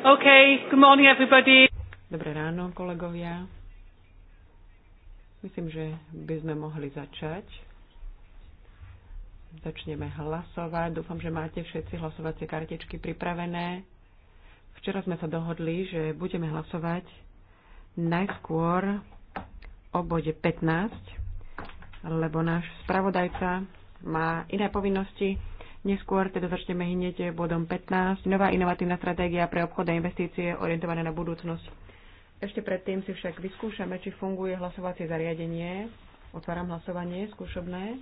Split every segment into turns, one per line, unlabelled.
Okay,
good morning everybody. Dobré ráno, kolegovia. Myslím, že by sme mohli začať. Začneme hlasovať. Dúfam, že máte všetci hlasovacie kartičky pripravené. Včera sme sa dohodli, že budeme hlasovať najskôr o bode 15, lebo náš spravodajca má iné povinnosti Neskôr teda začneme hneď bodom 15. Nová inovatívna stratégia pre obchod a investície orientované na budúcnosť. Ešte predtým si však vyskúšame, či funguje hlasovacie zariadenie. Otváram hlasovanie skúšobné.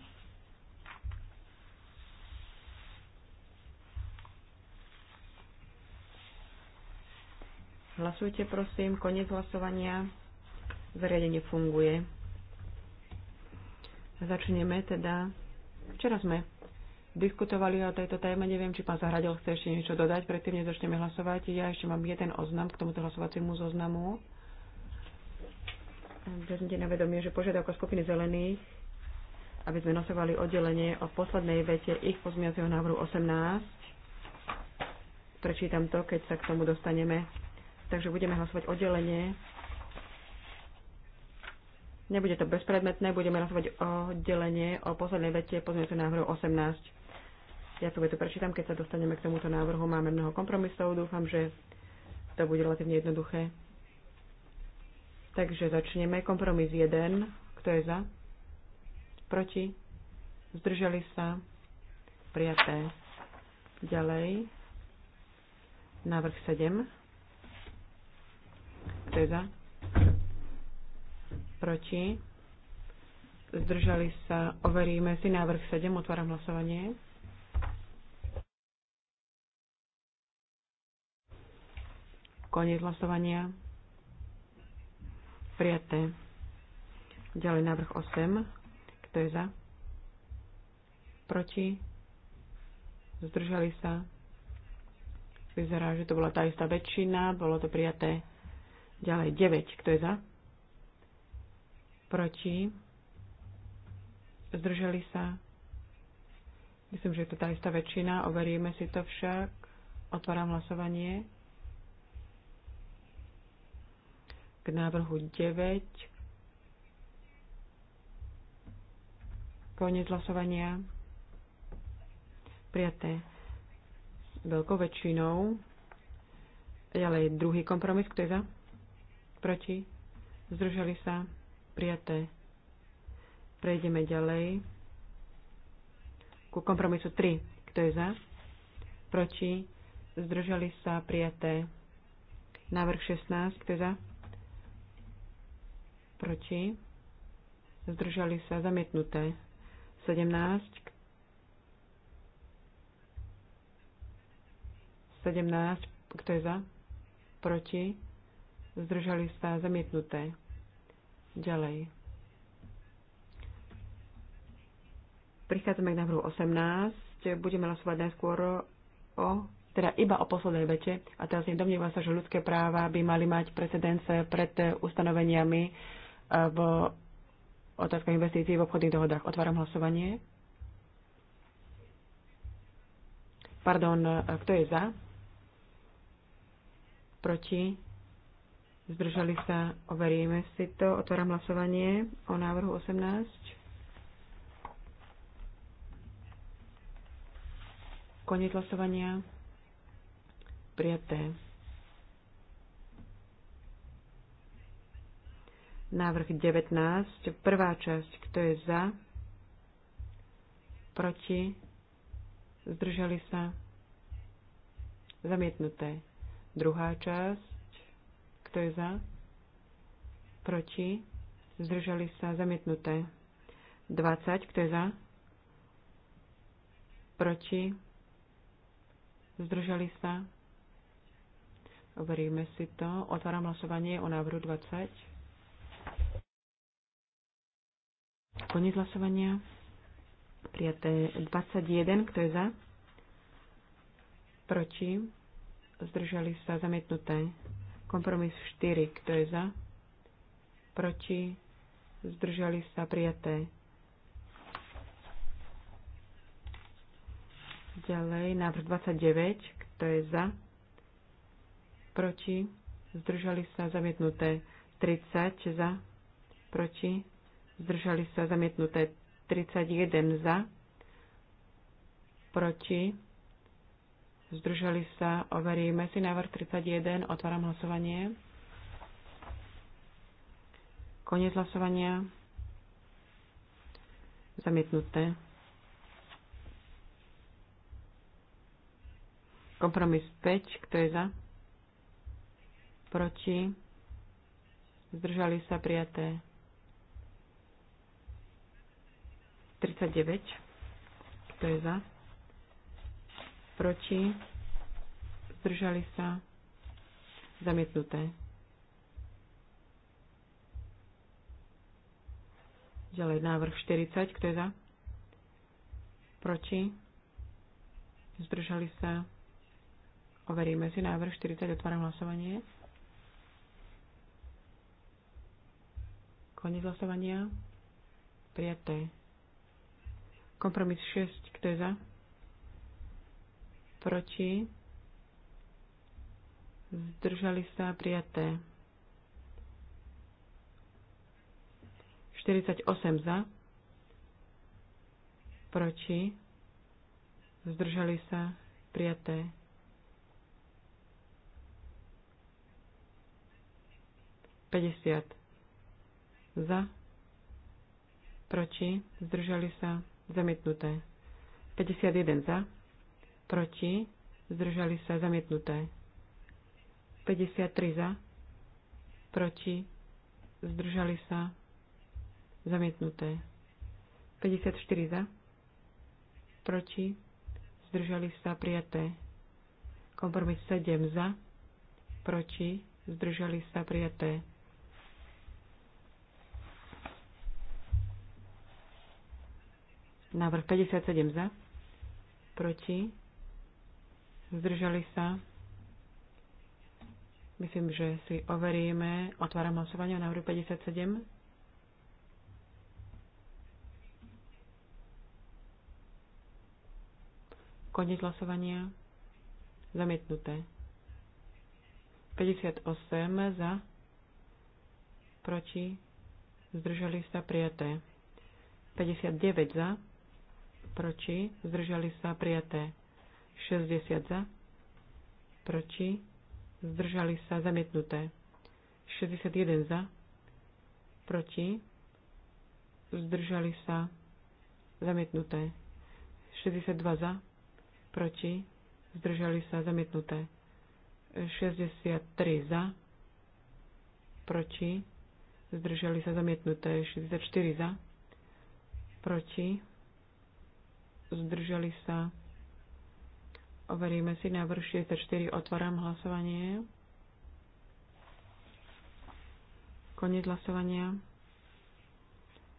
Hlasujte prosím, koniec hlasovania. Zariadenie funguje. Začneme teda. Včera sme diskutovali o tejto téme. Neviem, či pán Zahradil chce ešte niečo dodať, predtým než začneme hlasovať. Ja ešte mám jeden oznam k tomuto hlasovaciemu zoznamu. Vezmite na vedomie, že požiadavka skupiny zelených, aby sme nosovali oddelenie o poslednej vete ich pozmiacieho návrhu 18. Prečítam to, keď sa k tomu dostaneme. Takže budeme hlasovať oddelenie. Nebude to bezpredmetné, budeme hlasovať oddelenie o poslednej vete pozmiacieho návrhu 18 ja to prečítam, keď sa dostaneme k tomuto návrhu. Máme mnoho kompromisov, dúfam, že to bude relatívne jednoduché. Takže začneme. Kompromis 1. Kto je za? Proti? Zdržali sa? Prijaté. Ďalej. Návrh 7. Kto je za? Proti? Zdržali sa? Overíme si návrh 7. Otváram hlasovanie. Koniec hlasovania. Prijaté. Ďalej návrh 8. Kto je za? Proti? Zdržali sa? Vyzerá, že to bola tá istá väčšina. Bolo to prijaté. Ďalej 9. Kto je za? Proti? Zdržali sa? Myslím, že je to tá istá väčšina. Overíme si to však. Otváram hlasovanie. k návrhu 9. Koniec hlasovania. Prijaté veľkou väčšinou. Ďalej druhý kompromis, kto je za? Proti? Zdržali sa? Prijaté. Prejdeme ďalej ku kompromisu 3. Kto je za? Proti? Zdržali sa? Prijaté. Návrh 16. Kto je za? proti, zdržali sa zamietnuté 17, 17, kto je za, proti, zdržali sa zamietnuté. Ďalej. Prichádzame k návrhu 18. Budeme hlasovať najskôr o, teda iba o poslednej vete. A teraz nedomnievam sa, že ľudské práva by mali mať precedence pred ustanoveniami v otázkach investícií v obchodných dohodách. Otváram hlasovanie. Pardon, kto je za? Proti? Zdržali sa? Overíme si to. Otváram hlasovanie o návrhu 18. Koniec hlasovania. Prijaté. Návrh 19, prvá časť, kto je za, proti, zdržali sa, zamietnuté. Druhá časť, kto je za, proti, zdržali sa, zamietnuté. 20, kto je za, proti, zdržali sa, Overíme si to. Otváram hlasovanie o návrhu 20. Koniec hlasovania. Prijaté 21. Kto je za? Proti? Zdržali sa zamietnuté. Kompromis 4. Kto je za? Proti? Zdržali sa prijaté. Ďalej návrh 29. Kto je za? Proti? Zdržali sa zamietnuté. 30 za, proti, zdržali sa zamietnuté 31 za, proti, zdržali sa, overíme si návrh 31, otváram hlasovanie. Koniec hlasovania. Zamietnuté. Kompromis 5, kto je za? Proti. Zdržali sa prijaté. 39. Kto je za? Proti? Zdržali sa? Zamietnuté. Ďalej návrh 40. Kto je za? Proti? Zdržali sa? Overíme si návrh 40. Otváram hlasovanie. Koniec hlasovania. Prijaté. Kompromis 6, kto je za? Proti? Zdržali sa prijaté. 48 za. Proti? Zdržali sa prijaté. Päťdesiat. Za. Proti. Zdržali sa zamietnuté. 51 za, proti, zdržali sa, zamietnuté. 53 za, proti, zdržali sa, zamietnuté. 54 za, proti, zdržali sa, prijaté. Kompromis 7 za, proti, zdržali sa, prijaté. Návrh 57 za. Proti. Zdržali sa. Myslím, že si overíme. Otváram hlasovanie o návrhu 57. Koniec hlasovania. Zamietnuté. 58 za. Proti. Zdržali sa prijaté. 59 za proti, zdržali sa prijaté 60 za, proti, zdržali sa zamietnuté 61 za, proti, zdržali sa zamietnuté 62 za, proti, zdržali sa zamietnuté 63 za, proti, zdržali sa zamietnuté 64 za, proti, zdržali sa. Overíme si návrh 64, otváram hlasovanie. Koniec hlasovania.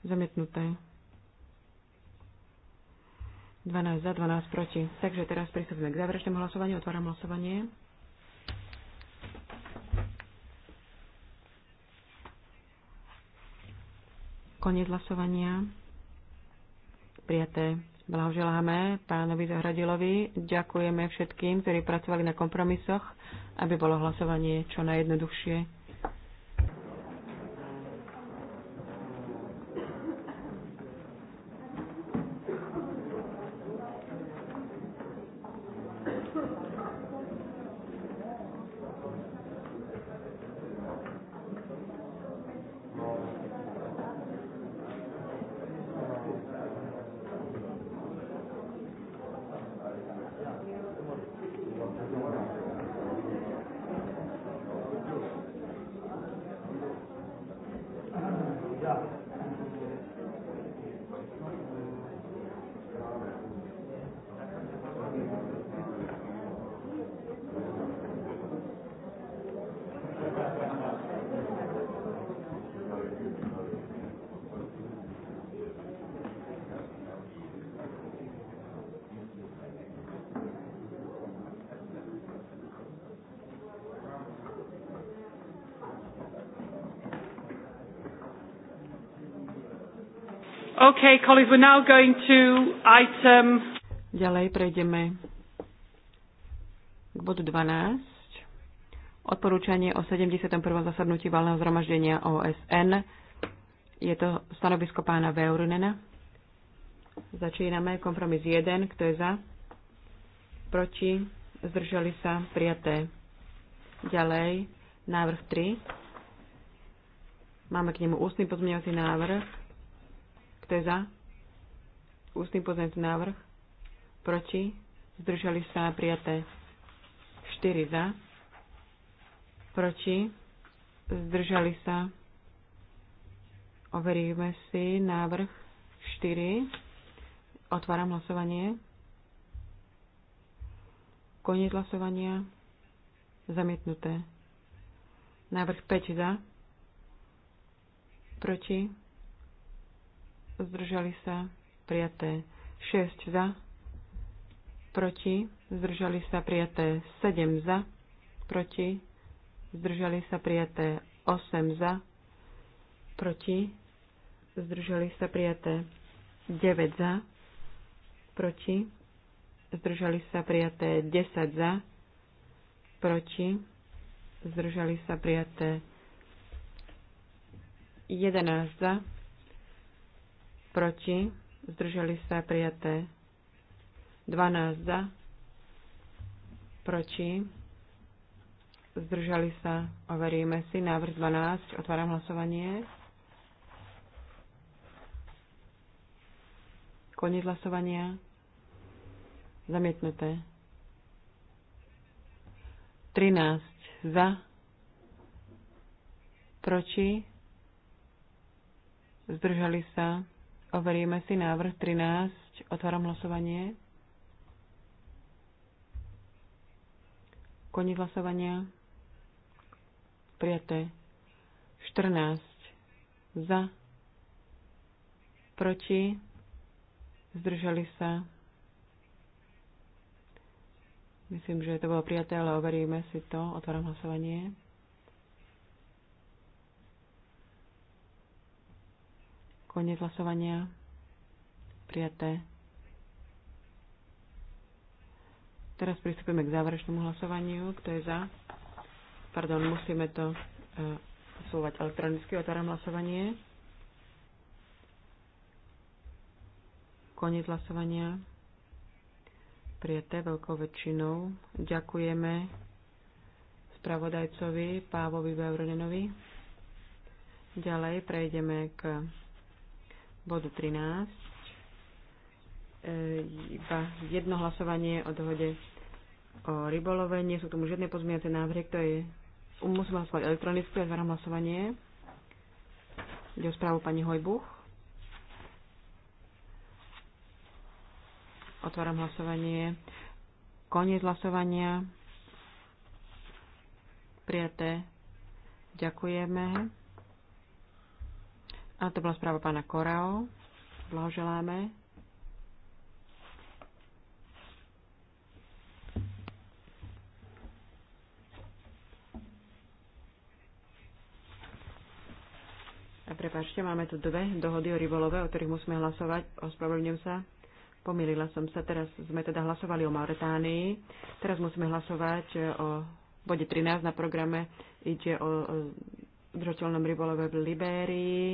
Zamietnuté. 12 za, 12 proti. Takže teraz pristúpime k záverečnému hlasovaniu. Otváram hlasovanie. Koniec hlasovania. Prijaté. Blahoželáme pánovi Zahradilovi. Ďakujeme všetkým, ktorí pracovali na kompromisoch, aby bolo hlasovanie čo najjednoduchšie. Okay, colleagues, we're now going to item... Ďalej prejdeme k bodu 12. Odporúčanie o 71. zasadnutí valného zhromaždenia OSN. Je to stanovisko pána Veurunena. Začíname. Kompromis 1. Kto je za? Proti? Zdržali sa? Prijaté. Ďalej. Návrh 3. Máme k nemu ústny pozmeňovací návrh kto je za? Ústny pozemný návrh. Proti? Zdržali sa prijaté. 4 za. Proti? Zdržali sa. Overíme si návrh 4. Otváram hlasovanie. Koniec hlasovania. Zamietnuté. Návrh 5 za. Proti? zdržali sa, prijaté 6 za, proti, zdržali sa, prijaté 7 za, proti, zdržali sa, prijaté 8 za, proti, zdržali sa, prijaté 9 za, proti, zdržali sa, prijaté 10 za, proti, zdržali sa, prijaté 11 za, proti, zdržali sa prijaté 12 za, proti, zdržali sa, overíme si, návrh 12, otváram hlasovanie. Koniec hlasovania. Zamietnuté. 13 za, proti, zdržali sa, Overíme si návrh 13. Otváram hlasovanie. Koniec hlasovania. Prijaté. 14. Za. Proti. Zdržali sa. Myslím, že to bolo prijaté, ale overíme si to. Otváram hlasovanie. Koniec hlasovania. Prijaté. Teraz pristúpime k záverečnému hlasovaniu. Kto je za? Pardon, musíme to uh, e, súvať elektronicky. Otváram hlasovanie. Koniec hlasovania. Prijaté veľkou väčšinou. Ďakujeme spravodajcovi Pávovi Bavronenovi. Ďalej prejdeme k bodu 13. E, iba jedno hlasovanie o dohode o rybolove. Nie sú tomu žiadne pozmiace návrhy, kto je... Musím hlasovať elektronicky, otváram hlasovanie. Ide o správu pani Hojbuch. Otváram hlasovanie. Koniec hlasovania. Prijaté. Ďakujeme. A to bola správa pána Korao. Blahoželáme. A prepáčte, máme tu dve dohody o rybolove, o ktorých musíme hlasovať. Ospravedlňujem sa. Pomýlila som sa. Teraz sme teda hlasovali o Mauretánii. Teraz musíme hlasovať o bode 13 na programe. Ide o, o udržateľnom rybolove v Libérii.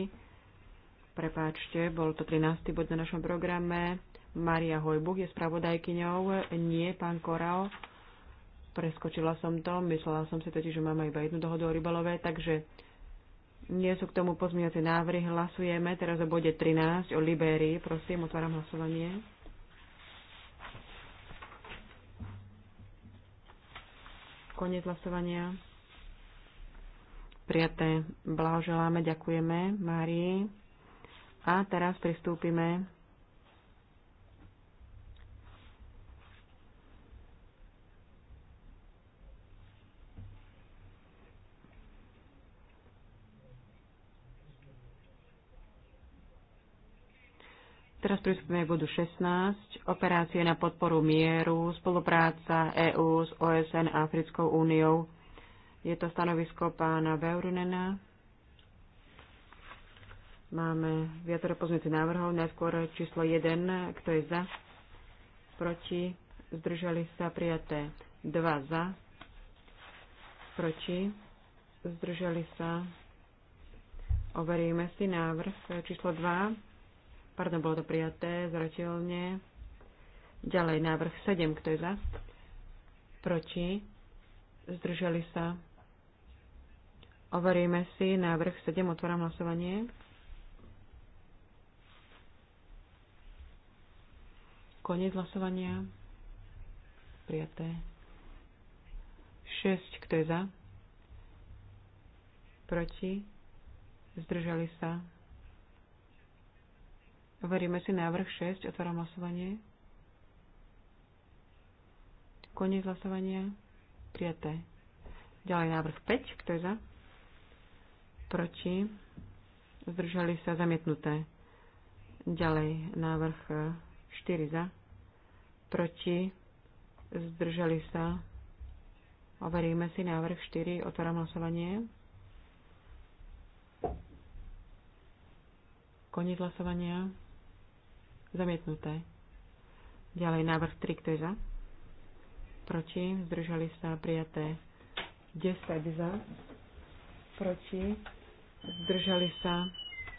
Prepáčte, bol to 13. bod na našom programe. Maria Hojbuch je spravodajkyňou, nie pán Korao. Preskočila som to, myslela som si totiž, že máme iba jednu dohodu o rybalové, takže nie sú k tomu pozmiňovacie návrhy. Hlasujeme teraz o bode 13 o Libérii. Prosím, otváram hlasovanie. Koniec hlasovania. Prijaté. Blahoželáme, ďakujeme Márii. A teraz pristúpime Teraz pristúpime k bodu 16. Operácie na podporu mieru, spolupráca EÚ s OSN a Africkou úniou. Je to stanovisko pána Beurunena. Máme viacero pozmeňujúcich návrhov. Najskôr číslo 1, kto je za, proti, zdržali sa prijaté 2 za, proti, zdržali sa. Overíme si návrh číslo 2. Pardon, bolo to prijaté, zrateľne. Ďalej návrh 7, kto je za, proti, zdržali sa. Overíme si návrh 7, otváram hlasovanie. Koniec hlasovania. Prijaté. 6. Kto je za? Proti? Zdržali sa? Veríme si návrh 6. Otváram hlasovanie. Koniec hlasovania. Prijaté. Ďalej návrh 5. Kto je za? Proti? Zdržali sa? Zamietnuté. Ďalej návrh 4 za, proti, zdržali sa. Overíme si návrh 4, otváram hlasovanie. Koniec hlasovania. Zamietnuté. Ďalej návrh 3, kto je za? Proti, zdržali sa, prijaté. 10 za, proti, zdržali sa,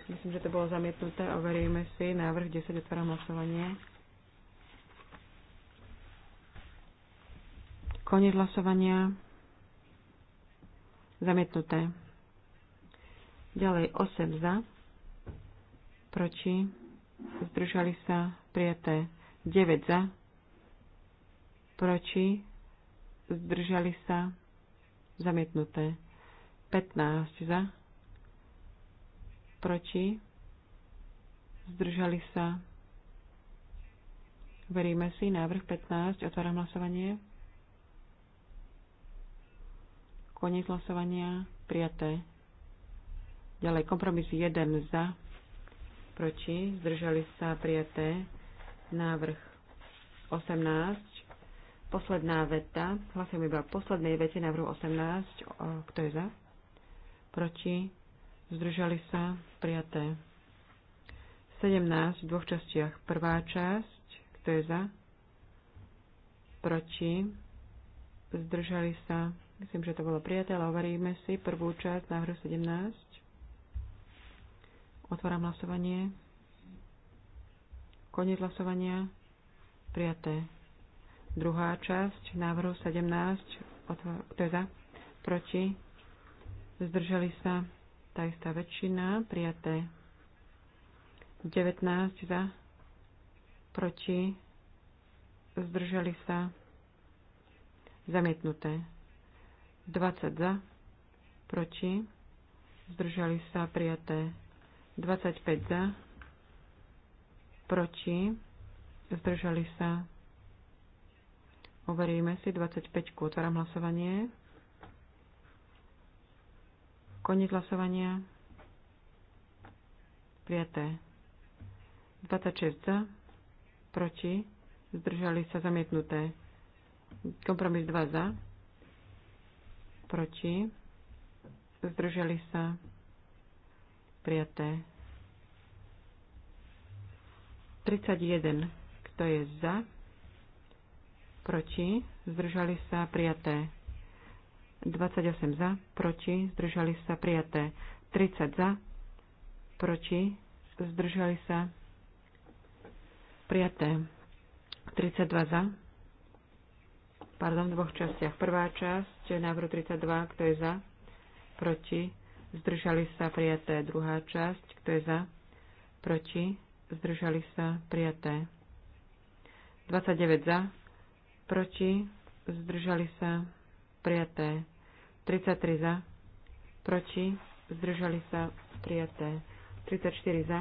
Myslím, že to bolo zamietnuté. Overíme si. Návrh 10. Otváram hlasovanie. Koniec hlasovania. Zamietnuté. Ďalej 8 za. Proti. Zdržali sa. Prijaté. 9 za. Proti. Zdržali sa. Zamietnuté. 15 za proti, zdržali sa. Veríme si, návrh 15, otváram hlasovanie. Koniec hlasovania, prijaté. Ďalej, kompromis 1 za, proti, zdržali sa, prijaté. Návrh 18, posledná veta, hlasujem iba poslednej vete návrhu 18, kto je za? Proti, zdržali sa, prijaté. 17 v dvoch častiach. Prvá časť, kto je za, proti, zdržali sa, myslím, že to bolo prijaté, ale overíme si prvú časť návrhu 17. Otváram hlasovanie. Koniec hlasovania. Prijaté. Druhá časť návrhu 17. Otvor- kto je za? Proti? Zdržali sa tá istá väčšina, prijaté 19 za, proti, zdržali sa, zamietnuté 20 za, proti, zdržali sa, prijaté 25 za, proti, zdržali sa, overíme si 25, otváram hlasovanie. Koniec hlasovania. Prijaté. 26 za. Proti. Zdržali sa zamietnuté. Kompromis 2 za. Proti. Zdržali sa. Prijaté. 31. Kto je za? Proti. Zdržali sa. Prijaté. 28 za, proti, zdržali sa prijaté. 30 za, proti, zdržali sa prijaté. 32 za, pardon, v dvoch častiach. Prvá časť, návrh 32, kto je za, proti, zdržali sa prijaté. Druhá časť, kto je za, proti, zdržali sa prijaté. 29 za, proti, zdržali sa prijaté prijaté. 33 za, proti, zdržali sa, prijaté. 34 za,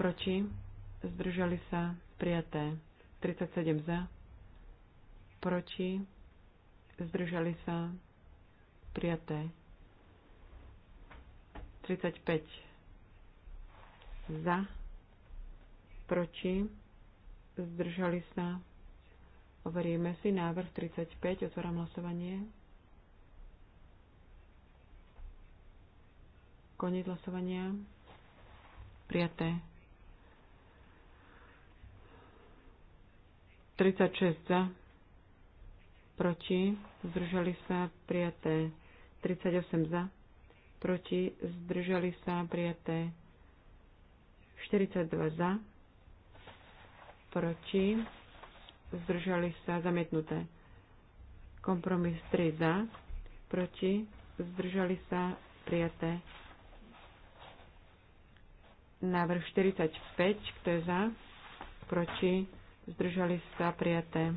proti, zdržali sa, prijaté. 37 za, proti, zdržali sa, prijaté. 35 za, proti, zdržali sa, Overíme si návrh 35, otváram hlasovanie. Koniec hlasovania. Prijaté. 36 za. Proti. Zdržali sa. Prijaté. 38 za. Proti. Zdržali sa. Prijaté. 42 za. Proti zdržali sa zamietnuté. Kompromis 3 za, proti, zdržali sa prijaté. Návrh 45, kto je za, proti, zdržali sa prijaté.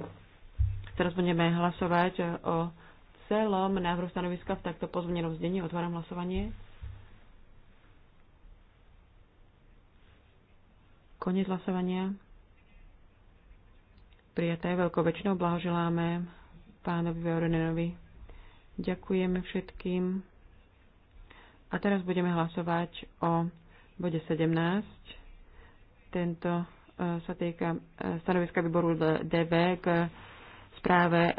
Teraz budeme hlasovať o celom návrhu stanoviska v takto pozmenenom zdení. Otváram hlasovanie. Koniec hlasovania prijaté veľkou väčšinou. Blahoželáme pánovi Veorenenovi. Ďakujeme všetkým. A teraz budeme hlasovať o bode 17. Tento e, sa týka e, stanoviska výboru DV k správe e,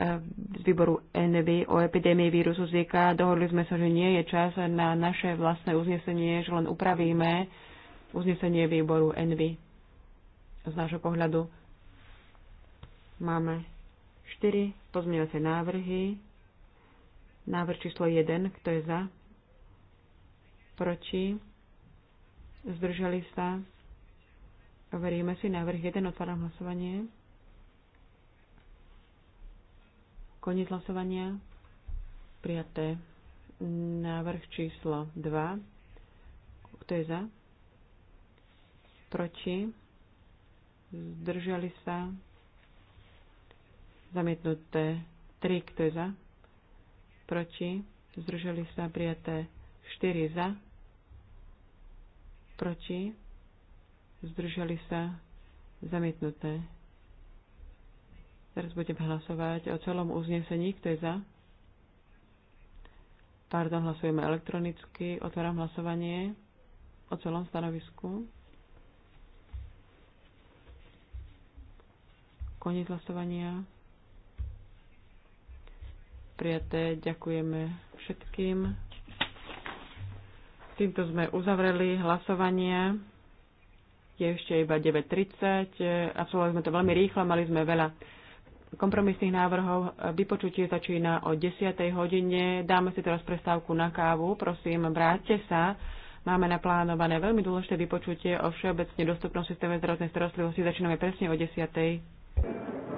z výboru ENVY o epidémii vírusu Zika. Dohodli sme sa, že nie je čas na naše vlastné uznesenie, že len upravíme uznesenie výboru ENVY z nášho pohľadu. Máme 4 pozmeňovacie návrhy. Návrh číslo 1, kto je za? Proti? Zdržali sa? Overíme si návrh 1, otváram hlasovanie. Koniec hlasovania. Prijaté. Návrh číslo 2. Kto je za? Proti? Zdržali sa? Zamietnuté tri, kto je za? Proti? Zdržali sa prijaté štyri za? Proti? Zdržali sa zamietnuté. Teraz budem hlasovať o celom uznesení, kto je za? Pardon, hlasujeme elektronicky. Otváram hlasovanie o celom stanovisku. Koniec hlasovania prijaté. Ďakujeme všetkým. Týmto sme uzavreli hlasovanie. Je ešte iba 9.30. Absolvovali sme to veľmi rýchlo, mali sme veľa kompromisných návrhov. Vypočutie začína o 10. hodine. Dáme si teraz prestávku na kávu. Prosím, vráťte sa. Máme naplánované veľmi dôležité vypočutie o všeobecne dostupnom systéme zdravotnej starostlivosti. Začíname presne o 10.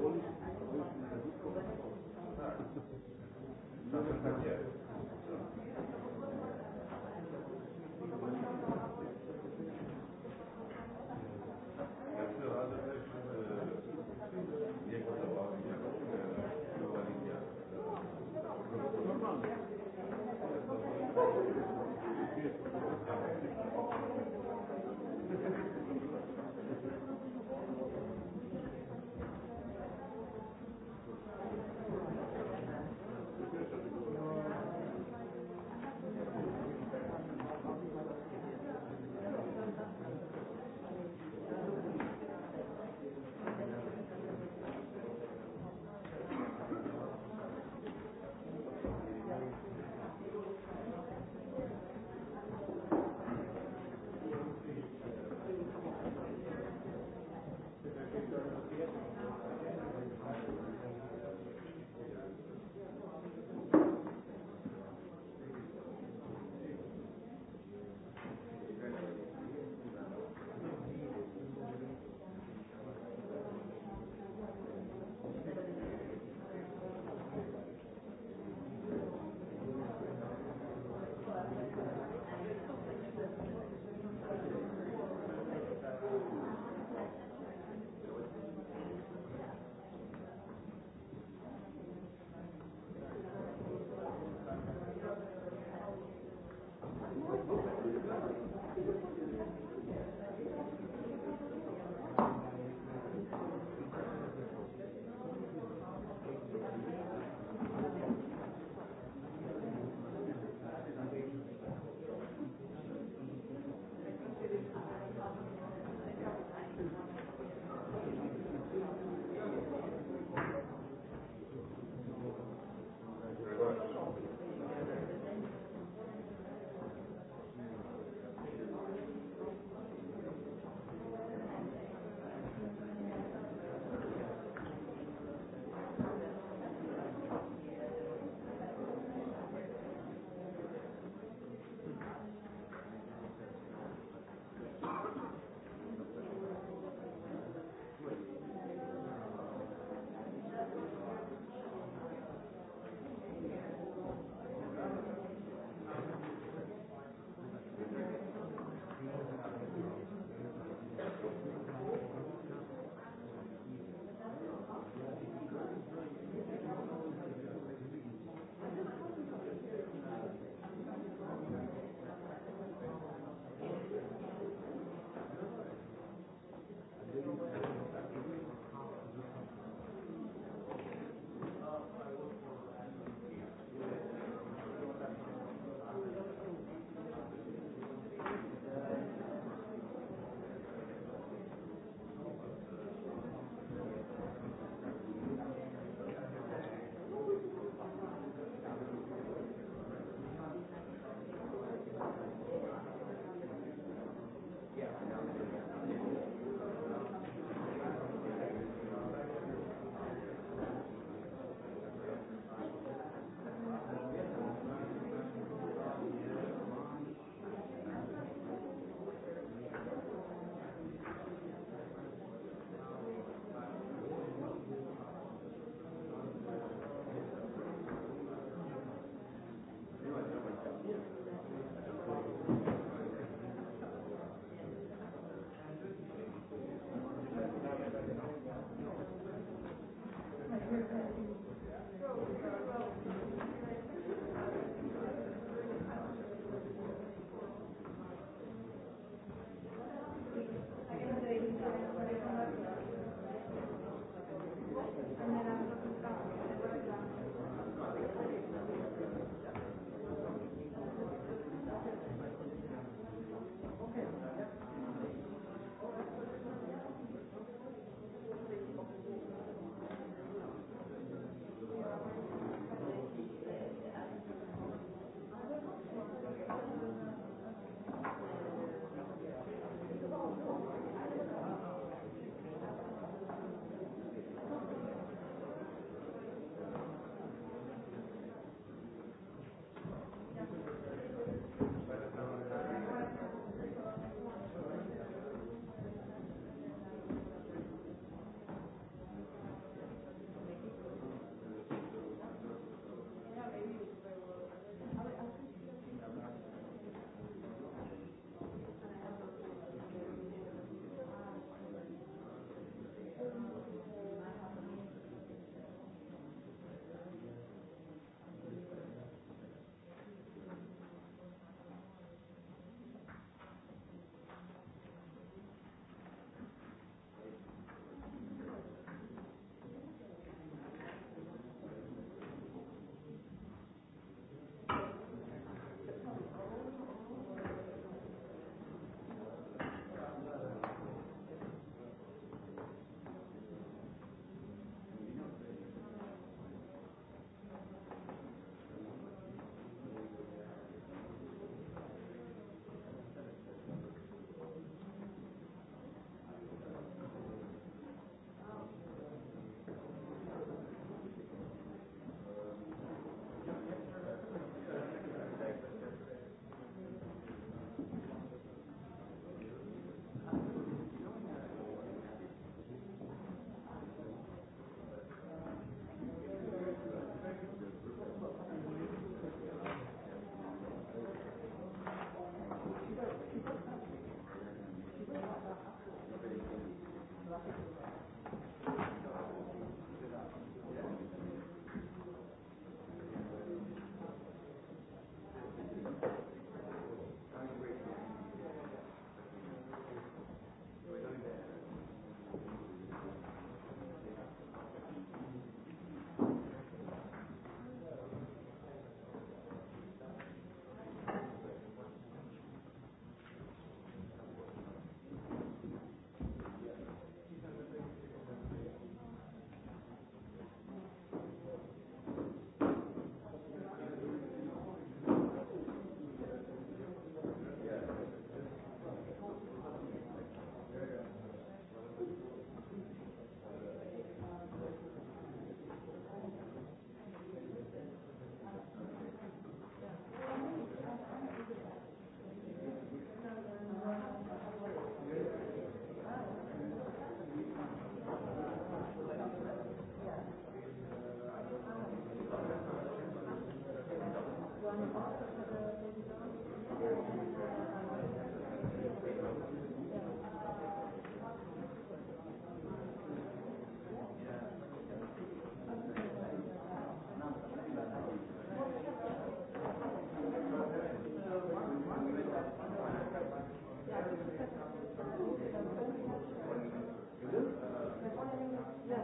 Tak, tak, tak,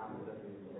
نعبد من الله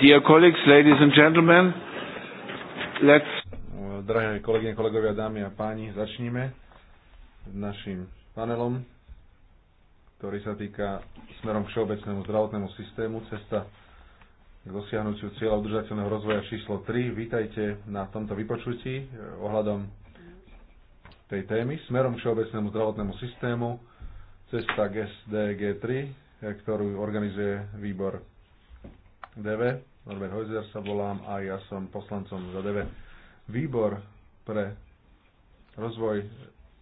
Dear colleagues, ladies and gentlemen, let's... Drahé kolegyne, kolegovia, dámy a páni, začníme s našim panelom, ktorý sa týka smerom k všeobecnému zdravotnému systému Cesta k dosiahnutiu cieľa udržateľného rozvoja číslo 3. Vítajte na tomto vypočutí eh, ohľadom tej témy smerom k všeobecnému zdravotnému systému Cesta GSDG3, eh, ktorú organizuje výbor DV. Norbert Hojzer sa volám a ja som poslancom za DV. Výbor pre rozvoj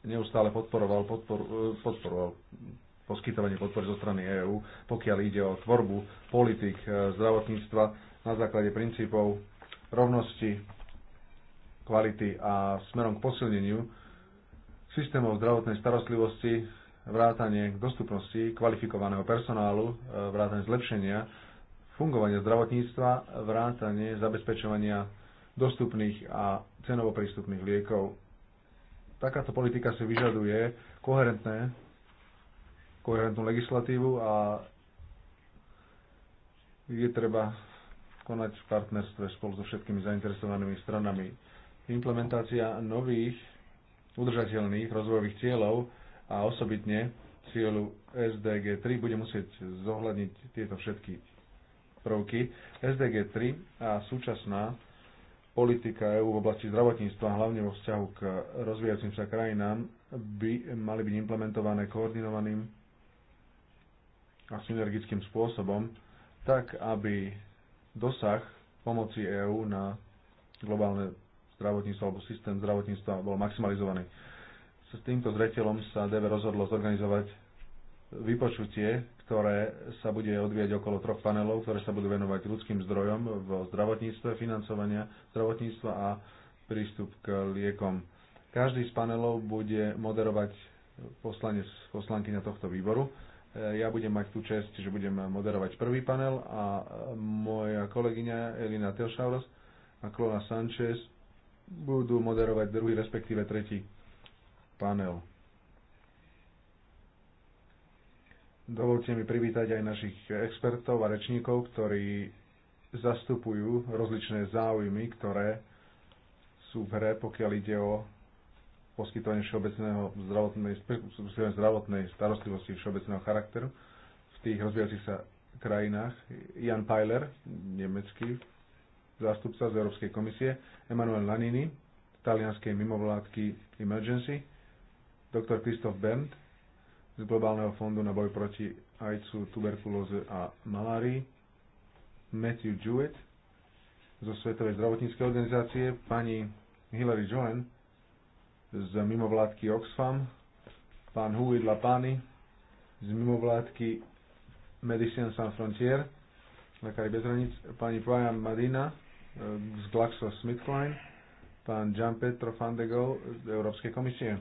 neustále podporoval, podpor, e, podporoval poskytovanie podpory zo strany EÚ, pokiaľ ide o tvorbu politik e, zdravotníctva na základe princípov rovnosti, kvality a smerom k posilneniu systémov zdravotnej starostlivosti, vrátanie k dostupnosti kvalifikovaného personálu, e, vrátanie zlepšenia fungovania zdravotníctva, vrátanie zabezpečovania dostupných a cenovo prístupných liekov. Takáto politika si vyžaduje koherentné, koherentnú legislatívu a je treba konať v partnerstve spolu so všetkými zainteresovanými stranami. Implementácia nových udržateľných rozvojových cieľov a osobitne cieľu SDG 3 bude musieť zohľadniť tieto všetky prvky. SDG 3 a súčasná politika EÚ v oblasti zdravotníctva, hlavne vo vzťahu k rozvíjajúcim sa krajinám, by mali byť implementované koordinovaným a synergickým spôsobom, tak aby dosah pomoci EÚ na globálne zdravotníctvo alebo systém zdravotníctva bol maximalizovaný. S týmto zreteľom sa DV rozhodlo zorganizovať vypočutie, ktoré sa bude odvieť okolo troch panelov, ktoré sa budú venovať ľudským zdrojom v zdravotníctve, financovania zdravotníctva a prístup k liekom. Každý z panelov bude moderovať poslanec, poslankyňa tohto výboru. Ja budem mať tú čest, že budem moderovať prvý panel a moja kolegyňa Elina Telšauros a Klona Sanchez budú moderovať druhý, respektíve tretí panel. Dovolte mi privítať aj našich expertov a rečníkov, ktorí zastupujú rozličné záujmy, ktoré sú v hre, pokiaľ ide o poskytovanie všeobecného zdravotnej, zdravotnej starostlivosti všeobecného charakteru v tých rozvíjacích sa krajinách. Jan Pajler, nemecký zástupca z Európskej komisie, Emanuel Lanini, talianskej mimovládky Emergency, doktor Christoph Berndt, z Globálneho fondu na boj proti AIDSu, tuberkulóze a malárii, Matthew Jewett zo Svetovej zdravotníckej organizácie, pani Hillary Joan z mimovládky Oxfam, pán Huid Lapani z mimovládky Medicine Sans Frontier, Lekári bez hraníc, pani Brian Madina eh, z GlaxoSmithKline, pán Gian Petro Fandego z Európskej komisie.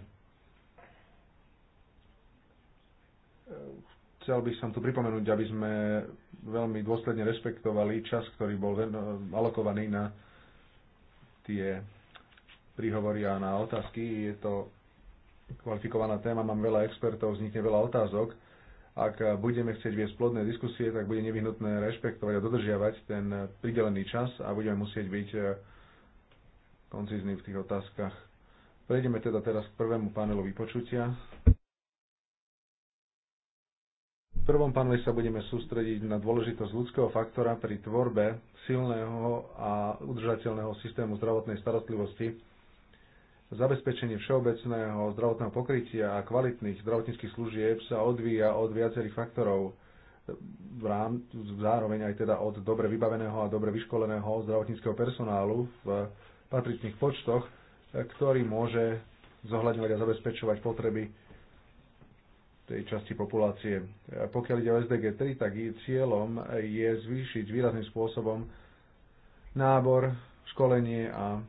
Chcel by som tu pripomenúť, aby sme veľmi dôsledne rešpektovali čas, ktorý bol alokovaný na tie príhovory a na otázky. Je to kvalifikovaná téma, mám veľa expertov, vznikne veľa otázok. Ak budeme chcieť viesť plodné diskusie, tak bude nevyhnutné rešpektovať a dodržiavať ten pridelený čas a budeme musieť byť eh, koncizní v tých otázkach. Prejdeme teda teraz k prvému panelu vypočutia prvom paneli sa budeme sústrediť na dôležitosť ľudského faktora pri tvorbe silného a udržateľného systému zdravotnej starostlivosti, zabezpečenie všeobecného zdravotného pokrytia a kvalitných zdravotníckých služieb sa odvíja od viacerých faktorov, v rám, zároveň aj teda od dobre vybaveného a dobre vyškoleného zdravotníckého personálu v patričných počtoch, ktorý môže zohľadňovať a zabezpečovať potreby tej časti populácie. Pokiaľ ide o SDG 3, tak jej cieľom je zvýšiť výrazným spôsobom nábor, školenie a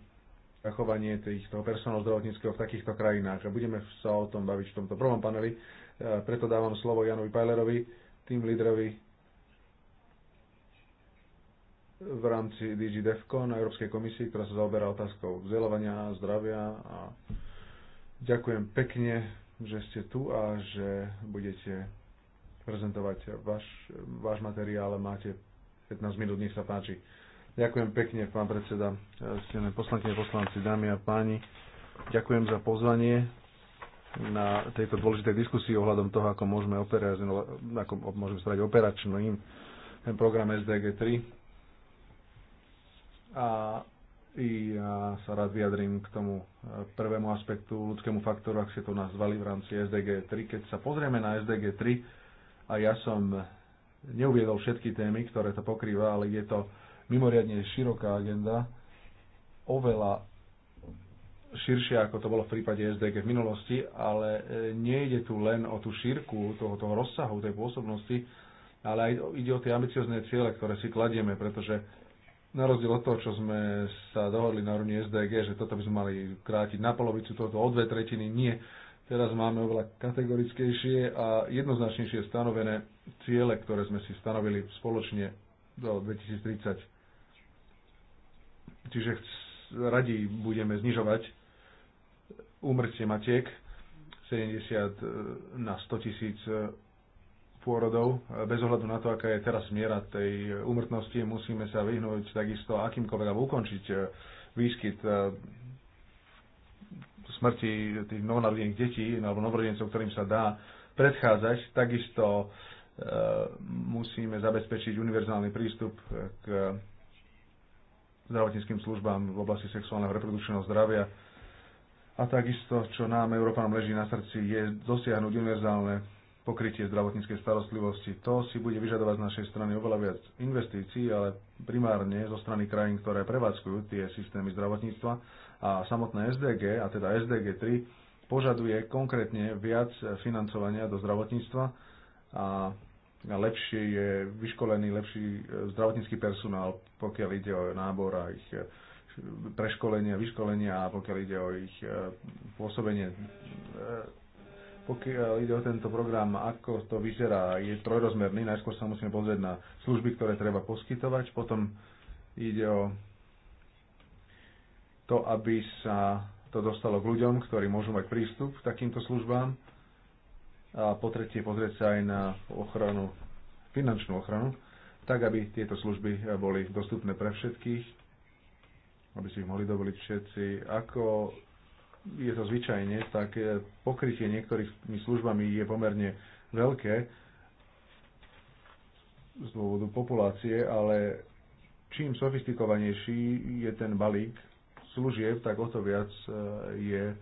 zachovanie týchto personálov zdravotníckého v takýchto krajinách. A budeme sa o tom baviť v tomto prvom paneli. Preto dávam slovo Janovi Pajlerovi, tým lídrovi v rámci DG DEFCO na Európskej komisii, ktorá sa zaoberá otázkou vzdelávania, zdravia a ďakujem pekne že ste tu a že budete prezentovať váš, váš materiál, máte 15 minút, nech sa páči. Ďakujem pekne, pán predseda, stené poslankyne, poslanci, dámy a páni. Ďakujem za pozvanie na tejto dôležitej diskusii ohľadom toho, ako môžeme, operáz, ako môžeme spraviť operačným ten program SDG 3. A ja sa rád vyjadrím k tomu e, prvému aspektu, ľudskému faktoru, ak ste to nazvali v rámci SDG 3. Keď sa pozrieme na SDG 3, a ja som neuviedol všetky témy, ktoré to pokrýva, ale je to mimoriadne široká agenda, oveľa širšia, ako to bolo v prípade SDG v minulosti, ale e, nejde tu len o tú šírku toho, toho rozsahu, tej pôsobnosti, ale aj ide o tie ambiciozne ciele, ktoré si kladieme, pretože na rozdiel od toho, čo sme sa dohodli na úrovni SDG, že toto by sme mali krátiť na polovicu, toto o dve tretiny, nie. Teraz máme oveľa kategorickejšie a jednoznačnejšie stanovené ciele, ktoré sme si stanovili spoločne do 2030. Čiže radi budeme znižovať úmrtie matiek 70 e, na 100 tisíc e, pôrodov, eh, bez ohľadu na to, aká je teraz miera tej eh, úmrtnosti, musíme sa vyhnúť takisto akýmkoľvek alebo ukončiť eh, výskyt smrti tých novonarodených detí alebo novorodencov, ktorým sa dá predchádzať. Takisto musíme zabezpečiť univerzálny prístup k zdravotníckým službám v oblasti sexuálneho reprodukčného zdravia. A takisto, čo nám, Európanom, leží na srdci, je dosiahnuť univerzálne pokrytie zdravotníckej starostlivosti. To si bude vyžadovať z našej strany oveľa viac investícií, ale primárne zo strany krajín, ktoré prevádzkujú tie systémy zdravotníctva a samotné SDG, a teda SDG 3, požaduje konkrétne viac financovania do zdravotníctva a lepšie je vyškolený, lepší e, zdravotnícky personál, pokiaľ ide o nábor a ich e, preškolenie, vyškolenie a pokiaľ ide o ich e, pôsobenie pokiaľ ide o tento program, ako to vyzerá, je trojrozmerný. Najskôr sa musíme pozrieť na služby, ktoré treba poskytovať. Potom ide o to, aby sa to dostalo k ľuďom, ktorí môžu mať prístup k takýmto službám. A po tretie pozrieť sa aj na ochranu, finančnú ochranu, tak aby tieto služby boli dostupné pre všetkých, aby si ich mohli dovoliť všetci. Ako je to zvyčajne, tak pokrytie niektorými službami je pomerne veľké z dôvodu populácie, ale čím sofistikovanejší je ten balík služieb, tak o to viac e, je e,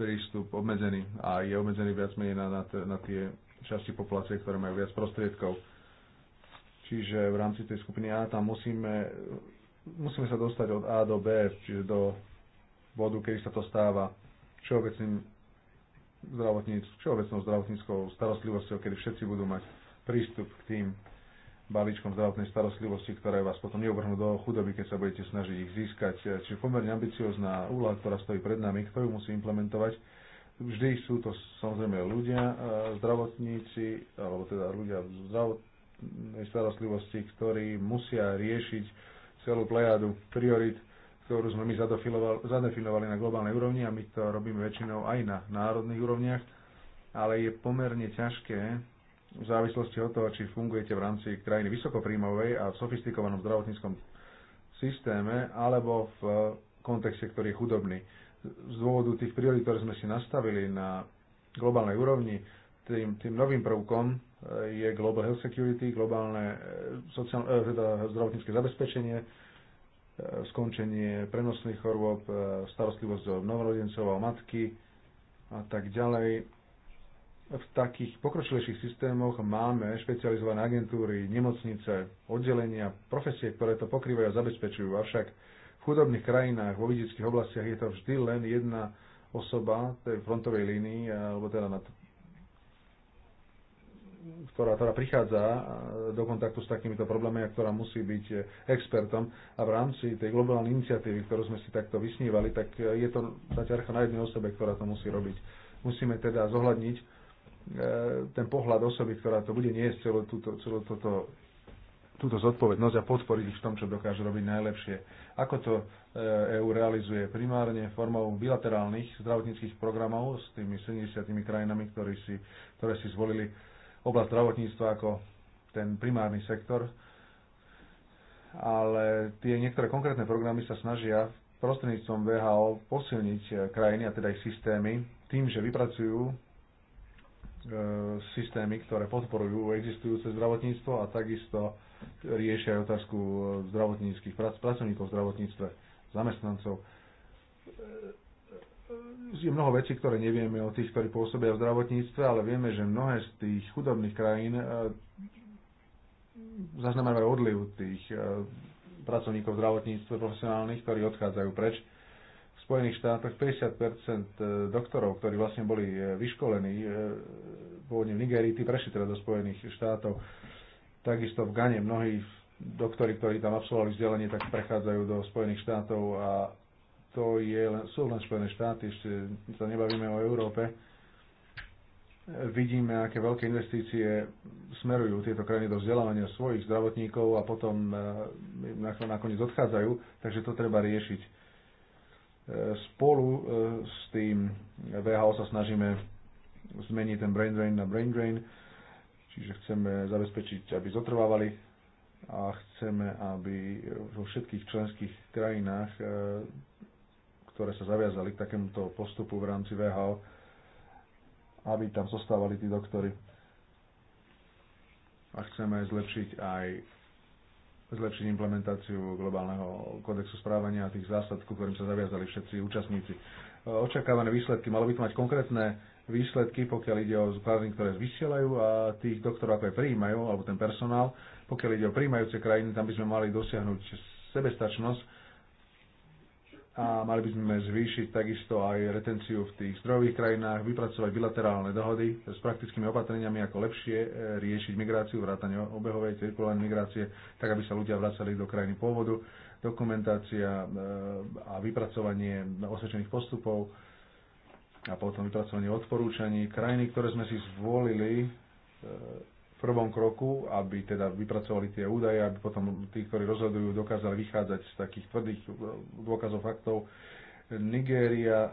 prístup obmedzený a je obmedzený viac menej na, na, na tie časti populácie, ktoré majú viac prostriedkov. Čiže v rámci tej skupiny A tam musíme, musíme sa dostať od A do B, čiže do bodu, kedy sa to stáva všeobecným zdravotníc, všeobecnou zdravotníckou starostlivosťou, kedy všetci budú mať prístup k tým balíčkom zdravotnej starostlivosti, ktoré vás potom neobrhnú do chudoby, keď sa budete snažiť ich získať. Čiže pomerne ambiciozná úloha, ktorá stojí pred nami, ktorú musí implementovať. Vždy sú to samozrejme ľudia, e, zdravotníci, alebo teda ľudia v zdravotnej starostlivosti, ktorí musia riešiť celú plejadu priorit, ktorú sme my zadefinovali na globálnej úrovni a my to robíme väčšinou aj na národných úrovniach, ale je pomerne ťažké v závislosti od toho, či fungujete v rámci krajiny vysokopríjmovej a v sofistikovanom zdravotníckom systéme alebo v kontexte, ktorý je chudobný. Z dôvodu tých priorít, ktoré sme si nastavili na globálnej úrovni, tým, tým novým prvkom e, je Global Health Security, globálne e, sociál, e, teda zdravotnícke zabezpečenie, E, skončenie prenosných chorôb, e, starostlivosť o novorodencov a matky a tak ďalej. V takých pokročilejších systémoch máme špecializované agentúry, nemocnice, oddelenia, profesie, ktoré to pokrývajú a zabezpečujú. Avšak v chudobných krajinách, vo vidických oblastiach je to vždy len jedna osoba tej frontovej línii, alebo teda na ktorá, ktorá teda prichádza e, do kontaktu s takýmito problémami a ktorá musí byť e, expertom. A v rámci tej globálnej iniciatívy, ktorú sme si takto vysnívali, tak e, je to zaťarcha na jednej osobe, ktorá to musí robiť. Musíme teda zohľadniť ten pohľad osoby, ktorá to bude niesť celú, túto, celú túto, túto zodpovednosť a podporiť ich v tom, čo dokáže robiť najlepšie. Ako to EÚ realizuje? Primárne formou bilaterálnych zdravotníckých programov s tými 70 krajinami, ktorí si, ktoré si zvolili oblasť zdravotníctva ako ten primárny sektor, ale tie niektoré konkrétne programy sa snažia prostredníctvom VHO posilniť e, krajiny, a teda ich systémy, tým, že vypracujú e, systémy, ktoré podporujú existujúce zdravotníctvo a takisto riešia aj otázku e, zdravotníckých prac, pracovníkov v zdravotníctve, zamestnancov. E, je mnoho vecí, ktoré nevieme o tých, ktorí pôsobia v zdravotníctve, ale vieme, že mnohé z tých chudobných krajín e, zaznamenávajú odliv tých e, pracovníkov v zdravotníctve profesionálnych, ktorí odchádzajú preč. V Spojených štátoch 50 e, doktorov, ktorí vlastne boli vyškolení pôvodne v Nigerii, tí prešli teda do Spojených štátov. Takisto v Gane mnohí doktori, ktorí tam absolvovali vzdelanie, tak prechádzajú do Spojených štátov a to je len, sú len Spojené štáty, ešte sa nebavíme o Európe. Vidíme, aké veľké investície smerujú tieto krajiny do vzdelávania svojich zdravotníkov a potom e, nakoniec odchádzajú, takže to treba riešiť. E, spolu e, s tým VHO sa snažíme zmeniť ten brain drain na brain drain, čiže chceme zabezpečiť, aby zotrvávali a chceme, aby vo všetkých členských krajinách ktoré sa zaviazali k takémuto postupu v rámci VHO, aby tam zostávali tí doktory. A chceme zlepšiť aj zlepšiť implementáciu globálneho kodexu správania a tých zásad, ku ktorým sa zaviazali všetci účastníci. Očakávané výsledky, malo by to mať konkrétne výsledky, pokiaľ ide o krajiny, ktoré vysielajú a tých doktorov, ako je prijímajú, alebo ten personál. Pokiaľ ide o prijímajúce krajiny, tam by sme mali dosiahnuť sebestačnosť a mali by sme zvýšiť takisto aj retenciu v tých zdrojových krajinách, vypracovať bilaterálne dohody s praktickými opatreniami, ako lepšie e, riešiť migráciu, vrátanie obehovej, cirkulárnej migrácie, tak aby sa ľudia vracali do krajiny pôvodu, dokumentácia e, a vypracovanie osvedčených postupov a potom vypracovanie odporúčaní. Krajiny, ktoré sme si zvolili, e, prvom kroku, aby teda vypracovali tie údaje, aby potom tí, ktorí rozhodujú, dokázali vychádzať z takých tvrdých e, dôkazov faktov. Nigéria e,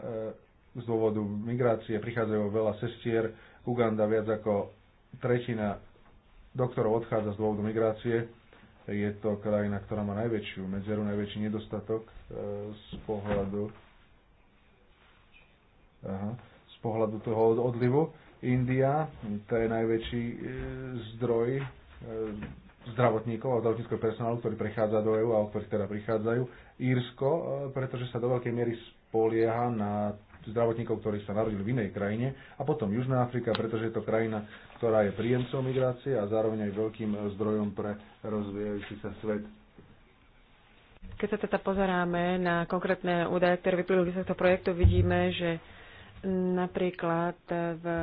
z dôvodu migrácie prichádzajú veľa sestier, Uganda viac ako tretina doktorov odchádza z dôvodu migrácie. Je to krajina, ktorá má najväčšiu medzeru, najväčší nedostatok e, z pohľadu Aha, z pohľadu toho odlivu India, to je najväčší e, zdroj e, zdravotníkov a zdravotníckého personálu, ktorí prechádza do EÚ a o ktorých teda prichádzajú. Írsko, e, pretože sa do veľkej miery spolieha na zdravotníkov, ktorí sa narodili v inej krajine. A potom Južná Afrika, pretože je to krajina, ktorá je príjemcom migrácie a zároveň aj veľkým zdrojom pre rozvíjajúci sa svet.
Keď sa teda pozeráme na konkrétne údaje, ktoré vyplývajú z tohto projektu, vidíme, že Napríklad v e,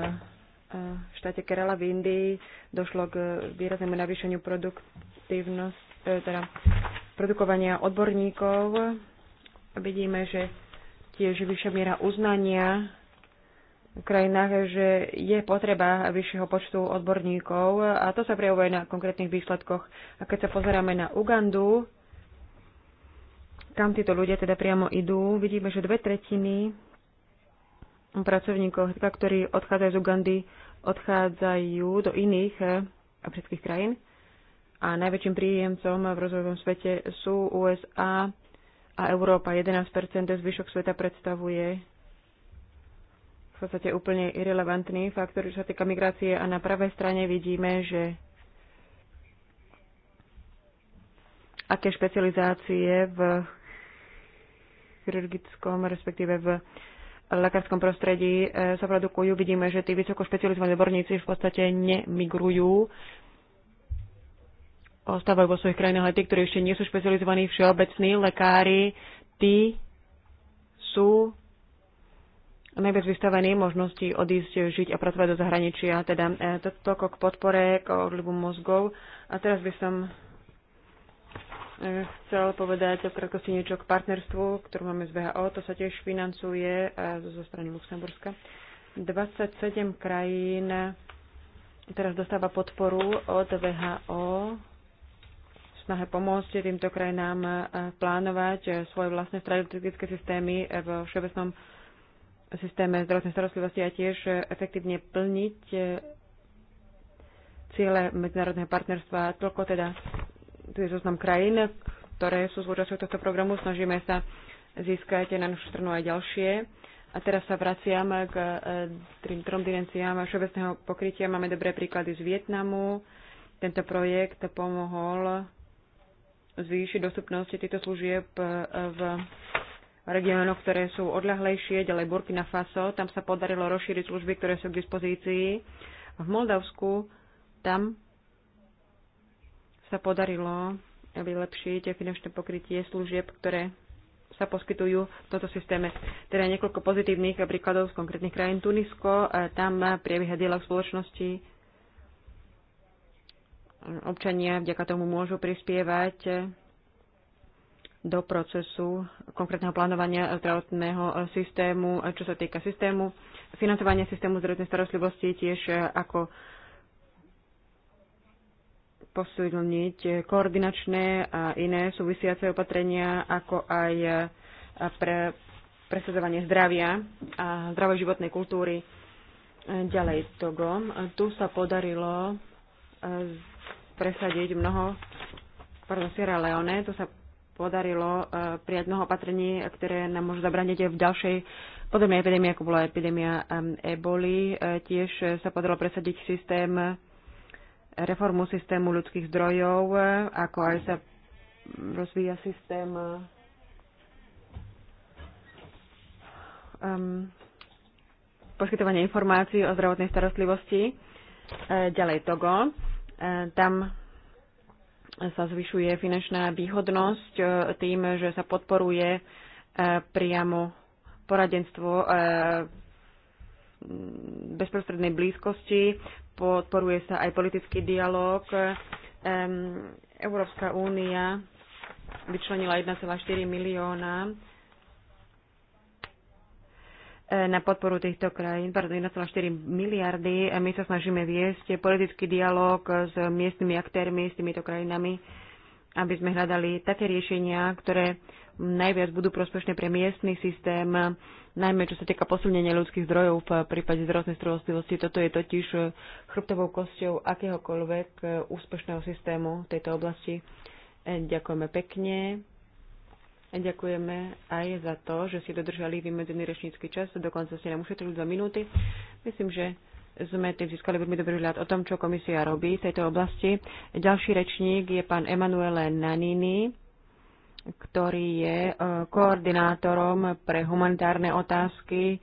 štáte Kerala v Indii došlo k výraznému navýšeniu produktivnosť, e, teda produkovania odborníkov. Vidíme, že tiež vyššia miera uznania v krajinách, že je potreba vyššieho počtu odborníkov a to sa prejavuje na konkrétnych výsledkoch. A keď sa pozeráme na Ugandu, kam títo ľudia teda priamo idú, vidíme, že dve tretiny pracovníkov, teda, ktorí odchádzajú z Ugandy, odchádzajú do iných eh, afrických krajín. A najväčším príjemcom v rozvojovom svete sú USA a Európa. 11% zvyšok sveta predstavuje v podstate úplne irrelevantný faktor, čo sa týka migrácie. A na pravej strane vidíme, že aké špecializácie v chirurgickom, respektíve v lekárskom prostredí e, sa produkujú, vidíme, že tí vysoko špecializovaní odborníci v podstate nemigrujú, ostávajú vo svojich krajinách, ale tí, ktorí ešte nie sú špecializovaní všeobecní lekári, tí sú najviac vystavení možnosti odísť, žiť a pracovať do zahraničia. Teda e, toľko k podpore, k odlivu mozgov. A teraz by som Eh, chcel povedať ako si niečo k partnerstvu, ktorú máme z VHO. To sa tiež financuje eh, zo strany Luxemburska. 27 krajín eh, teraz dostáva podporu od VHO v snahe pomôcť týmto krajinám plánovať svoje vlastné strategické systémy v všeobecnom systéme zdravotnej starostlivosti a tiež efektívne plniť ciele medzinárodného partnerstva. Toľko teda tu je zoznam krajín, ktoré sú súčasťou tohto programu. Snažíme sa získať na našu stranu aj ďalšie. A teraz sa vraciam k e, tým trom dimenciám všeobecného pokrytia. Máme dobré príklady z Vietnamu. Tento projekt pomohol zvýšiť dostupnosť týchto služieb e, v regiónoch, ktoré sú odľahlejšie, ďalej Burkina Faso. Tam sa podarilo rozšíriť služby, ktoré sú k dispozícii. V Moldavsku tam sa podarilo vylepšiť finančné pokrytie služieb, ktoré sa poskytujú v tomto systéme. Teda niekoľko pozitívnych príkladov z konkrétnych krajín. Tunisko, e, tam priebieha dialog spoločnosti. Občania vďaka tomu môžu prispievať do procesu konkrétneho plánovania zdravotného systému, čo sa týka systému, financovania systému zdravotnej starostlivosti, tiež ako posilniť koordinačné a iné súvisiace opatrenia, ako aj pre presadzovanie zdravia a zdravej životnej kultúry. Ďalej Togo. Tu sa podarilo e, presadiť mnoho, pardon, Sierra Leone, tu sa podarilo e, prijať mnoho opatrení, ktoré nám môžu zabrániť v ďalšej podobnej epidémii, ako bola epidémia e, eboli. Tiež sa podarilo presadiť systém reformu systému ľudských zdrojov, ako aj sa rozvíja systém um, ehm, poskytovania informácií o zdravotnej starostlivosti. E, ďalej Togo. E, tam sa zvyšuje finančná výhodnosť e, tým, že sa podporuje priamo poradenstvo Mm, bezprostrednej blízkosti, podporuje sa aj politický dialog. Európska únia vyčlenila 1,4 milióna e, na podporu týchto krajín, pardon, 1,4 miliardy. E, my sa snažíme viesť politický dialog s miestnymi aktérmi, s týmito krajinami, aby sme hľadali také riešenia, ktoré najviac budú prospešné pre miestny systém, najmä čo sa týka posilnenia ľudských zdrojov v prípade zdravotnej starostlivosti. Toto je totiž e, chrbtovou kosťou akéhokoľvek e, úspešného systému v tejto oblasti. E, ďakujeme pekne. Ďakujeme aj za to, že ste dodržali vymedzený rečnícky čas, dokonca ste nám ušetrili dva minúty. Myslím, že sme tým získali veľmi dobrý hľad o tom, čo komisia robí v tejto oblasti. Ďalší rečník je pán Emanuele Nanini ktorý je e, koordinátorom pre humanitárne otázky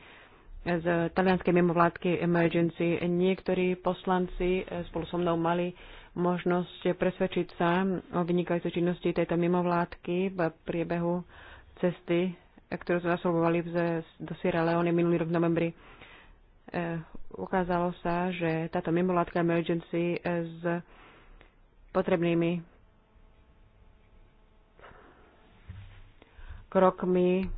z talianskej mimovládky Emergency. Niektorí poslanci e, spolu so mnou mali možnosť presvedčiť sa o vynikajúcej činnosti tejto mimovládky v priebehu cesty, e, ktorú sme absolvovali do Sierra Leone minulý rok v novembri. Ukázalo sa, že táto mimovládka Emergency s potrebnými krokmi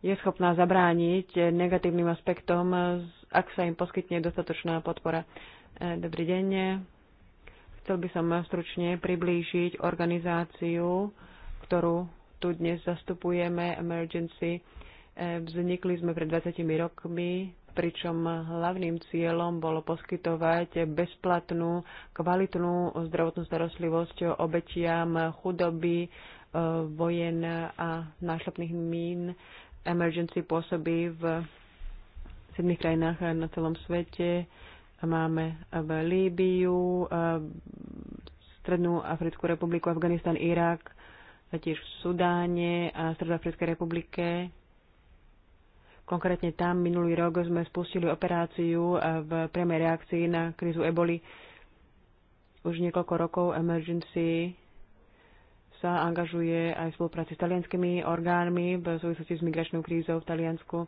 je schopná zabrániť negatívnym aspektom, ak sa im poskytne dostatočná podpora. E, dobrý deň. Chcel by som stručne priblížiť organizáciu, ktorú tu dnes zastupujeme, Emergency. E, vznikli sme pred 20 rokmi, pričom hlavným cieľom bolo poskytovať bezplatnú, kvalitnú zdravotnú starostlivosť obetiam chudoby, vojen a nášlepných mín emergency pôsobí v sedmých krajinách na celom svete. Máme v Líbiu, eh, Strednú Africkú republiku, Afganistan, Irak, tiež v Sudáne a Stredoafrickej republike. Konkrétne tam minulý rok sme spustili operáciu eh, v priamej reakcii na krízu eboli. Už niekoľko rokov emergency sa angažuje aj v spolupráci s talianskými orgánmi v súvislosti s migračnou krízou v Taliansku. E,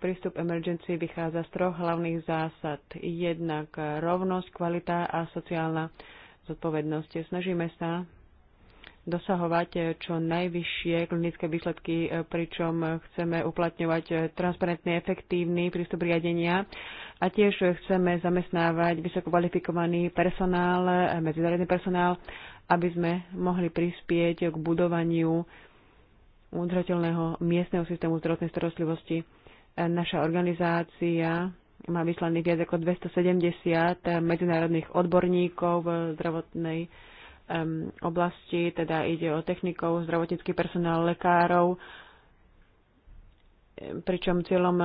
prístup emergency vychádza z troch hlavných zásad. Jednak rovnosť, kvalita a sociálna zodpovednosť. Snažíme sa dosahovať čo najvyššie klinické výsledky, e, pričom chceme uplatňovať transparentný, efektívny prístup riadenia a tiež chceme zamestnávať vysokokvalifikovaný personál, e, medzinárodný personál aby sme mohli prispieť k budovaniu udržateľného miestneho systému zdravotnej starostlivosti. Naša organizácia má vyslaných viac ako 270 medzinárodných odborníkov v zdravotnej um, oblasti, teda ide o technikov, zdravotnícky personál, lekárov, pričom cieľom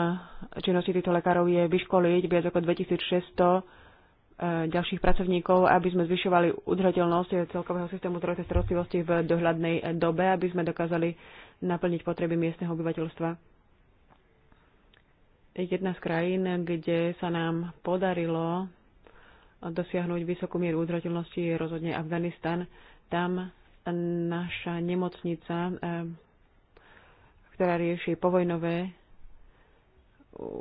činnosti týchto lekárov je vyškoliť viac ako 2600 E, ďalších pracovníkov, aby sme zvyšovali udržateľnosť celkového systému zdravotnej starostlivosti v dohľadnej dobe, aby sme dokázali naplniť potreby miestneho obyvateľstva. Jedna z krajín, kde sa nám podarilo dosiahnuť vysokú mieru udržateľnosti, je rozhodne Afganistan. Tam naša nemocnica, e, ktorá rieši povojnové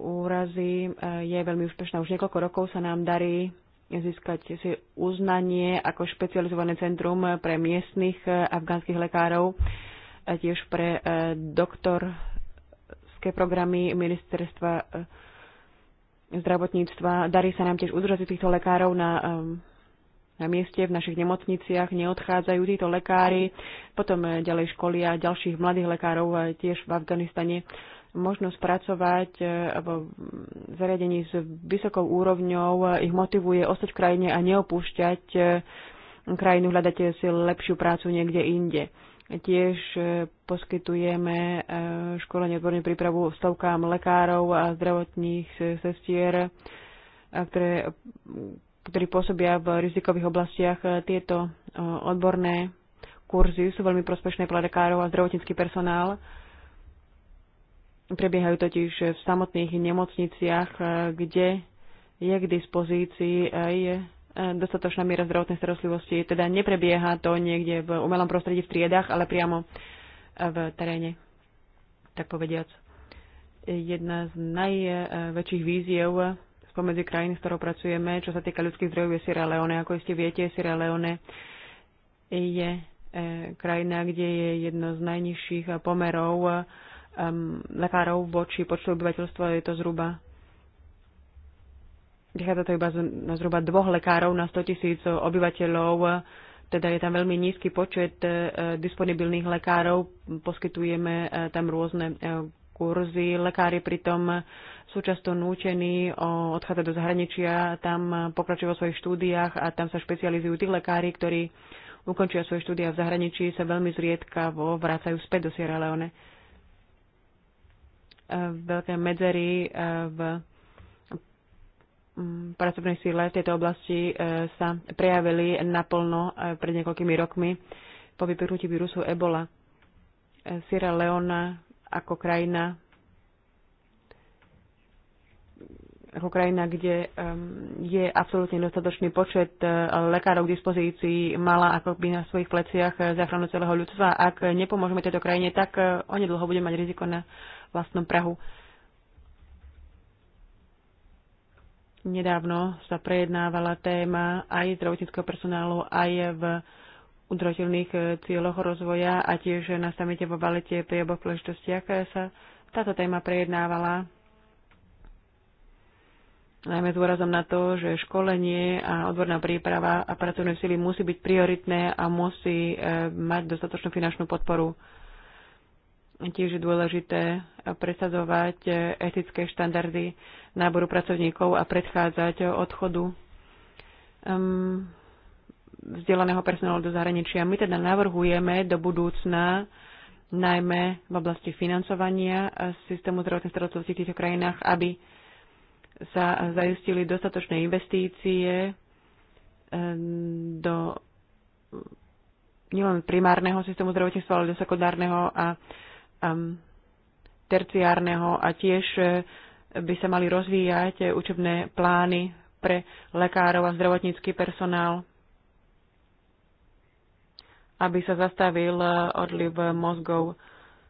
úrazy, e, je veľmi úspešná. Už niekoľko rokov sa nám darí získať si uznanie ako špecializované centrum pre miestnych e, afgánskych lekárov a e, tiež pre e, doktorské programy ministerstva zdravotníctva. Darí sa nám tiež udržať týchto lekárov na, na mieste v našich nemocniciach. Neodchádzajú títo lekári. Potom ďalej školia ďalších mladých lekárov tiež v Afganistane možno spracovať e, v zariadení s vysokou úrovňou, e, ich motivuje ostať v krajine a neopúšťať e, krajinu, hľadať si lepšiu prácu niekde inde. Tiež poskytujeme školenie odbornú prípravu stovkám lekárov a zdravotných sestier, ktoré, ktorí pôsobia v rizikových oblastiach. Tieto odborné kurzy sú veľmi prospešné pre lekárov a zdravotnícky personál Prebiehajú totiž v samotných nemocniciach, eh, kde je k dispozícii aj eh, dostatočná miera zdravotnej starostlivosti. Teda neprebieha to niekde v umelom prostredí v triedách, ale priamo eh, v teréne, tak povediac. Jedna z najväčších víziev spomedzi krajín, s ktorou pracujeme, čo sa týka ľudských zdrojov, je Sierra Leone. Ako ste viete, Sierra Leone je krajina, kde je jedno z najnižších pomerov um, lekárov voči počtu obyvateľstva je to zhruba vychádza to iba z, na zhruba dvoch lekárov na 100 tisíc obyvateľov, teda je tam veľmi nízky počet e, disponibilných lekárov, poskytujeme e, tam rôzne e, kurzy, lekári pritom sú často nútení odchádzať do zahraničia, tam pokračujú vo svojich štúdiách a tam sa špecializujú tí lekári, ktorí ukončia svoje štúdia v zahraničí, sa veľmi zriedkavo vracajú späť do Sierra Leone veľké medzery eh, v mm, pracovnej síle v tejto oblasti eh, sa prejavili naplno eh, pred niekoľkými rokmi po vypuknutí vírusu Ebola. Sierra Leona ako krajina ako krajina, kde um, je absolútne dostatočný počet uh, lekárov k dispozícii, mala ako by na svojich pleciach uh, záchranu celého ľudstva. Ak nepomôžeme tejto krajine, tak uh, onedlho bude mať riziko na vlastnom Prahu. Nedávno sa prejednávala téma aj zdravotníckého personálu, aj v udrotilných cieľoch rozvoja a tiež na samite vo Valete pri oboch príležitostiach sa táto téma prejednávala najmä s dôrazom na to, že školenie a odborná príprava a pracovné sily musí byť prioritné a musí e, mať dostatočnú finančnú podporu. Tiež je dôležité presadzovať e, etické štandardy náboru pracovníkov a predchádzať odchodu vzdelaného personálu do zahraničia. My teda navrhujeme do budúcna najmä v oblasti financovania e, systému zdravotnej starostlivosti v týchto krajinách, aby sa zajistili dostatočné investície eh, do nielen primárneho systému zdravotníctva, ale do sekundárneho a terciárneho a tiež eh, by sa mali rozvíjať eh, učebné plány pre lekárov a zdravotnícky personál, aby sa zastavil odliv mozgov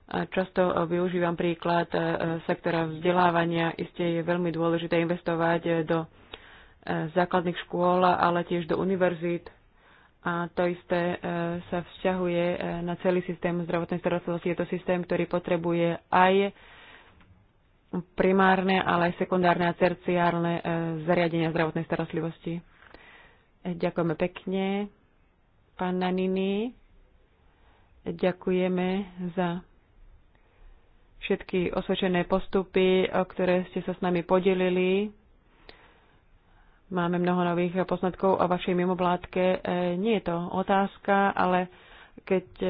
často e, využívam príklad e, sektora vzdelávania. Isté je veľmi dôležité investovať e, do základných škôl, ale tiež do univerzít. A to isté sa vzťahuje na celý systém zdravotnej starostlivosti. Je to systém, ktorý potrebuje aj primárne, ale aj sekundárne a terciárne zariadenia zdravotnej starostlivosti. Ďakujeme pekne, pán Nanini. Ďakujeme za všetky osvedčené postupy, o ktoré ste sa s nami podelili. Máme mnoho nových poznatkov o vašej mimovládke. E, nie je to otázka, ale keď e,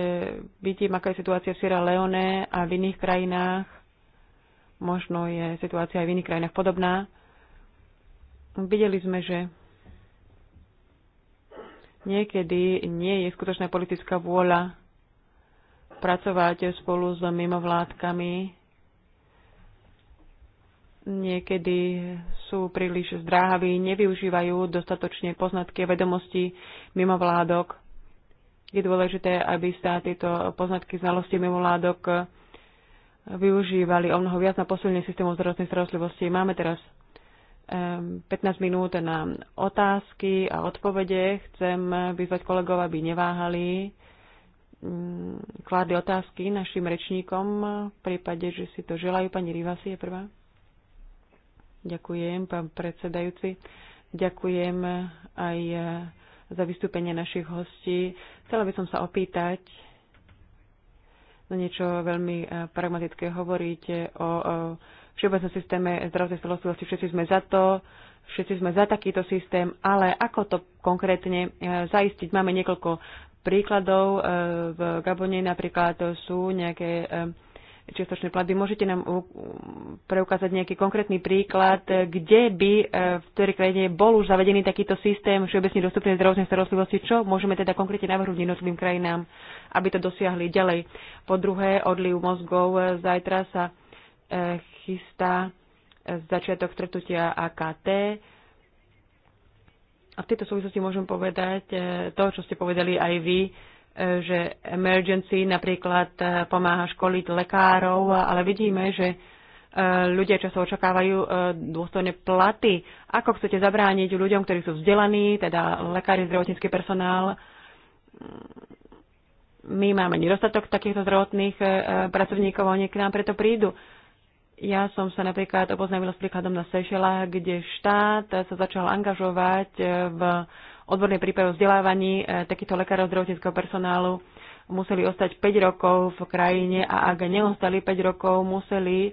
vidím, aká je situácia v Sierra Leone a v iných krajinách, možno je situácia aj v iných krajinách podobná, videli sme, že niekedy nie je skutočná politická vôľa pracováte spolu s mimovládkami. Niekedy sú príliš zdráhaví, nevyužívajú dostatočne poznatky a vedomosti mimovládok. Je dôležité, aby sa tieto poznatky znalosti mimovládok využívali o mnoho viac na posilnenie systému zdravotnej starostlivosti. Máme teraz 15 minút na otázky a odpovede. Chcem vyzvať kolegov, aby neváhali Mm, kladli otázky našim rečníkom v prípade, že si to želajú. Pani Rivasi je prvá. Ďakujem, pán predsedajúci. Ďakujem aj e, za vystúpenie našich hostí. Chcela by som sa opýtať na niečo veľmi e, pragmatické. Hovoríte o všeobecnom systéme zdravotnej starostlivosti. Všetci sme za to, všetci sme za takýto systém, ale ako to konkrétne e, zaistiť? Máme niekoľko príkladov. E, v Gabone napríklad sú nejaké e, čiastočné platby. Môžete nám preukázať nejaký konkrétny príklad, kde by e, v ktorej krajine bol už zavedený takýto systém všeobecne dostupnej zdravotnej starostlivosti, čo môžeme teda konkrétne navrhnúť jednotlivým krajinám, aby to dosiahli ďalej. Po druhé, odliv mozgov zajtra sa chystá začiatok stretnutia AKT a v tejto súvislosti môžem povedať e, to, čo ste povedali aj vy, e, že emergency napríklad e, pomáha školiť lekárov, ale vidíme, že ľudia často očakávajú dôstojné platy. Ako chcete zabrániť ľuďom, ktorí sú vzdelaní, teda lekári, zdravotnícky personál? Mm, my máme nedostatok takýchto zdravotných pracovníkov, oni k nám preto prídu. Ja som sa napríklad oboznámila s príkladom na Seychellách, kde štát sa začal angažovať v odbornej príprave vzdelávaní e, takýchto lekárov zdravotníckého personálu. Museli ostať 5 rokov v krajine a ak neostali 5 rokov, museli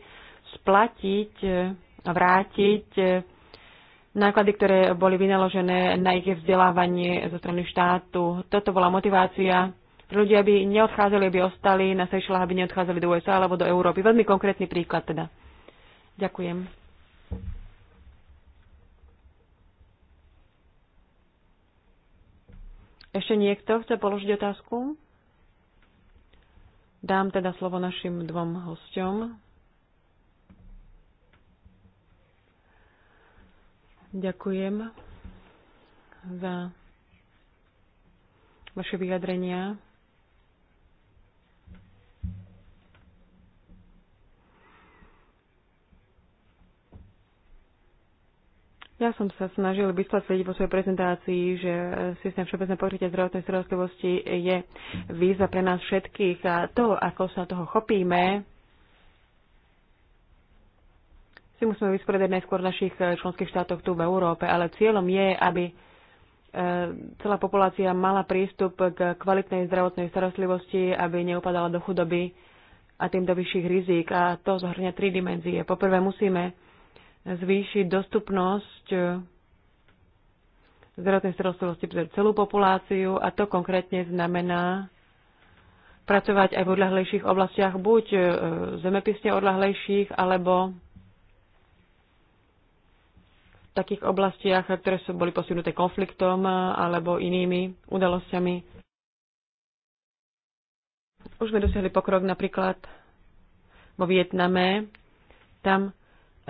splatiť a e, vrátiť e, náklady, ktoré boli vynaložené na ich vzdelávanie zo strany štátu. Toto bola motivácia ľudia by neodchádzali, by ostali na Seychellách, aby neodchádzali do USA alebo do Európy. Veľmi konkrétny príklad teda. Ďakujem. Ešte niekto chce položiť otázku? Dám teda slovo našim dvom hosťom. Ďakujem za vaše vyjadrenia. Ja som sa snažil vysvetliť vo svojej prezentácii, že systém všeobecného pokrytia zdravotnej starostlivosti je výzva pre nás všetkých a to, ako sa toho chopíme, si musíme vysporiadať najskôr v našich eh, členských štátoch tu v Európe, ale cieľom je, aby eh, celá populácia mala prístup k kvalitnej zdravotnej starostlivosti, aby neupadala do chudoby a tým do vyšších rizík. A to zahrňa tri dimenzie. Poprvé musíme zvýšiť dostupnosť e, zdravotnej starostlivosti pre celú populáciu a to konkrétne znamená pracovať aj v odľahlejších oblastiach, buď e, zemepisne odľahlejších, alebo v takých oblastiach, ktoré sú boli posunuté konfliktom e, alebo inými udalosťami. Už sme dosiahli pokrok napríklad vo Vietname. Tam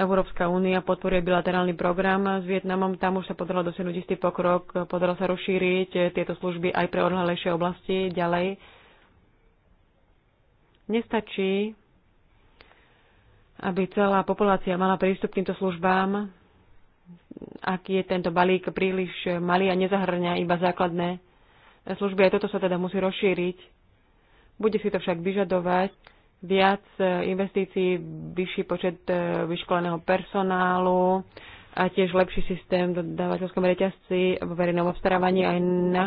Európska únia podporuje bilaterálny program s Vietnamom. Tam už sa podarilo dosiahnuť istý pokrok, podarilo sa rozšíriť tieto služby aj pre odhalejšie oblasti ďalej. Nestačí, aby celá populácia mala prístup k týmto službám, ak je tento balík príliš malý a nezahrňa iba základné služby. Aj toto sa teda musí rozšíriť. Bude si to však vyžadovať viac e, investícií, vyšší počet e, vyškoleného personálu a tiež lepší systém v dodávateľskom reťazci v verejnom obstarávaní aj na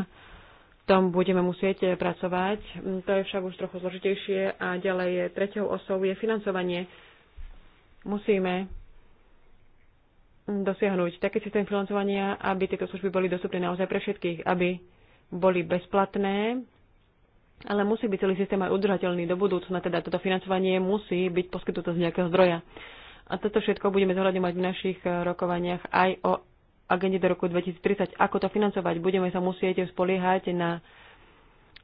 tom budeme musieť e, pracovať. Mm, to je však už trochu zložitejšie a ďalej je treťou osou je financovanie. Musíme dosiahnuť taký systém financovania, aby tieto služby boli dostupné naozaj pre všetkých, aby boli bezplatné ale musí byť celý systém aj udržateľný do budúcna, teda toto financovanie musí byť poskytnuté z nejakého zdroja. A toto všetko budeme zohľadňovať v našich eh, rokovaniach aj o agende do roku 2030. Ako to financovať? Budeme sa musieť spoliehať na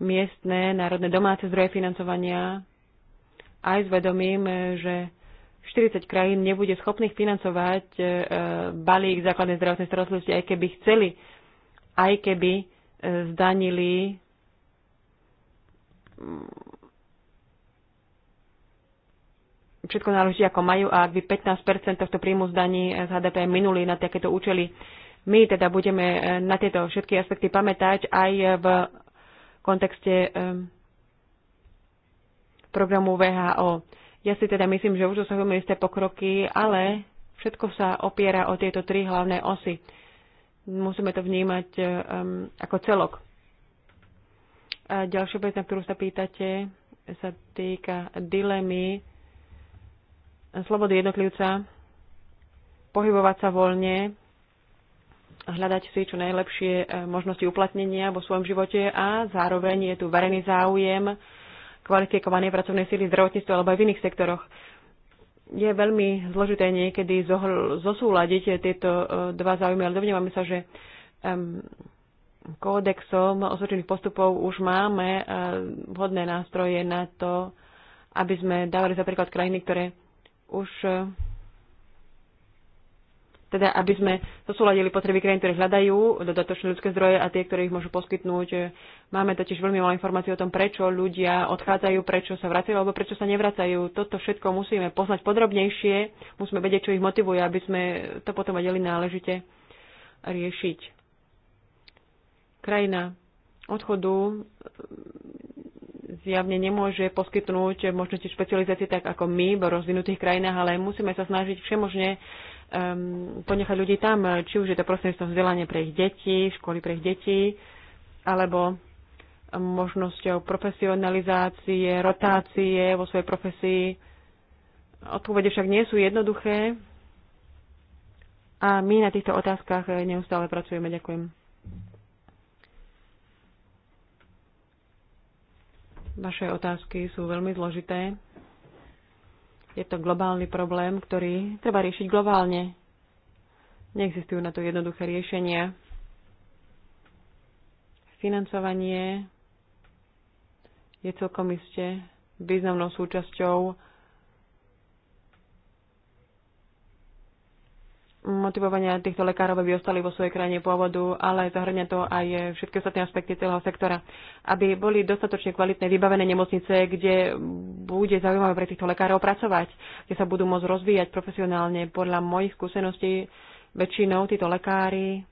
miestne, národné domáce zdroje financovania aj s vedomím, eh, že 40 krajín nebude schopných financovať eh, balík základnej zdravotnej starostlivosti, aj keby chceli, aj keby zdanili všetko náleží, ako majú a ak by 15 tohto príjmu z daní z HDP minuli na takéto účely, my teda budeme eh, na tieto všetky aspekty pamätať aj v kontexte eh, programu VHO. Ja si teda myslím, že už dosahujeme isté pokroky, ale všetko sa opiera o tieto tri hlavné osy. Musíme to vnímať um, ako celok. A ďalšia vec, na ktorú sa pýtate, sa týka dilemy slobody jednotlivca, pohybovať sa voľne, hľadať si čo najlepšie e, možnosti uplatnenia vo svojom živote a zároveň je tu verejný záujem kvalifikovanej pracovnej síly v zdravotníctve alebo aj v iných sektoroch. Je veľmi zložité niekedy zosúľadiť tieto e, dva záujmy, ale domnievame sa, že um, kódexom osvedčených postupov už máme eh, vhodné nástroje na to, aby sme dávali za príklad krajiny, ktoré už eh, teda aby sme zosúladili potreby krajín, ktoré hľadajú dodatočné ľudské zdroje a tie, ktoré ich môžu poskytnúť. Máme totiž veľmi malé informácií o tom, prečo ľudia odchádzajú, prečo sa vracajú alebo prečo sa nevracajú. Toto všetko musíme poznať podrobnejšie, musíme vedieť, čo ich motivuje, aby sme to potom vedeli náležite riešiť. Krajina odchodu eh, zjavne nemôže poskytnúť možnosti špecializácie tak ako my v rozvinutých krajinách, ale musíme sa snažiť všemožne um, ponechať ľudí tam, či už je to prostredníctvo vzdelania pre ich deti, školy pre ich deti, alebo možnosťou profesionalizácie, rotácie vo svojej profesii. Odpovede však nie sú jednoduché a my na týchto otázkach neustále pracujeme. Ďakujem. Vaše otázky sú veľmi zložité. Je to globálny problém, ktorý treba riešiť globálne. Neexistujú na to jednoduché riešenia. Financovanie je celkom iste významnou súčasťou motivovania týchto lekárov, aby ostali vo svojej krajine pôvodu, ale zahrňa to aj všetky ostatné aspekty celého sektora, aby boli dostatočne kvalitné vybavené nemocnice, kde bude zaujímavé pre týchto lekárov pracovať, kde sa budú môcť rozvíjať profesionálne. Podľa mojich skúseností väčšinou títo lekári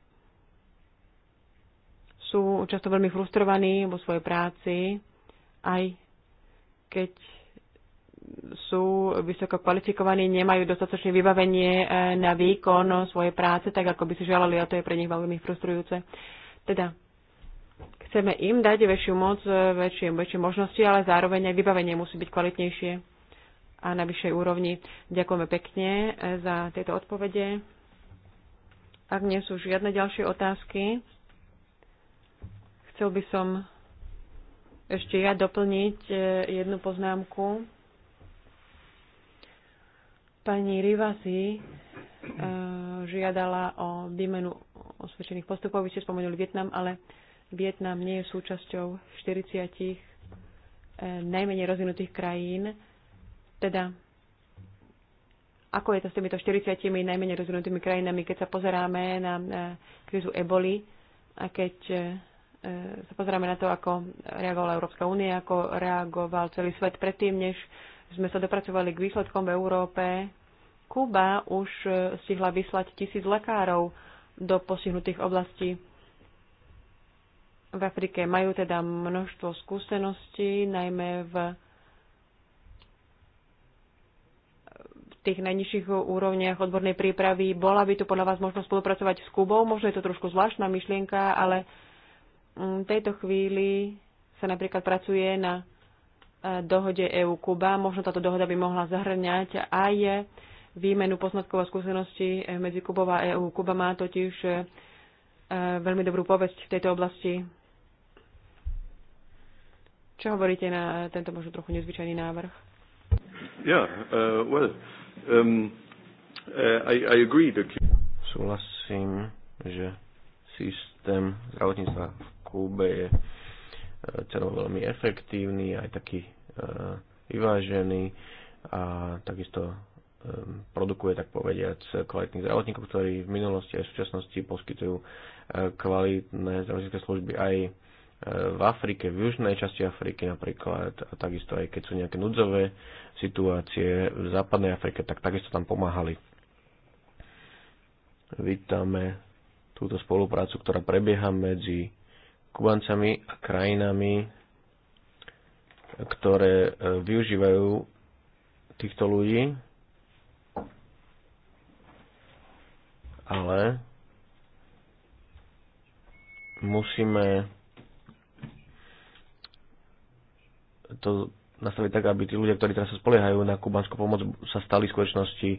sú často veľmi frustrovaní vo svojej práci, aj keď sú vysoko kvalifikovaní, nemajú dostatočné vybavenie eh, na výkon svojej práce, tak ako by si želali a to je pre nich veľmi frustrujúce. Teda chceme im dať väčšiu moc, eh, väčšie, väčšie možnosti, ale zároveň aj vybavenie musí byť kvalitnejšie a na vyššej úrovni. Ďakujeme pekne eh, za tieto odpovede. Ak nie sú žiadne ďalšie otázky, chcel by som ešte ja doplniť jednu poznámku. Pani Rivasi eh, žiadala o výmenu osvedčených postupov. Vy ste spomenuli Vietnam, ale Vietnam nie je súčasťou 40 eh, najmenej rozvinutých krajín. Teda, ako je to s týmito 40 najmenej rozvinutými krajinami, keď sa pozeráme na krízu eboli a keď eh, sa pozeráme na to, ako reagovala Európska únia, ako reagoval celý svet predtým, než sme sa dopracovali k výsledkom v Európe, Kuba už e, stihla vyslať tisíc lekárov do postihnutých oblastí v Afrike. Majú teda množstvo skúseností, najmä v tých najnižších úrovniach odbornej prípravy. Bola by tu podľa vás možnosť spolupracovať s Kubou? Možno je to trošku zvláštna myšlienka, ale mm, v tejto chvíli sa napríklad pracuje na e, dohode EU-Kuba. Možno táto dohoda by mohla zahrňať aj výmenu poznatkov a skúseností eh, medzi Kubou a EÚ. Kuba má totiž eh, eh, veľmi dobrú povesť v tejto oblasti. Čo hovoríte na tento možno trochu nezvyčajný návrh?
Yeah, uh, well, um, uh, I, I agree that... Súhlasím, že systém zdravotníctva v Kube je celo veľmi efektívny, aj taký uh, vyvážený a takisto Ehm, produkuje, tak povediať, kvalitných zdravotníkov, ktorí v minulosti aj v súčasnosti poskytujú e, kvalitné zdravotnícke služby aj e, v Afrike, v južnej časti Afriky napríklad, a takisto aj keď sú nejaké núdzové situácie v západnej Afrike, tak takisto tam pomáhali. Vítame túto spoluprácu, ktorá prebieha medzi Kubancami a krajinami, ktoré e, využívajú týchto ľudí ale musíme to nastaviť tak, aby tí ľudia, ktorí teraz sa spoliehajú na kubanskú pomoc, sa stali v skutočnosti e,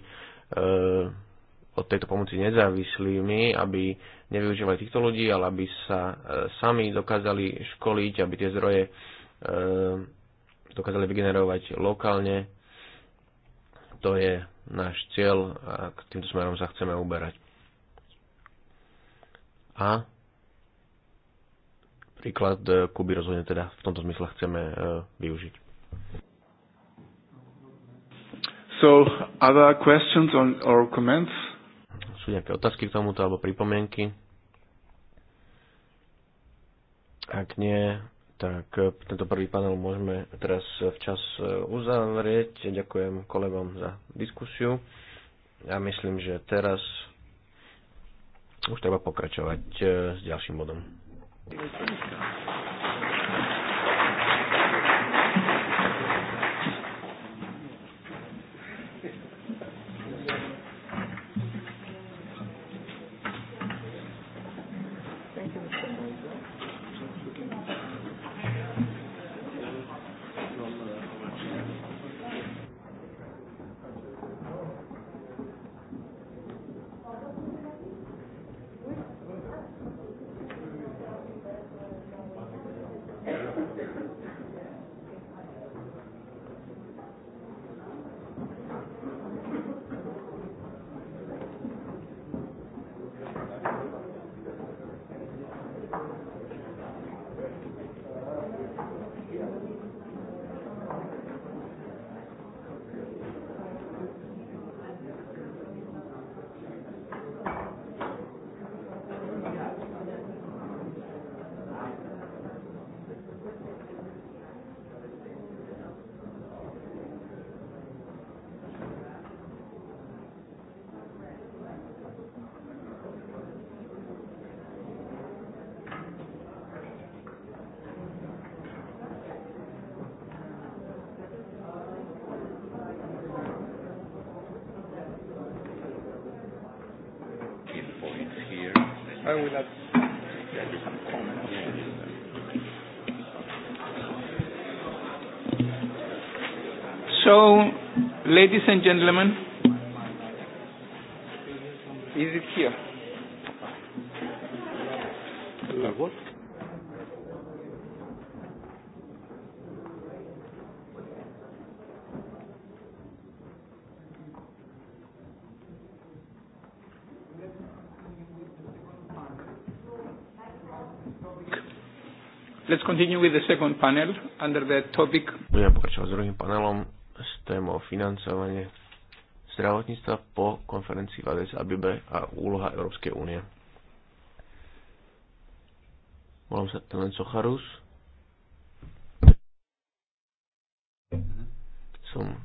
od tejto pomoci nezávislými, aby nevyužívali týchto ľudí, ale aby sa e, sami dokázali školiť, aby tie zdroje e, dokázali vygenerovať lokálne. To je náš cieľ a k týmto smerom sa chceme uberať a príklad e, Kuby rozhodne teda v tomto zmysle chceme e, využiť.
So, other questions on, or comments? Sú nejaké otázky k
tomuto alebo pripomienky? Ak nie, tak e, tento prvý panel môžeme teraz včas uzavrieť. Ďakujem kolegom za diskusiu. Ja myslím, že teraz už treba pokračovať eh, s ďalším bodom.
So, ladies and gentlemen, is it here?
Let's continue with the second panel
under the topic.
Budeme pokračovať s druhým panelom tému o financovanie zdravotníctva po konferencii v Addis Abibe a úloha Európskej únie. Volám sa Telen Socharus. Som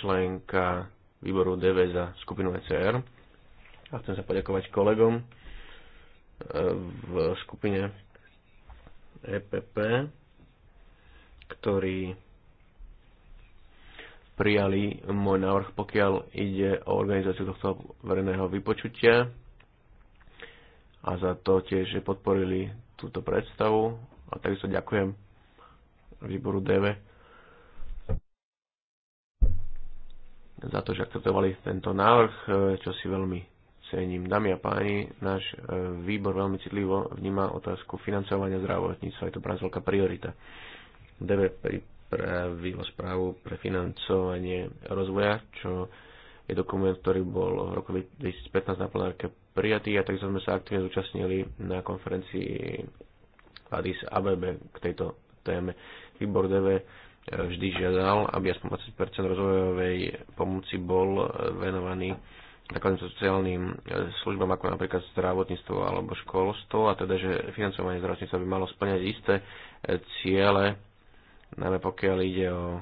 členka výboru DV za skupinu ECR a chcem sa poďakovať kolegom e, v skupine EPP, ktorí prijali môj návrh, pokiaľ ide o organizáciu tohto verejného vypočutia a za to tiež, že podporili túto predstavu a takisto ďakujem výboru DV za to, že akceptovali tento návrh, čo si veľmi cením. Dámy a páni, náš e, výbor veľmi citlivo vníma otázku financovania zdravotníctva, je to pre nás veľká priorita. DV pripravilo správu pre financovanie rozvoja, čo je dokument, ktorý bol v roku 2015 na plenárke prijatý a tak sme sa aktívne zúčastnili na konferencii ADIS Addis ABB k tejto téme. Výbor DV eh, vždy žiadal, aby aspoň 20 rozvojovej pomoci bol eh, venovaný takým sociálnym eh, službám, ako napríklad zdravotníctvo alebo školstvo, a teda, že financovanie zdravotníctva by malo splňať isté ciele najmä pokiaľ ide o e,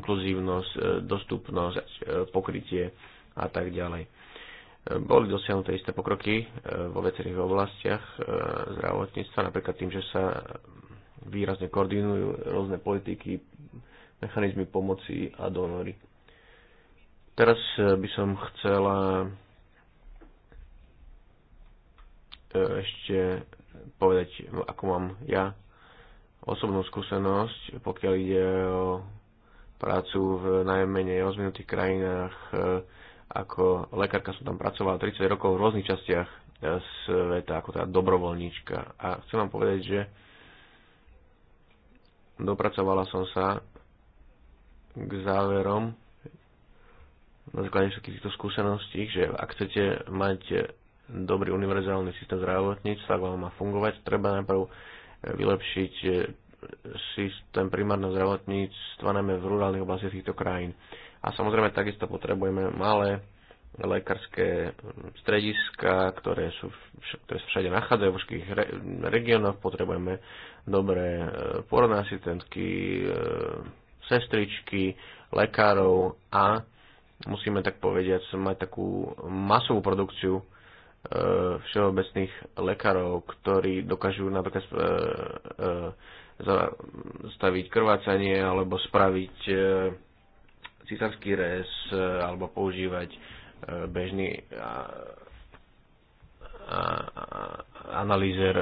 inkluzívnosť, e, dostupnosť, e, pokrytie a tak ďalej. Boli dosiahnuté isté pokroky vo viacerých oblastiach zdravotníctva, napríklad tým, že sa výrazne koordinujú rôzne politiky, mechanizmy pomoci a donory. Teraz by som chcela ešte povedať, ako mám ja osobnú skúsenosť, pokiaľ ide o prácu v najmenej rozvinutých krajinách. E, ako lekárka som tam pracovala 30 rokov v rôznych častiach e, sveta, ako teda dobrovoľníčka. A chcem vám povedať, že dopracovala som sa k záverom na základe všetkých týchto skúseností, že ak chcete mať dobrý univerzálny systém zdravotníctva, ak vám má fungovať, treba najprv vylepšiť e, systém primárneho zdravotníctva, najmä v rurálnych oblastiach týchto krajín. A samozrejme takisto potrebujeme malé lekárske strediska, ktoré, sú, ktoré sa všade nachádzajú vo všetkých regiónoch. Potrebujeme dobré e, porodné asistentky, e, sestričky, lekárov a musíme tak povediať mať takú masovú produkciu E, všeobecných lekárov, ktorí dokážu napríklad e, e, zastaviť krvácanie alebo spraviť císarský rez alebo používať bežný analýzer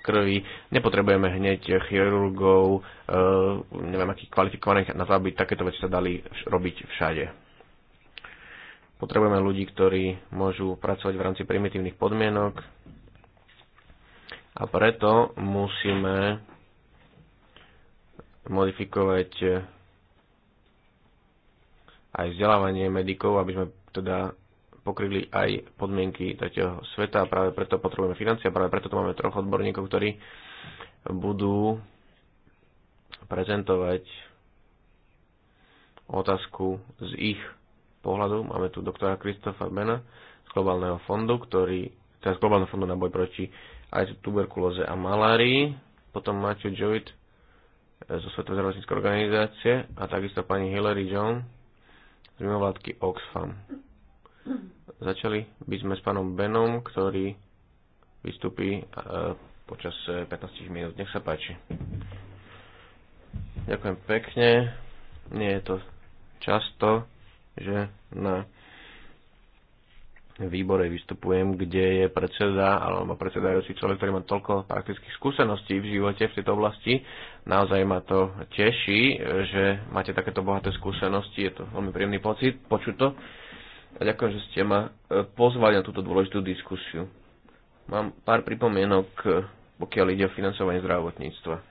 krvi. Nepotrebujeme hneď chirurgov, neviem akých kvalifikovaných na to, aby takéto veci sa dali robiť všade. Potrebujeme ľudí, ktorí môžu pracovať v rámci primitívnych podmienok a preto musíme modifikovať aj vzdelávanie medikov, aby sme teda pokryli aj podmienky tretieho sveta a práve preto potrebujeme financie a práve preto tu máme troch odborníkov, ktorí budú prezentovať otázku z ich pohľadu. Máme tu doktora Kristofa Bena z Globálneho fondu, ktorý, teda z Globálneho fondu na boj proti aj tuberkulóze a malárii. Potom Matthew Jewitt eh, zo Svetovej zdravotníckej organizácie a takisto pani Hillary John z mimovládky Oxfam. Začali by sme s pánom Benom, ktorý vystúpi eh, počas 15 eh, minút. Nech sa páči. Ďakujem pekne. Nie je to často, že na výbore vystupujem, kde je predseda alebo predsedajúci človek, ktorý má toľko praktických skúseností v živote v tejto oblasti. Naozaj ma to teší, že máte takéto bohaté skúsenosti. Je to veľmi príjemný pocit počuť to. A ďakujem, že ste ma e, pozvali na túto dôležitú diskusiu. Mám pár pripomienok, e, pokiaľ ide o financovanie zdravotníctva.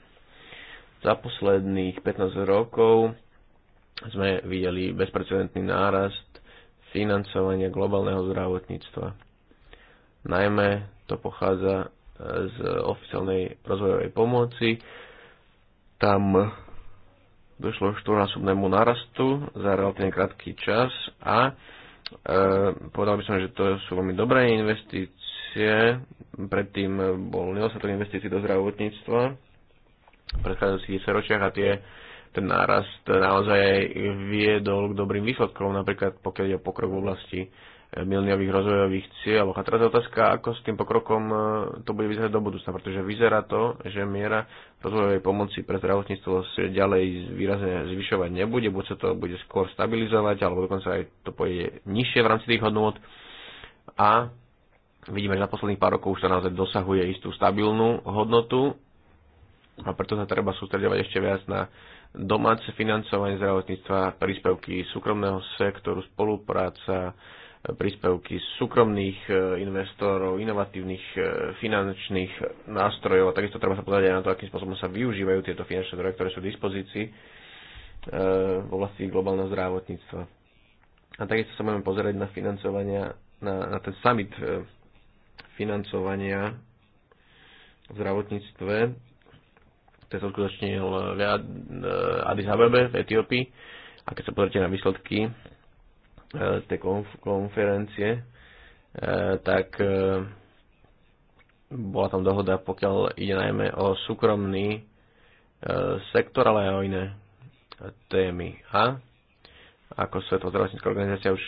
Za posledných 15 rokov sme videli bezprecedentný nárast financovania globálneho zdravotníctva. Najmä to pochádza e, z oficiálnej rozvojovej pomoci. Tam došlo k štvornásobnému narastu za relatívne krátky čas a e, povedal by som, že to sú veľmi dobré investície. Predtým bol nedostatok investícií do zdravotníctva v predchádzajúcich ročiach a tie ten nárast naozaj viedol k dobrým výsledkom, napríklad pokiaľ je o pokrok v oblasti eh, milniových rozvojových cieľov. A teraz je otázka, ako s tým pokrokom eh, to bude vyzerať do budúcna, pretože vyzerá to, že miera rozvojovej pomoci pre zdravotníctvo sa ďalej výrazne zvyšovať nebude, buď sa to bude skôr stabilizovať, alebo dokonca aj to pôjde nižšie v rámci tých hodnôt. A vidíme, že za posledných pár rokov už sa naozaj dosahuje istú stabilnú hodnotu a preto sa treba sústredovať ešte viac na domáce financovanie zdravotníctva, príspevky súkromného sektoru, spolupráca, príspevky súkromných e, investorov, inovatívnych e, finančných nástrojov. A takisto treba sa pozrieť aj na to, akým spôsobom sa využívajú tieto finančné zdroje, ktoré sú v dispozícii e, v oblasti globálneho zdravotníctva. A takisto sa môžeme pozrieť na financovania, na, na ten summit financovania v zdravotníctve, ktorý sa uskutočnil v Addis e, Abebe v Etiópii. A keď sa pozrite na výsledky e, z tej konferencie, e, tak bola tam dohoda, pokiaľ ide najmä o súkromný sektor, ale aj o iné témy. A ako Svetová zdravotnícká organizácia už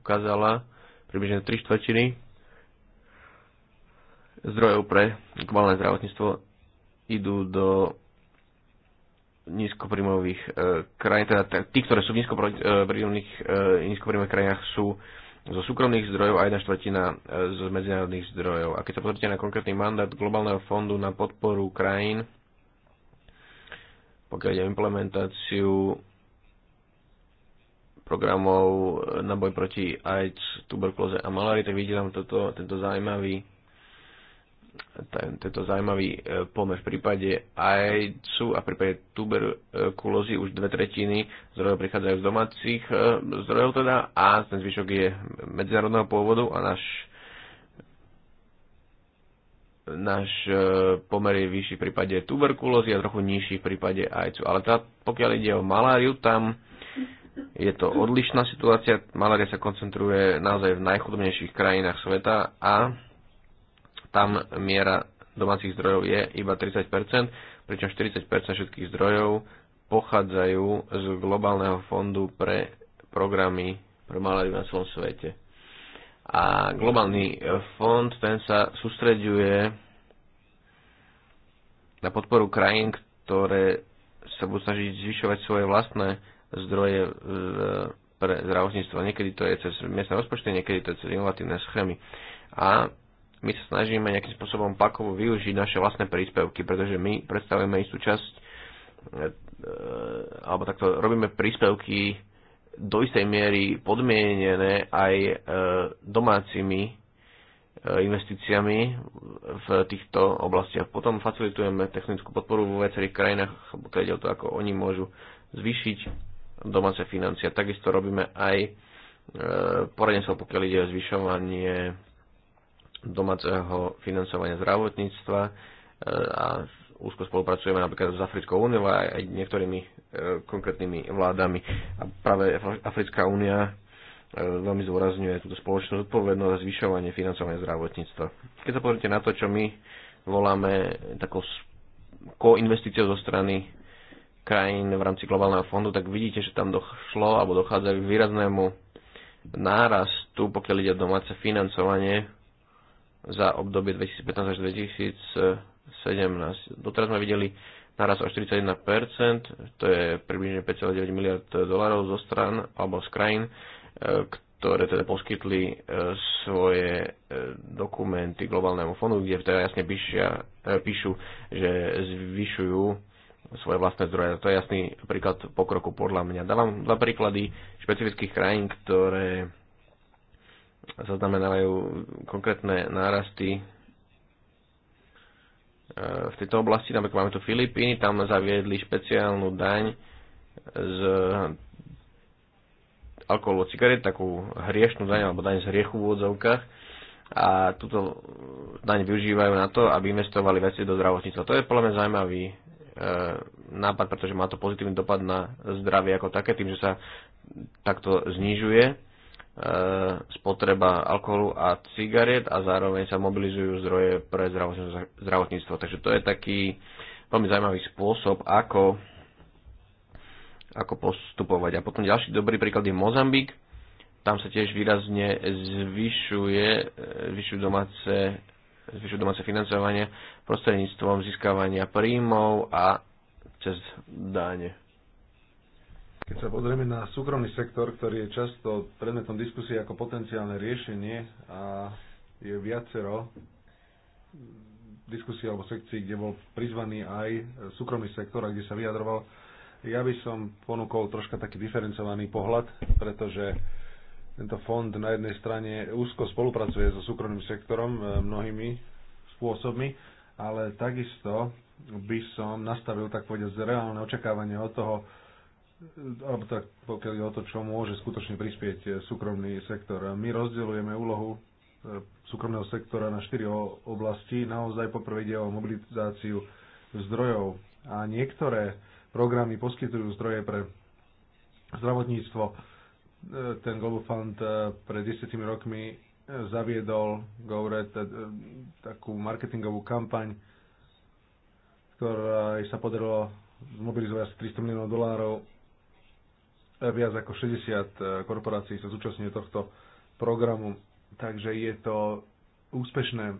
ukázala, približne tri štvrtiny zdrojov pre globálne zdravotníctvo idú do nízkoprímových e, krajín, teda tí, ktoré sú v nízkoprímových, e, nízkoprímových krajinách, sú zo súkromných zdrojov a jedna štvrtina e, zo medzinárodných zdrojov. A keď sa pozrite na konkrétny mandát Globálneho fondu na podporu krajín, pokiaľ ide implementáciu programov na boj proti AIDS, tuberkulóze a malárii, tak vidíte tam toto, tento zaujímavý tento zaujímavý e, pomer v prípade AIDSu a v prípade tuberkulózy už dve tretiny zdrojov prichádzajú z domácich e, zdrojov teda a ten zvyšok je medzinárodného pôvodu a náš náš e, pomer je vyšší v prípade tuberkulózy a trochu nižší v prípade AIDSu. Ale tá, pokiaľ ide o maláriu, tam je to odlišná situácia. Malária sa koncentruje naozaj v najchudobnejších krajinách sveta a tam miera domácich zdrojov je iba 30%, pričom 40% všetkých zdrojov pochádzajú z globálneho fondu pre programy pre malé na celom svete. A globálny fond ten sa sústreďuje na podporu krajín, ktoré sa budú snažiť zvyšovať svoje vlastné zdroje pre zdravotníctvo. Niekedy to je cez miestne rozpočty, niekedy to je cez inovatívne schémy. A my sa snažíme nejakým spôsobom pakovo využiť naše vlastné príspevky, pretože my predstavujeme istú časť, e, e, alebo takto robíme príspevky do istej miery podmienené aj e, domácimi investíciami v týchto oblastiach. Potom facilitujeme technickú podporu vo viacerých krajinách, pokiaľ ide o to, ako oni môžu zvýšiť domáce financie. Takisto robíme aj poradenstvo, pokiaľ ide o zvyšovanie domáceho financovania zdravotníctva e, a úzko spolupracujeme napríklad s Africkou úniou a aj niektorými e, konkrétnymi vládami. A práve Africká únia e, veľmi zdôrazňuje túto spoločnú zodpovednosť a zvyšovanie financovania zdravotníctva. Keď sa pozrite na to, čo my voláme takou koinvestíciou zo strany krajín v rámci globálneho fondu, tak vidíte, že tam došlo alebo dochádza k výraznému nárastu, pokiaľ ide o domáce financovanie za obdobie 2015 až 2017. Doteraz sme videli naraz o 41%, to je približne 5,9 miliard dolárov zo stran alebo z krajín, eh, ktoré teda poskytli eh, svoje eh, dokumenty globálnemu fondu, kde teda jasne píšia, píšu, že zvyšujú svoje vlastné zdroje. To je jasný príklad pokroku podľa mňa. Dávam dva príklady špecifických krajín, ktoré zaznamenávajú konkrétne nárasty e, v tejto oblasti. Napríklad máme tu Filipíny, tam zaviedli špeciálnu daň z alkoholu cigaret, takú hriešnú daň alebo daň z hriechu v úvodzovkách a túto daň využívajú na to, aby investovali veci do zdravotníctva. To je podľa mňa zaujímavý e, nápad, pretože má to pozitívny dopad na zdravie ako také, tým, že sa takto znižuje E, spotreba alkoholu a cigariet a zároveň sa mobilizujú zdroje pre zdravotníctvo. Takže to je taký veľmi zaujímavý spôsob, ako, ako postupovať. A potom ďalší dobrý príklad je Mozambik. Tam sa tiež výrazne zvyšuje, e, zvyšujú domáce, zvyšujú domáce financovanie prostredníctvom získavania príjmov a cez dáne.
Keď sa pozrieme na súkromný sektor, ktorý je často predmetom diskusie ako potenciálne riešenie a je viacero diskusie alebo sekcií, kde bol prizvaný aj súkromný sektor a kde sa vyjadroval, ja by som ponúkol troška taký diferencovaný pohľad, pretože tento fond na jednej strane úzko spolupracuje so súkromným sektorom e, mnohými spôsobmi, ale takisto by som nastavil tak povedať reálne očakávanie od toho, alebo tak pokiaľ je o to, čo môže skutočne prispieť eh, súkromný sektor. My rozdeľujeme úlohu eh, súkromného sektora na štyri oblasti. Naozaj poprvé ide o mobilizáciu zdrojov a niektoré programy poskytujú zdroje pre zdravotníctvo. Eh, ten Global Fund pred desiatimi rokmi zaviedol govore, takú marketingovú kampaň, ktorá sa podarilo zmobilizovať asi 300 miliónov dolárov Viac ako 60 e, korporácií sa zúčastňuje tohto programu, takže je to úspešné.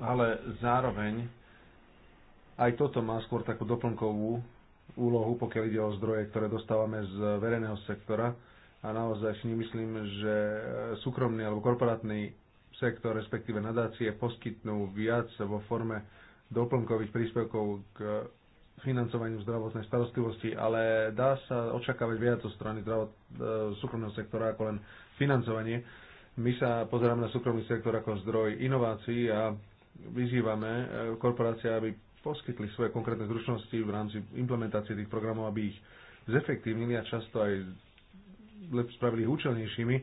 Ale zároveň aj toto má skôr takú doplnkovú úlohu, pokiaľ ide o zdroje, ktoré dostávame z verejného sektora. A naozaj si myslím, že súkromný alebo korporátny sektor, respektíve nadácie, poskytnú viac vo forme doplnkových príspevkov k financovaniu zdravotnej starostlivosti, ale dá sa očakávať viac zo strany zdravot, e, súkromného sektora ako len financovanie. My sa pozeráme na súkromný sektor ako zdroj inovácií a vyzývame e, korporácie, aby poskytli svoje konkrétne zručnosti v rámci implementácie tých programov, aby ich zefektívnili a často aj spravili ich účelnejšími,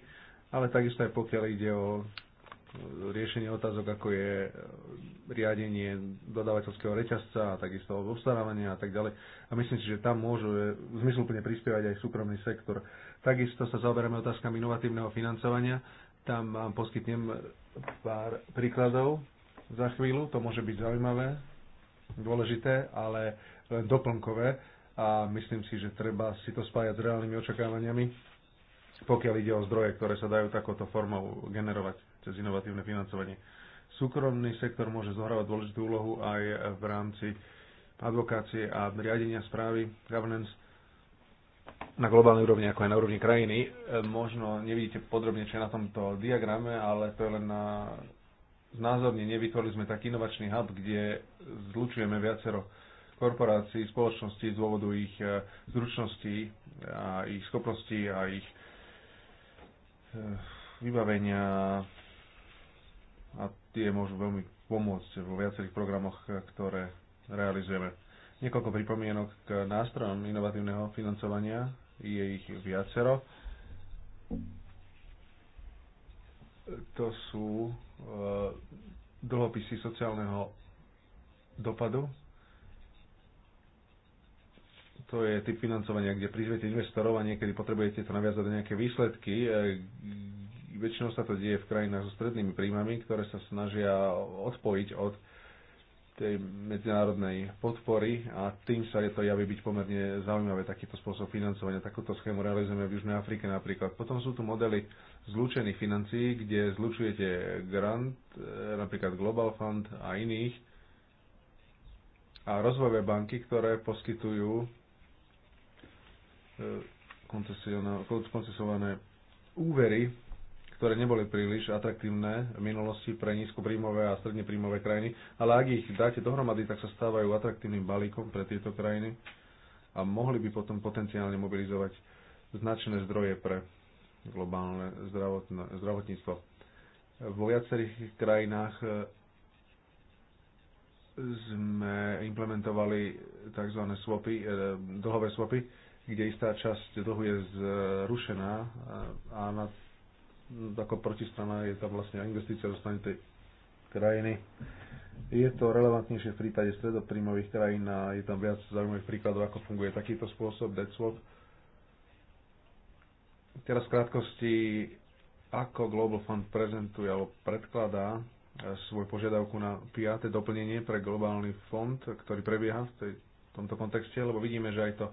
ale takisto aj pokiaľ ide o riešenie otázok, ako je e, riadenie dodávateľského reťazca a takisto obstarávania a tak ďalej. A myslím si, že tam môžu e, zmysluplne prispievať aj súkromný sektor. Takisto sa zaoberáme otázkami inovatívneho financovania. Tam vám poskytnem pár príkladov za chvíľu. To môže byť zaujímavé, dôležité, ale len doplnkové a myslím si, že treba si to spájať s reálnymi očakávaniami, pokiaľ ide o zdroje, ktoré sa dajú takouto formou generovať cez inovatívne financovanie. Súkromný sektor môže zohrávať dôležitú úlohu aj v rámci advokácie a riadenia správy, governance na globálnej úrovni, ako aj na úrovni krajiny. E, možno nevidíte podrobne, čo je na tomto diagrame, ale to je len na znázorne nevytvorili sme taký inovačný hub, kde zlučujeme viacero korporácií, spoločností z dôvodu ich e, zručností a ich schopností a ich e, vybavenia, a tie môžu veľmi pomôcť vo viacerých programoch, ktoré realizujeme. Niekoľko pripomienok k nástrojom inovatívneho financovania, je ich viacero. To sú e, dlhopisy sociálneho dopadu. To je typ financovania, kde prizviete investorov a niekedy potrebujete to naviazať do nejaké výsledky, e, väčšinou sa to deje v krajinách so strednými príjmami, ktoré sa snažia odpojiť od tej medzinárodnej podpory a tým sa je to javí byť pomerne zaujímavé takýto spôsob financovania. Takúto schému realizujeme v Južnej Afrike napríklad. Potom sú tu modely zlučených financií, kde zlučujete grant, eh, napríklad Global Fund a iných a rozvojové banky, ktoré poskytujú eh, koncesované úvery ktoré neboli príliš atraktívne v minulosti pre nízkopríjmové a stredne príjmové krajiny, ale ak ich dáte dohromady, tak sa stávajú atraktívnym balíkom pre tieto krajiny a mohli by potom potenciálne mobilizovať značné zdroje pre globálne zdravotné, zdravotníctvo. Vo viacerých krajinách e, sme implementovali tzv. swapy, e, dlhové swapy, kde istá časť dlhu je zrušená e, a na ako protistrana je tam vlastne investícia zo strany tej krajiny. Je to relevantnejšie v prípade stredoprímových krajín a je tam viac zaujímavých príkladov, ako funguje takýto spôsob, debt swap. Teraz v krátkosti, ako Global Fund prezentuje alebo predkladá eh, svoju požiadavku na piaté doplnenie pre globálny fond, ktorý prebieha v tej, v tomto kontexte, lebo vidíme, že aj to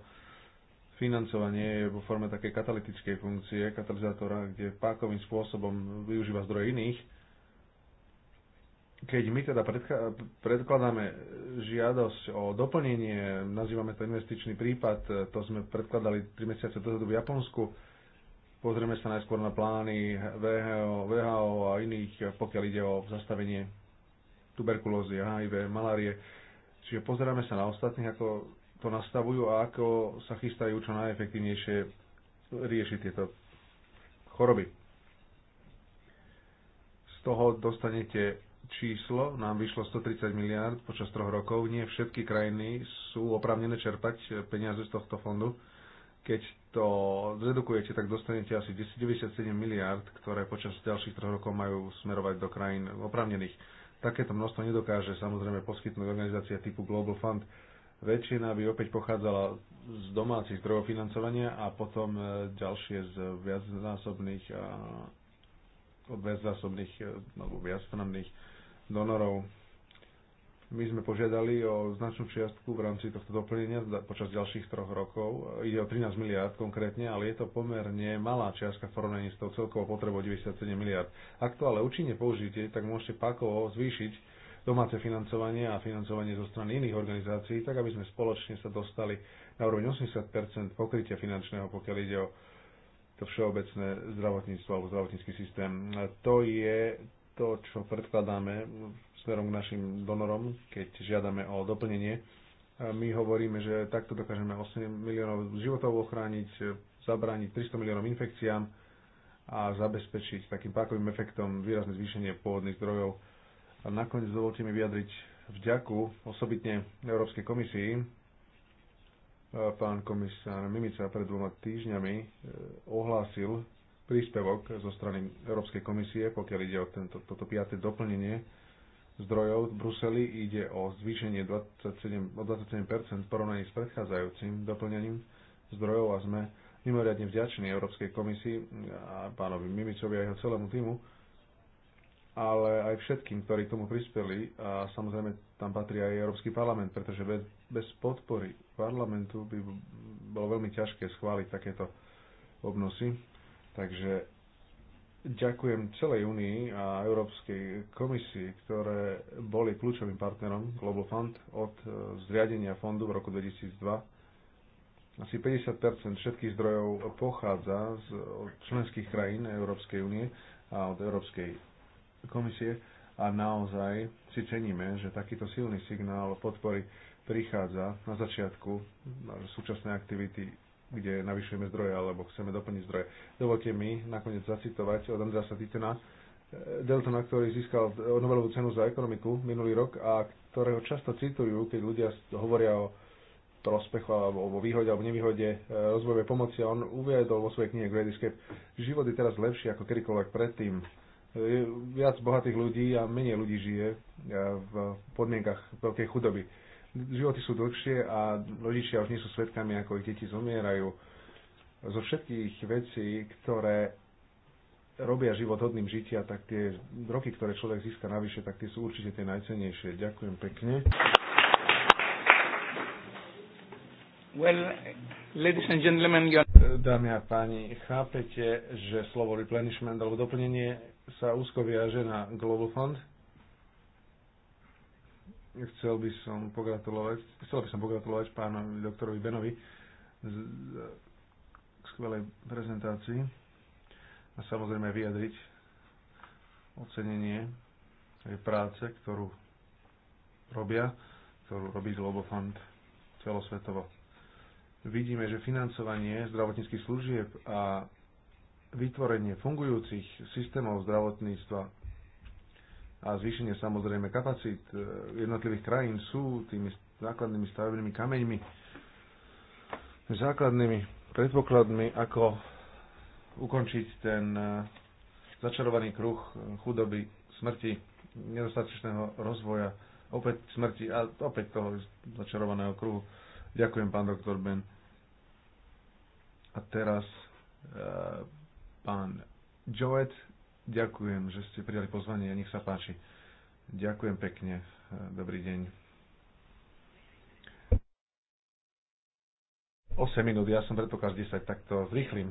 financovanie je vo forme také katalytickej funkcie, katalizátora, kde pákovým spôsobom využíva zdroje iných. Keď my teda predkladáme žiadosť o doplnenie, nazývame to investičný prípad, to sme predkladali 3 mesiace dozadu v Japonsku, pozrieme sa najskôr na plány VHO, VHO a iných, pokiaľ ide o zastavenie tuberkulózy, HIV, malárie. Čiže pozeráme sa na ostatných, ako to nastavujú a ako sa chystajú čo najefektívnejšie riešiť tieto choroby. Z toho dostanete číslo, nám vyšlo 130 miliard počas troch rokov. Nie všetky krajiny sú oprávnené čerpať peniaze z tohto fondu. Keď to zredukujete, tak dostanete asi 1097 miliard, ktoré počas ďalších troch rokov majú smerovať do krajín oprávnených. Takéto množstvo nedokáže samozrejme poskytnúť organizácia typu Global Fund, Väčšina by opäť pochádzala z domácich zdrojov financovania a potom e, ďalšie z viacnásobných e, od viacnásobných e, alebo viacnásobných donorov. My sme požiadali o značnú čiastku v rámci tohto doplnenia počas ďalších troch rokov. Ide o 13 miliard konkrétne, ale je to pomerne malá čiastka v porovnaní s tou celkovou potrebou 97 miliard. Ak to ale účinne použijete, tak môžete pakovo zvýšiť domáce financovanie a financovanie zo strany iných organizácií, tak aby sme spoločne sa dostali na úroveň 80 pokrytia finančného, pokiaľ ide o to všeobecné zdravotníctvo alebo zdravotnícky systém. To je to, čo predkladáme smerom k našim donorom, keď žiadame o doplnenie. My hovoríme, že takto dokážeme 8 miliónov životov ochrániť, zabrániť 300 miliónov infekciám a zabezpečiť takým pákovým efektom výrazné zvýšenie pôvodných zdrojov a nakoniec dovolte mi vyjadriť vďaku osobitne Európskej komisii. E, pán komisár Mimica pred dvoma týždňami e, ohlásil príspevok zo strany Európskej komisie, pokiaľ ide o tento, toto piaté doplnenie zdrojov v Bruseli, ide o zvýšenie 27, o 27% v porovnaní s predchádzajúcim doplnením zdrojov a sme mimoriadne vďační Európskej komisii a pánovi Mimicovi a jeho celému týmu, ale aj všetkým, ktorí k tomu prispeli a samozrejme tam patrí aj Európsky parlament, pretože bez, bez podpory parlamentu by bolo veľmi ťažké schváliť takéto obnosy. Takže ďakujem celej únii a Európskej komisii, ktoré boli kľúčovým partnerom Global Fund od e, zriadenia fondu v roku 2002 asi 50 všetkých zdrojov pochádza z členských krajín Európskej únie a od Európskej komisie a naozaj si ceníme, že takýto silný signál podpory prichádza na začiatku súčasnej aktivity, kde navyšujeme zdroje alebo chceme doplniť zdroje. Dovolte mi nakoniec zacitovať od Andrasa Titena, eh, Deltona, ktorý získal Nobelovú cenu za ekonomiku minulý rok a ktorého často citujú, keď ľudia hovoria o prospechu alebo o výhode alebo nevýhode eh, rozvojovej pomoci a on uviedol vo svojej knihe Great Escape, život je teraz lepší ako kedykoľvek predtým E, viac bohatých ľudí a menej ľudí žije e, v podmienkach veľkej chudoby. Životy sú dlhšie a rodičia už nie sú svetkami, ako ich deti zomierajú. Zo všetkých vecí, ktoré robia život hodným žitia, tak tie roky, ktoré človek získa navyše, tak tie sú určite tie najcennejšie. Ďakujem pekne.
Well, ladies and
gentlemen, you're... E, dámy a páni, chápete, že slovo replenishment alebo doplnenie sa úzko viaže na Global Fund. Chcel by som pogratulovať, chcel by som pogratulovať pánovi doktorovi Benovi k skvelej prezentácii a samozrejme vyjadriť ocenenie tej práce, ktorú robia, ktorú robí Global Fund celosvetovo. Vidíme, že financovanie zdravotníckých služieb a vytvorenie fungujúcich systémov zdravotníctva a zvýšenie samozrejme kapacít e, jednotlivých krajín sú tými základnými stavebnými kameňmi, základnými predpokladmi, ako ukončiť ten e, začarovaný kruh chudoby, smrti, nedostatočného rozvoja, opäť smrti a opäť toho začarovaného kruhu. Ďakujem, pán doktor Ben. A teraz e, Pán Joet, ďakujem, že ste prijali pozvanie. a Nech sa páči. Ďakujem pekne. Dobrý deň. 8 minút, ja som predpoklad 10, tak to zrýchlim.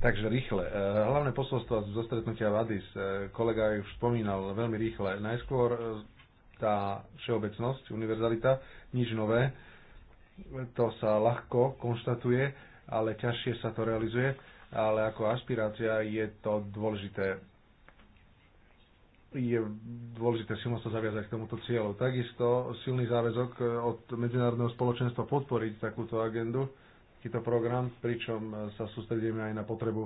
Takže rýchle. Eh, hlavné posolstvo zo stretnutia Vadis, eh, kolega ju už spomínal veľmi rýchle. Najskôr eh, tá všeobecnosť, univerzalita, nič nové to sa ľahko konštatuje, ale ťažšie sa to realizuje, ale ako aspirácia je to dôležité. Je dôležité silno sa zaviazať k tomuto cieľu. Takisto silný záväzok e, od medzinárodného spoločenstva podporiť takúto agendu, takýto program, pričom sa sústredíme aj na potrebu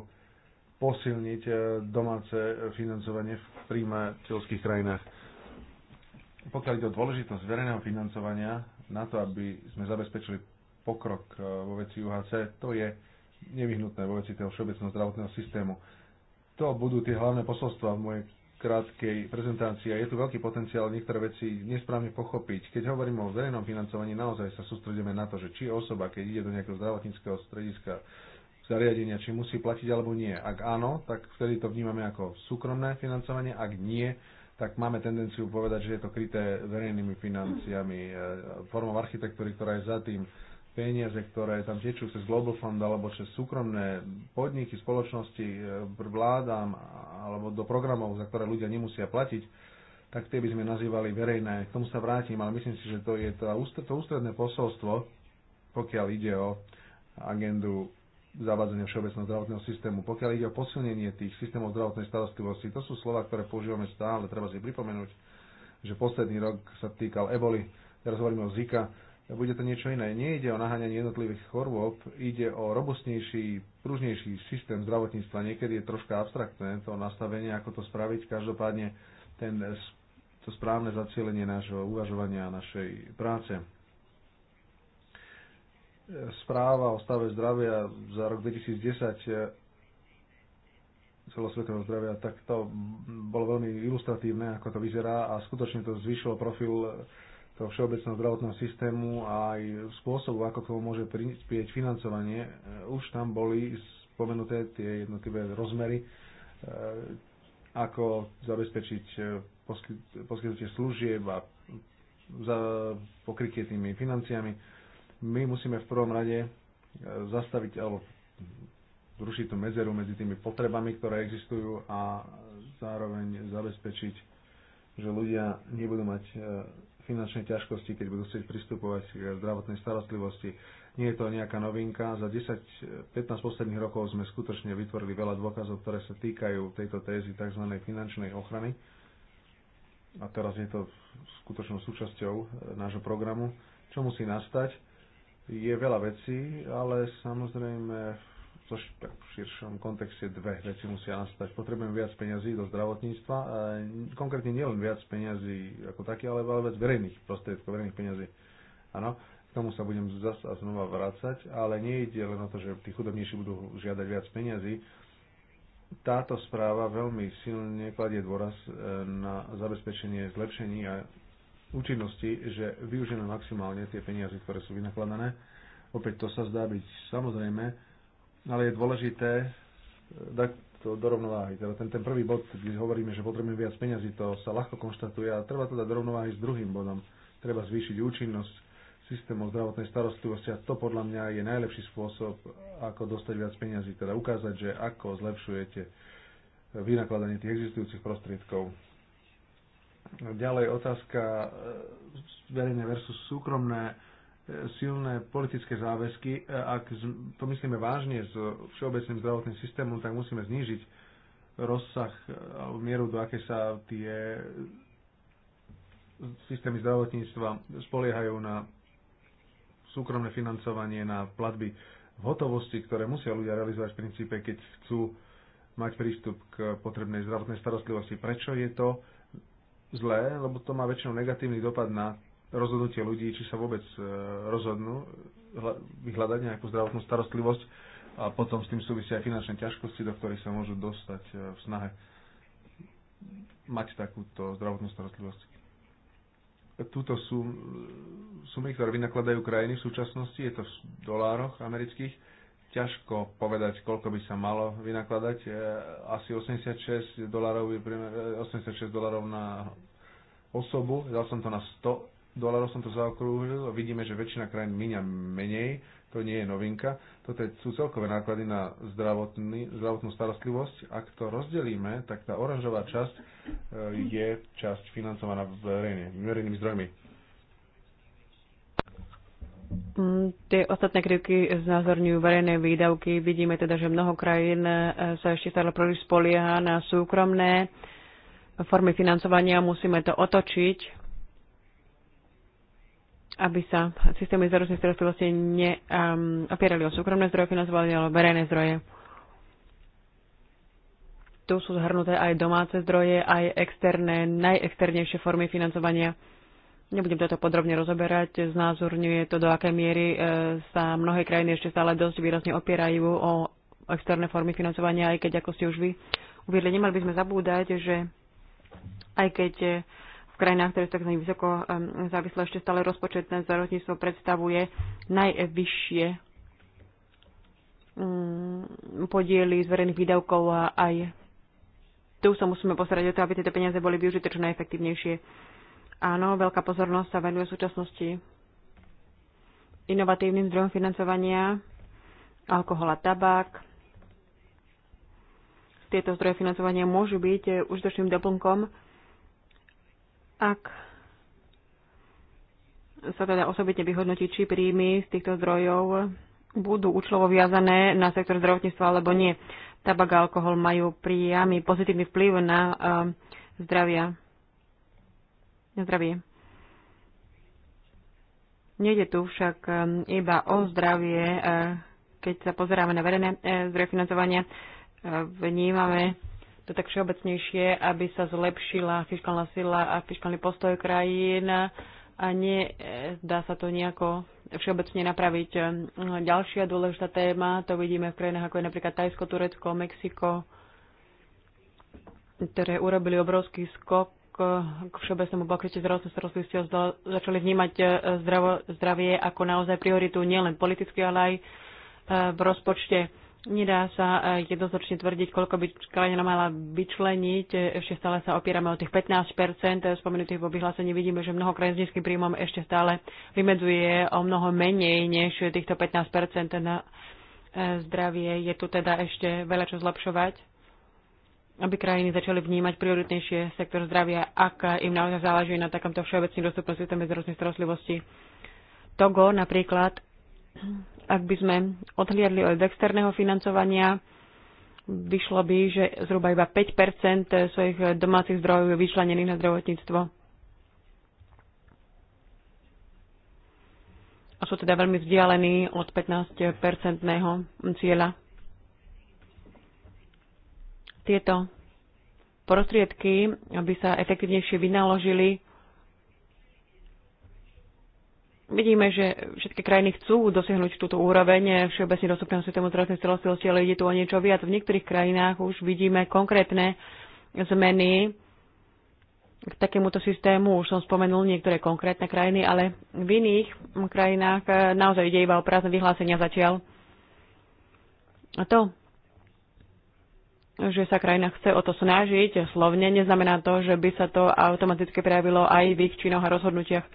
posilniť e, domáce financovanie v príjmateľských krajinách. Pokiaľ ide o dôležitosť verejného financovania, na to, aby sme zabezpečili pokrok e, vo veci UHC, to je nevyhnutné vo veci toho všeobecného zdravotného systému. To budú tie hlavné posolstva v mojej krátkej prezentácii a je tu veľký potenciál niektoré veci nesprávne pochopiť. Keď hovoríme o verejnom financovaní, naozaj sa sústredíme na to, že či osoba, keď ide do nejakého zdravotníckého strediska, zariadenia, či musí platiť alebo nie. Ak áno, tak vtedy to vnímame ako súkromné financovanie, ak nie, tak máme tendenciu povedať, že je to kryté verejnými financiami, e, formou architektúry, ktorá je za tým, peniaze, ktoré tam tečú cez Global Fund alebo cez súkromné podniky, spoločnosti, e, vládam alebo do programov, za ktoré ľudia nemusia platiť, tak tie by sme nazývali verejné. K tomu sa vrátim, ale myslím si, že to je to, to ústredné posolstvo, pokiaľ ide o agendu zavádzania všeobecného zdravotného systému. Pokiaľ ide o posilnenie tých systémov zdravotnej starostlivosti, to sú slova, ktoré používame stále, treba si pripomenúť, že posledný rok sa týkal eboli, teraz hovoríme o Zika, bude to niečo iné. Nie ide o naháňanie jednotlivých chorôb, ide o robustnejší, pružnejší systém zdravotníctva. Niekedy je troška abstraktné to nastavenie, ako to spraviť. Každopádne ten, to správne zacielenie nášho uvažovania a našej práce správa o stave zdravia za rok 2010 eh, celosvetového zdravia, tak to bolo veľmi ilustratívne, ako to vyzerá a skutočne to zvyšilo profil eh, toho všeobecného zdravotného systému a aj spôsobu, ako k tomu môže prispieť financovanie. Eh, už tam boli spomenuté tie jednotlivé rozmery, ako zabezpečiť poskytnutie služieb a za pokrytie tými financiami my musíme v prvom rade e, zastaviť alebo zrušiť tú medzeru medzi tými potrebami, ktoré existujú a zároveň zabezpečiť, že ľudia nebudú mať e, finančné ťažkosti, keď budú chcieť pristupovať k zdravotnej starostlivosti. Nie je to nejaká novinka. Za 10-15 e, posledných rokov sme skutočne vytvorili veľa dôkazov, ktoré sa týkajú tejto tézy tzv. finančnej ochrany. A teraz je to skutočnou súčasťou nášho programu. Čo musí nastať? je veľa vecí, ale samozrejme v širšom kontexte dve veci musia nastať. Potrebujem viac peňazí do zdravotníctva, konkrétne nielen viac peňazí ako také, ale veľa viac verejných prostriedkov, verejných peňazí. Áno, k tomu sa budem zase a znova vrácať, ale nejde len o to, že tí chudobnejší budú žiadať viac peňazí. Táto správa veľmi silne kladie dôraz e, na zabezpečenie zlepšení a účinnosti, že využijeme maximálne tie peniaze, ktoré sú vynakladané. Opäť to sa zdá byť samozrejme, ale je dôležité eh, dať to do rovnováhy. Teda ten, ten prvý bod, kde hovoríme, že potrebujeme viac peniazy, to sa ľahko konštatuje a treba to dať do rovnováhy s druhým bodom. Treba zvýšiť účinnosť systémov zdravotnej starostlivosti a to podľa mňa je najlepší spôsob, ako dostať viac peniazy, teda ukázať, že ako zlepšujete vynakladanie tých existujúcich prostriedkov Ďalej otázka e, verejné versus súkromné e, silné politické záväzky. E, ak to myslíme vážne s všeobecným zdravotným systémom, tak musíme znížiť rozsah alebo mieru, do aké sa tie systémy zdravotníctva spoliehajú na súkromné financovanie, na platby v hotovosti, ktoré musia ľudia realizovať v princípe, keď chcú mať prístup k potrebnej zdravotnej starostlivosti. Prečo je to? zlé, lebo to má väčšinou negatívny dopad na rozhodnutie ľudí, či sa vôbec e, rozhodnú vyhľadať nejakú zdravotnú starostlivosť a potom s tým súvisia aj finančné ťažkosti, do ktorých sa môžu dostať e, v snahe mať takúto zdravotnú starostlivosť. Túto sú e, sumy, ktoré vynakladajú krajiny v súčasnosti, je to v dolároch amerických, ťažko povedať, koľko by sa malo vynakladať. E, asi 86 dolarov, 86 e, dolarov na osobu. Dal som to na 100 dolarov, som to zaokrúhlil. Vidíme, že väčšina krajín míňa menej. To nie je novinka. Toto sú celkové náklady na zdravotný, zdravotnú starostlivosť. Ak to rozdelíme, tak tá oranžová časť e, je časť financovaná verejne, verejnými zdrojmi
Mm, tie ostatné krivky znázorňujú verejné výdavky. Vidíme teda, že mnoho krajín e, sa ešte stále príliš spolieha na súkromné formy financovania. Musíme to otočiť, aby sa systémy zdravotnej starostlivosti neopierali o súkromné zdroje financovania, ale o verejné zdroje. Tu sú zhrnuté aj domáce zdroje, aj externé, najexternejšie formy financovania. Nebudem toto podrobne rozoberať, znázorňuje to, do akej miery e, sa mnohé krajiny ešte stále dosť výrazne opierajú o externé formy financovania, aj keď, ako ste už vy uviedli, nemali by sme zabúdať, že aj keď e, v krajinách, ktoré sú tzv. vysoko e, závislé, ešte stále rozpočetné zdravotníctvo predstavuje najvyššie mm, podiely z verejných výdavkov a aj tu sa musíme postarať o to, aby tieto peniaze boli využité čo najefektívnejšie Áno, veľká pozornosť sa venuje v súčasnosti inovatívnym zdrojom financovania, alkohol a tabak. Tieto zdroje financovania môžu byť užitočným doplnkom, ak sa teda osobitne vyhodnotí, či príjmy z týchto zdrojov budú účlovo viazané na sektor zdravotníctva alebo nie. Tabak a alkohol majú priamy pozitívny vplyv na eh, zdravia na zdravie. Nejde tu však um, iba o zdravie, uh, keď sa pozeráme na verejné uh, zdroje financovania, uh, vnímame to tak všeobecnejšie, aby sa zlepšila fiskálna sila a fiskálny postoj krajín a nie dá sa to nejako všeobecne napraviť. Um, ďalšia dôležitá téma, to vidíme v krajinách ako je napríklad Tajsko, Turecko, Mexiko, ktoré urobili obrovský skok k všeobecnému pokrytiu zdravotnej starostlivosti začali vnímať e, zdravo, zdravie ako naozaj prioritu nielen politicky, ale aj e, v rozpočte. Nedá sa e, jednoznačne tvrdiť, koľko by krajina mala vyčleniť. Ešte stále sa opierame o tých 15 spomenutých vo vyhlásení. Vidíme, že mnoho krajín s nízkym príjmom ešte stále vymedzuje o mnoho menej než týchto 15 na zdravie. Je tu teda ešte veľa čo zlepšovať aby krajiny začali vnímať prioritnejšie sektor zdravia, ak im naozaj záleží na takomto všeobecný dostupnosti systéme zdravotnej starostlivosti. Togo napríklad, ak by sme odhliadli od externého financovania, vyšlo by, že zhruba iba 5 svojich domácich zdrojov je vyčlenených na zdravotníctvo. A sú teda veľmi vzdialení od 15-percentného cieľa tieto prostriedky, aby sa efektívnejšie vynaložili, Vidíme, že všetky krajiny chcú dosiahnuť túto úroveň všeobecne dostupného systému zdravotnej starostlivosti, ale ide tu o niečo viac. V niektorých krajinách už vidíme konkrétne zmeny k takémuto systému. Už som spomenul niektoré konkrétne krajiny, ale v iných krajinách naozaj ide iba o prázdne vyhlásenia zatiaľ. A to že sa krajina chce o to snažiť slovne, neznamená to, že by sa to automaticky prejavilo aj v ich činoch a rozhodnutiach.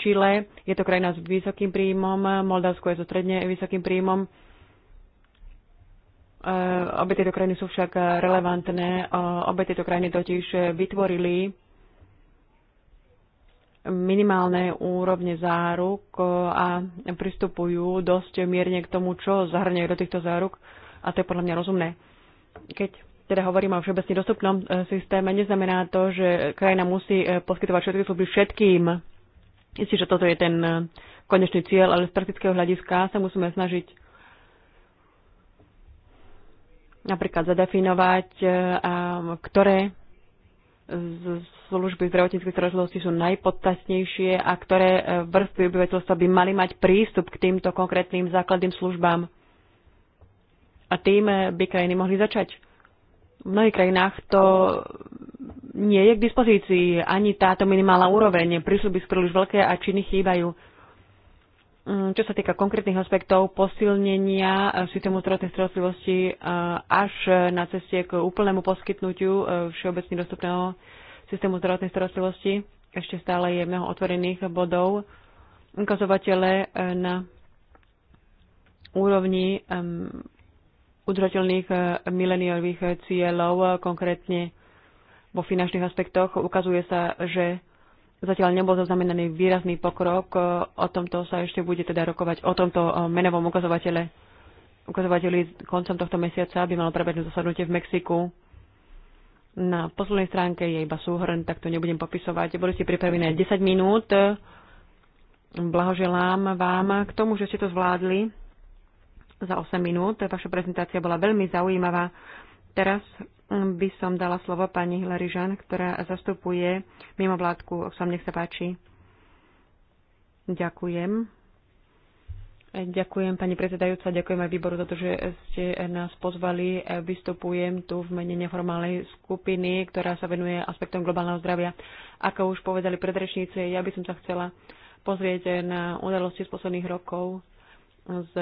Čile je to krajina s vysokým príjmom, Moldavsko je so stredne vysokým príjmom. E, obe tieto krajiny sú však relevantné. Obe tieto krajiny totiž vytvorili minimálne úrovne záruk a pristupujú dosť mierne k tomu, čo zahrňajú do týchto záruk a to je podľa mňa rozumné. Keď teda hovoríme o všeobecne dostupnom e, systéme, neznamená to, že krajina musí e, poskytovať všetky služby všetkým. Isté, že toto je ten e, konečný cieľ, ale z praktického hľadiska sa musíme snažiť napríklad zadefinovať, ktoré služby zdravotníckej starostlivosti sú najpodstatnejšie a ktoré vrstvy obyvateľstva by mali mať prístup k týmto konkrétnym základným službám a tým by krajiny mohli začať. V mnohých krajinách to nie je k dispozícii ani táto minimálna úroveň. Prísľuby sú príliš veľké a činy chýbajú. Mm, čo sa týka konkrétnych aspektov posilnenia eh, systému zdravotnej starostlivosti eh, až na ceste k úplnému poskytnutiu eh, všeobecne dostupného systému zdravotnej starostlivosti, ešte stále je mnoho otvorených bodov. Ukazovatele na úrovni udržateľných eh, mileniových eh, cieľov, eh, konkrétne vo finančných aspektoch, ukazuje sa, že zatiaľ nebol zaznamenaný výrazný pokrok. O tomto sa ešte bude teda rokovať, o tomto menovom ukazovatele. Ukazovateľi koncom tohto mesiaca by malo prebehnúť zasadnutie v Mexiku. Na poslednej stránke je iba súhrn, tak to nebudem popisovať. Boli ste pripravené 10 minút. Blahoželám vám k tomu, že ste to zvládli za 8 minút. Vaša prezentácia bola veľmi zaujímavá. Teraz mm, by som dala slovo pani Hilary Žan, ktorá zastupuje mimovládku. Som nech sa páči. Ďakujem. E, ďakujem, pani predsedajúca, ďakujem aj výboru za to, že ste nás pozvali. E, vystupujem tu v mene neformálnej skupiny, ktorá sa venuje aspektom globálneho zdravia. Ako už povedali predrečníci, ja by som sa chcela pozrieť na udalosti z posledných rokov z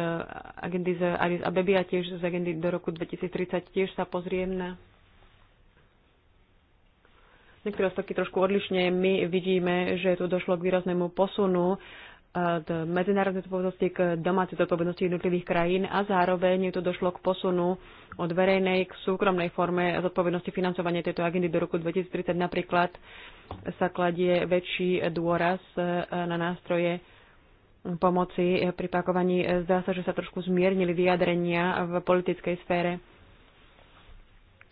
agendy z Addis Abeby a tiež z agendy do roku 2030 tiež sa pozriem na niektoré stoky trošku odlišne. My vidíme, že tu došlo k výraznému posunu od eh, medzinárodnej zodpovednosti k domácej zodpovednosti jednotlivých krajín a zároveň tu došlo k posunu od verejnej k súkromnej forme zodpovednosti financovania tejto agendy do roku 2030. Napríklad sa kladie väčší dôraz eh, na nástroje pomoci pri pakovaní. Zdá sa, že sa trošku zmiernili vyjadrenia v politickej sfére.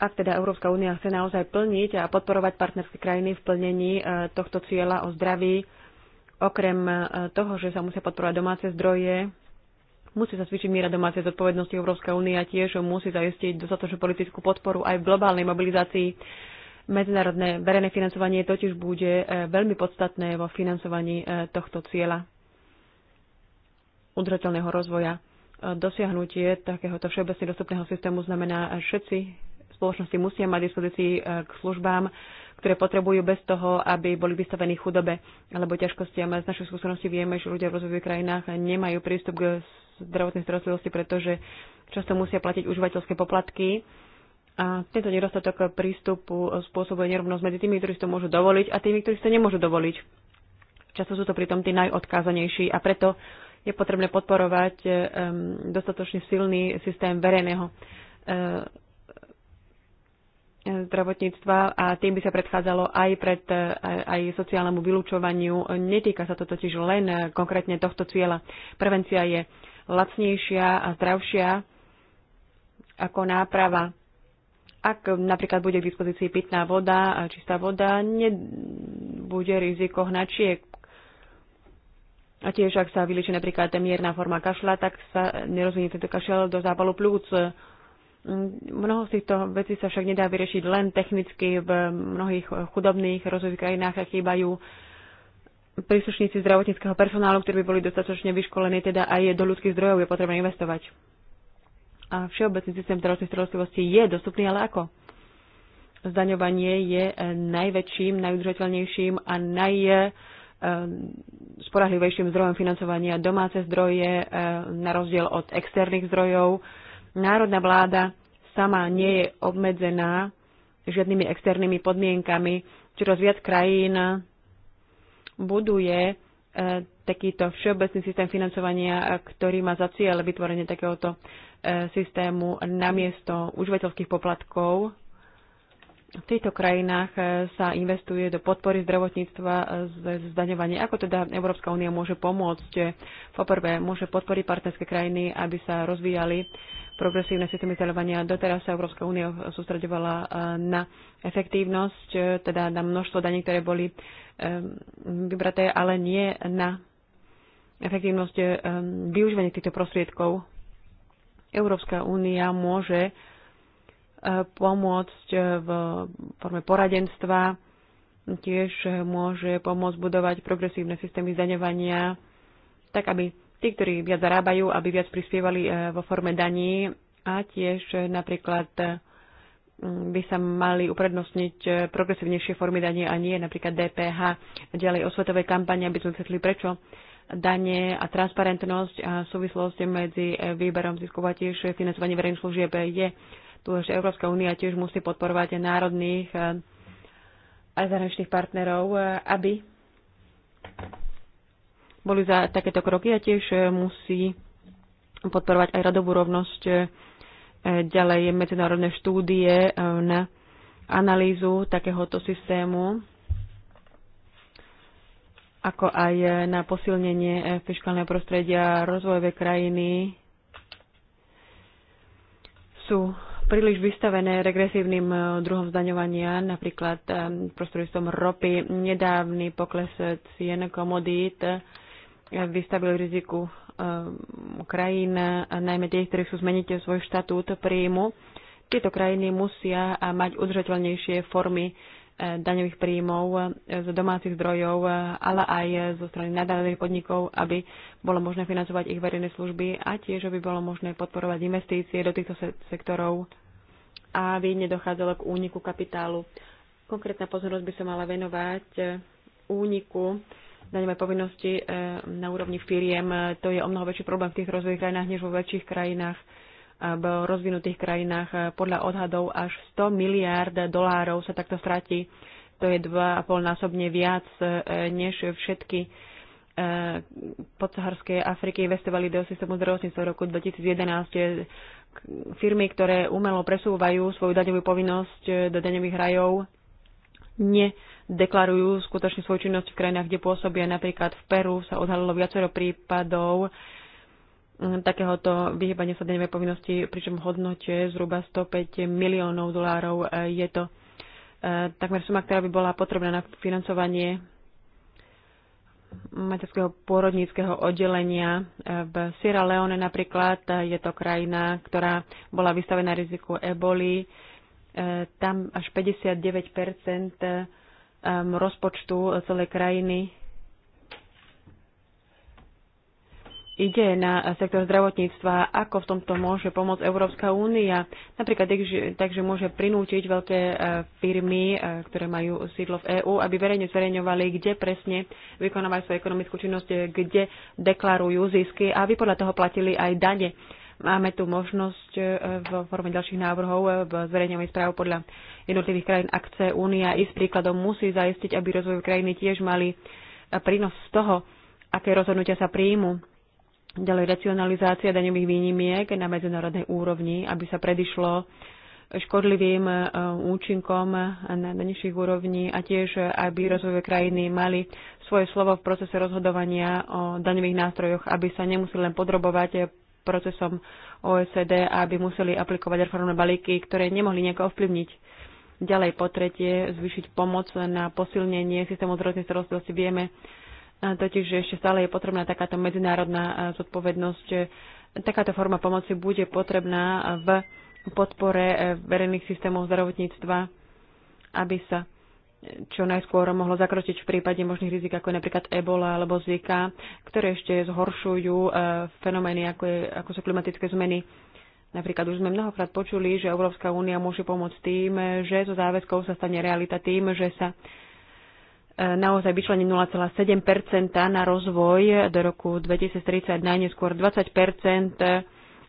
Ak teda Európska únia chce naozaj plniť a podporovať partnerské krajiny v plnení e, tohto cieľa o zdraví, okrem e, toho, že sa musia podporovať domáce zdroje, musí sa cvičiť miera domácej zodpovednosti. Európska únia tiež musí zajistiť dostatočnú politickú podporu aj v globálnej mobilizácii. Medzinárodné verejné financovanie totiž bude e, veľmi podstatné vo financovaní tohto cieľa udržateľného rozvoja. E, dosiahnutie takéhoto všeobecne dostupného systému znamená, že všetci spoločnosti musia mať dispozícii e, k službám, ktoré potrebujú bez toho, aby boli vystavení chudobe alebo ťažkostiam. Z našej skúsenosti vieme, že ľudia v rozvojových krajinách nemajú prístup k zdravotnej starostlivosti, pretože často musia platiť užívateľské poplatky. A tento nedostatok prístupu spôsobuje nerovnosť medzi tými, ktorí si to môžu dovoliť a tými, ktorí si to nemôžu dovoliť. Často sú to pritom tí najodkázanejší a preto je potrebné podporovať e, dostatočne silný systém verejného e, zdravotníctva a tým by sa predchádzalo aj pred e, aj sociálnemu vylúčovaniu. Netýka sa to totiž len konkrétne tohto cieľa. Prevencia je lacnejšia a zdravšia ako náprava. Ak napríklad bude k dispozícii pitná voda a čistá voda, nebude riziko hnačiek. A tiež, ak sa vyliči napríklad mierna forma kašla, tak sa nerozvinie tento kašel do zápalu plúc. Mnoho z týchto vecí sa však nedá vyriešiť len technicky. V mnohých chudobných rozvojových krajinách chýbajú príslušníci zdravotníckého personálu, ktorí by boli dostatočne vyškolení, teda aj do ľudských zdrojov je potrebné investovať. A všeobecný systém zdravotnej starostlivosti je dostupný, ale ako? Zdaňovanie je najväčším, najudržateľnejším a najväčším Eh, spolahlivejším zdrojom financovania domáce zdroje eh, na rozdiel od externých zdrojov. Národná vláda sama nie je obmedzená žiadnymi externými podmienkami. Čoraz viac krajín buduje eh, takýto všeobecný systém financovania, ktorý má za cieľ vytvorenie takéhoto systému namiesto užívateľských poplatkov v týchto krajinách e, sa investuje do podpory zdravotníctva e, z zdaňovania. Ako teda Európska únia môže pomôcť? Poprvé, môže podporiť partnerské krajiny, aby sa rozvíjali progresívne systémy zdaňovania. Doteraz sa Európska únia sústredovala e, na efektívnosť, teda na množstvo daní, ktoré boli vybraté, ale nie na efektívnosť využívania týchto prostriedkov. Európska únia môže pomôcť eh, v forme poradenstva, tiež eh, môže pomôcť budovať progresívne systémy zdaňovania, tak aby tí, ktorí viac zarábajú, aby viac prispievali eh, vo forme daní a tiež napríklad mm, by sa mali uprednostniť progresívnejšie formy danie a nie napríklad DPH. Ďalej osvetové kampane, aby sme vysvetli prečo dane a transparentnosť a súvislosť medzi výberom ziskov financovanie verejných služieb je Dôležitá Európska únia tiež musí podporovať národných eh, a zahraničných partnerov, eh, aby boli za takéto kroky a tiež eh, musí podporovať aj radovú rovnosť. Ďalej medzinárodné štúdie na analýzu takéhoto systému, ako aj na posilnenie fiskálneho prostredia rozvojové krajiny sú príliš vystavené regresívnym e, druhom zdaňovania, napríklad e, prostredstvom ropy. Nedávny pokles cien komodít e, vystavil riziku krajín, najmä tých, ktorých sú zmeniť svoj štatút príjmu. Tieto krajiny musia mať udržateľnejšie formy E, daňových príjmov e, z domácich zdrojov, e, ale aj zo strany nadálených podnikov, aby bolo možné financovať ich verejné služby a tiež, aby bolo možné podporovať investície do týchto sektorov a aby nedochádzalo k úniku kapitálu. Konkrétna pozornosť by sa mala venovať úniku daňové povinnosti na úrovni firiem. To je o mnoho väčší problém v tých rozvojových krajinách než vo väčších krajinách v rozvinutých krajinách eh, podľa odhadov až 100 miliárd dolárov sa takto stratí. To je 2,5 násobne viac, eh, než všetky eh, podsaharskej Afriky investovali do systému zdravotníctva v roku 2011. Firmy, ktoré umelo presúvajú svoju daňovú povinnosť do daňových rajov, nedeklarujú skutočne svoju činnosť v krajinách, kde pôsobia. Napríklad v Peru sa odhalilo viacero prípadov Mm, takéhoto vyhybania sa daňovej povinnosti, pričom hodnote zhruba 105 miliónov dolárov e, je to e, takmer suma, ktorá by bola potrebná na financovanie materského pôrodníckého oddelenia. E, v Sierra Leone napríklad je to krajina, ktorá bola vystavená riziku eboli. Tam až 59 rozpočtu celej krajiny ide na sektor zdravotníctva, ako v tomto môže pomôcť Európska únia. Napríklad takže môže prinútiť veľké e, firmy, e, ktoré majú sídlo v EÚ, aby verejne zverejňovali, kde presne vykonávajú svoju ekonomickú činnosť, kde deklarujú zisky a aby podľa toho platili aj dane. Máme tu možnosť e, v forme ďalších návrhov v zverejňovaní správ podľa jednotlivých krajín. Ak chce Únia ísť príkladom, musí zaistiť, aby rozvoj krajiny tiež mali prínos z toho, aké rozhodnutia sa príjmu Ďalej racionalizácia daňových výnimiek na medzinárodnej úrovni, aby sa predišlo škodlivým e, účinkom na najnižších úrovni a tiež, aby rozvojové krajiny mali svoje slovo v procese rozhodovania o daňových nástrojoch, aby sa nemuseli len podrobovať procesom OSD a aby museli aplikovať reformné balíky, ktoré nemohli nejako ovplyvniť. Ďalej po tretie, zvýšiť pomoc na posilnenie systému zdravotnej starostlivosti. Vieme, totiž že ešte stále je potrebná takáto medzinárodná zodpovednosť. Takáto forma pomoci bude potrebná v podpore e, verejných systémov zdravotníctva, aby sa e, čo najskôr mohlo zakročiť v prípade možných rizik, ako je napríklad ebola alebo zika, ktoré ešte zhoršujú e, fenomény, ako, je, ako sú klimatické zmeny. Napríklad už sme mnohokrát počuli, že Európska únia môže pomôcť tým, že zo záväzkov sa stane realita tým, že sa uh, E, naozaj vyčleniť 0,7 na rozvoj do roku 2030, najneskôr 20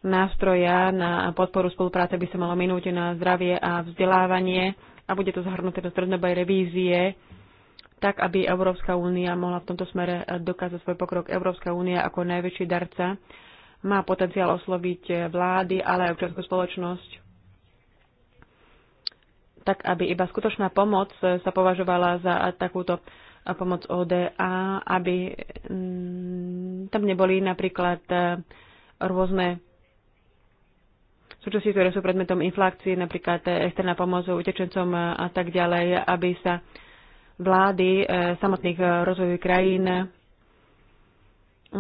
nástroja na podporu spolupráce by sa malo minúť na zdravie a vzdelávanie a bude to zahrnuté do strednobej revízie, tak aby Európska únia mohla v tomto smere dokázať svoj pokrok. Európska únia ako najväčší darca má potenciál osloviť vlády, ale aj občianskú spoločnosť tak aby iba skutočná pomoc e, sa považovala za takúto e, pomoc ODA, aby mm, tam neboli napríklad e, rôzne súčasti, ktoré sú predmetom inflácie, napríklad externá pomoc utečencom a tak ďalej, aby sa vlády samotných rozvojových krajín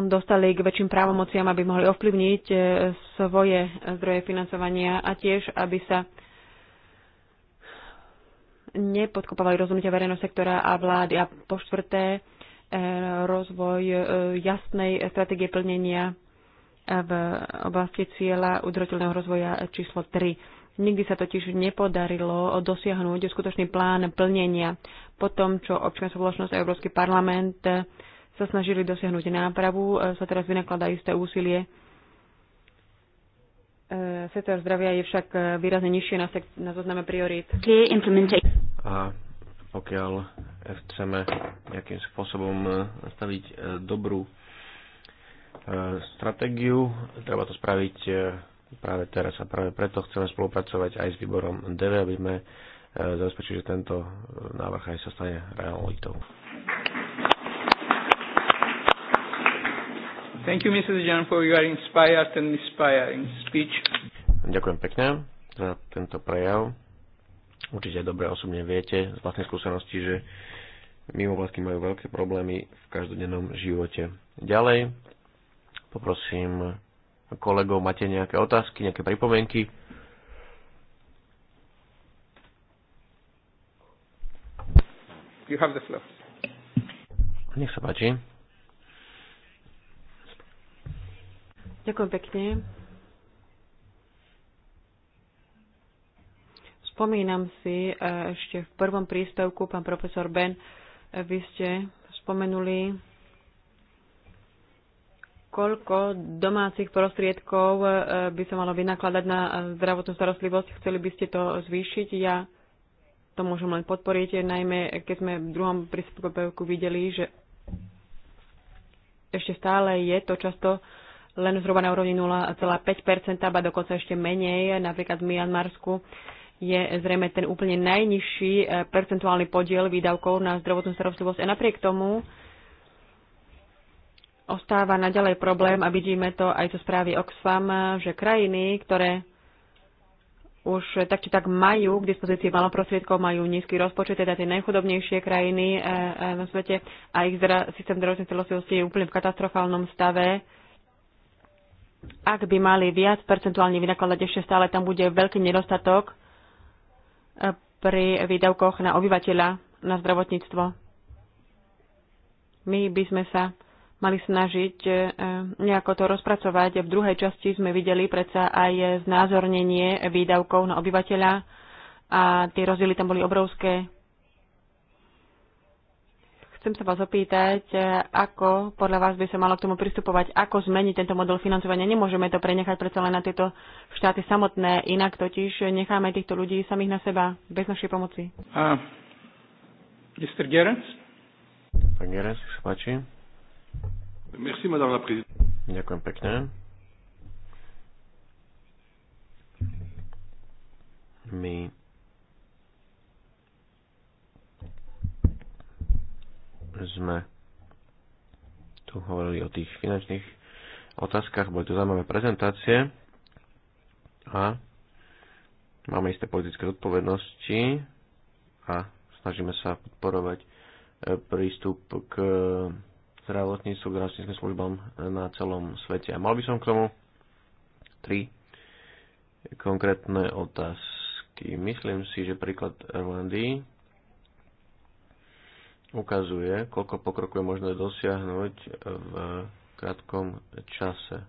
dostali k väčším právomociam, aby mohli ovplyvniť svoje zdroje financovania a tiež, aby sa nepodkopávali rozhodnutia verejného sektora a vlády. A po štvrté, eh, rozvoj eh, jasnej stratégie plnenia eh, v oblasti cieľa udržateľného rozvoja číslo 3. Nikdy sa totiž nepodarilo dosiahnuť skutočný plán plnenia po tom, čo občianská spoločnosť a Európsky parlament sa snažili dosiahnuť nápravu, sa teraz vynakladá isté úsilie. Sektor zdravia je však výrazne nižšie na, na zozname priorít.
A pokiaľ chceme nejakým spôsobom e, nastaviť e, dobrú e, stratégiu, treba to spraviť práve teraz a práve preto chceme spolupracovať aj s výborom DV, aby sme zabezpečili, že tento návrh aj sa stane realitou.
Thank you, Mrs. John, for your inspired and inspiring speech.
Ďakujem pekne za tento prejav. Určite dobre osobne viete z vlastnej skúsenosti, že mimovládky majú veľké problémy v každodennom živote. Ďalej poprosím kolegov, máte nejaké otázky, nejaké pripomienky? You have the floor. Nech sa páči.
Ďakujem pekne. Spomínam si e, ešte v prvom príspevku, pán profesor Ben, e, vy ste spomenuli, koľko domácich prostriedkov e, by sa malo vynakladať na zdravotnú starostlivosť. Chceli by ste to zvýšiť? Ja to môžem len podporiť, najmä keď sme v druhom príspevku videli, že ešte stále je to často len zhruba na úrovni 0,5%, a dokonca ešte menej, napríklad v Mianmarsku. Uh, je zrejme ten úplne najnižší eh, percentuálny podiel výdavkov na zdravotnú starostlivosť. A napriek tomu ostáva naďalej problém a vidíme to aj zo správy Oxfam, eh, že krajiny, ktoré už tak či tak majú k dispozícii maloprostriedkov, prostriedkov, majú nízky rozpočet, teda tie najchudobnejšie krajiny eh, na svete a ich systém zdravotnej starostlivosti je úplne v katastrofálnom stave. Ak by mali viac percentuálne vynakladať, ešte stále tam bude veľký nedostatok pri výdavkoch na obyvateľa na zdravotníctvo. My by sme sa mali snažiť e, nejako to rozpracovať. V druhej časti sme videli predsa aj znázornenie výdavkov na obyvateľa a tie rozdiely tam boli obrovské. Chcem sa vás opýtať, e, ako podľa vás by sa malo k tomu pristupovať, ako zmeniť tento model financovania. Nemôžeme to prenechať predsa len na tieto štáty samotné, inak totiž necháme týchto ľudí samých na seba, bez našej pomoci.
Uh,
Mr. Gerens?
Pán Gerens, sa páči.
Merci, madame la
Ďakujem pekne. My sme tu hovorili o tých finančných otázkach, boli tu zaujímavé prezentácie a máme isté politické odpovednosti a snažíme sa podporovať e, prístup k zdravotníctvu, k zdravotníckým službám na celom svete. A mal by som k tomu tri konkrétne otázky. Myslím si, že príklad Rwandy ukazuje, koľko pokroku je možné dosiahnuť v krátkom čase.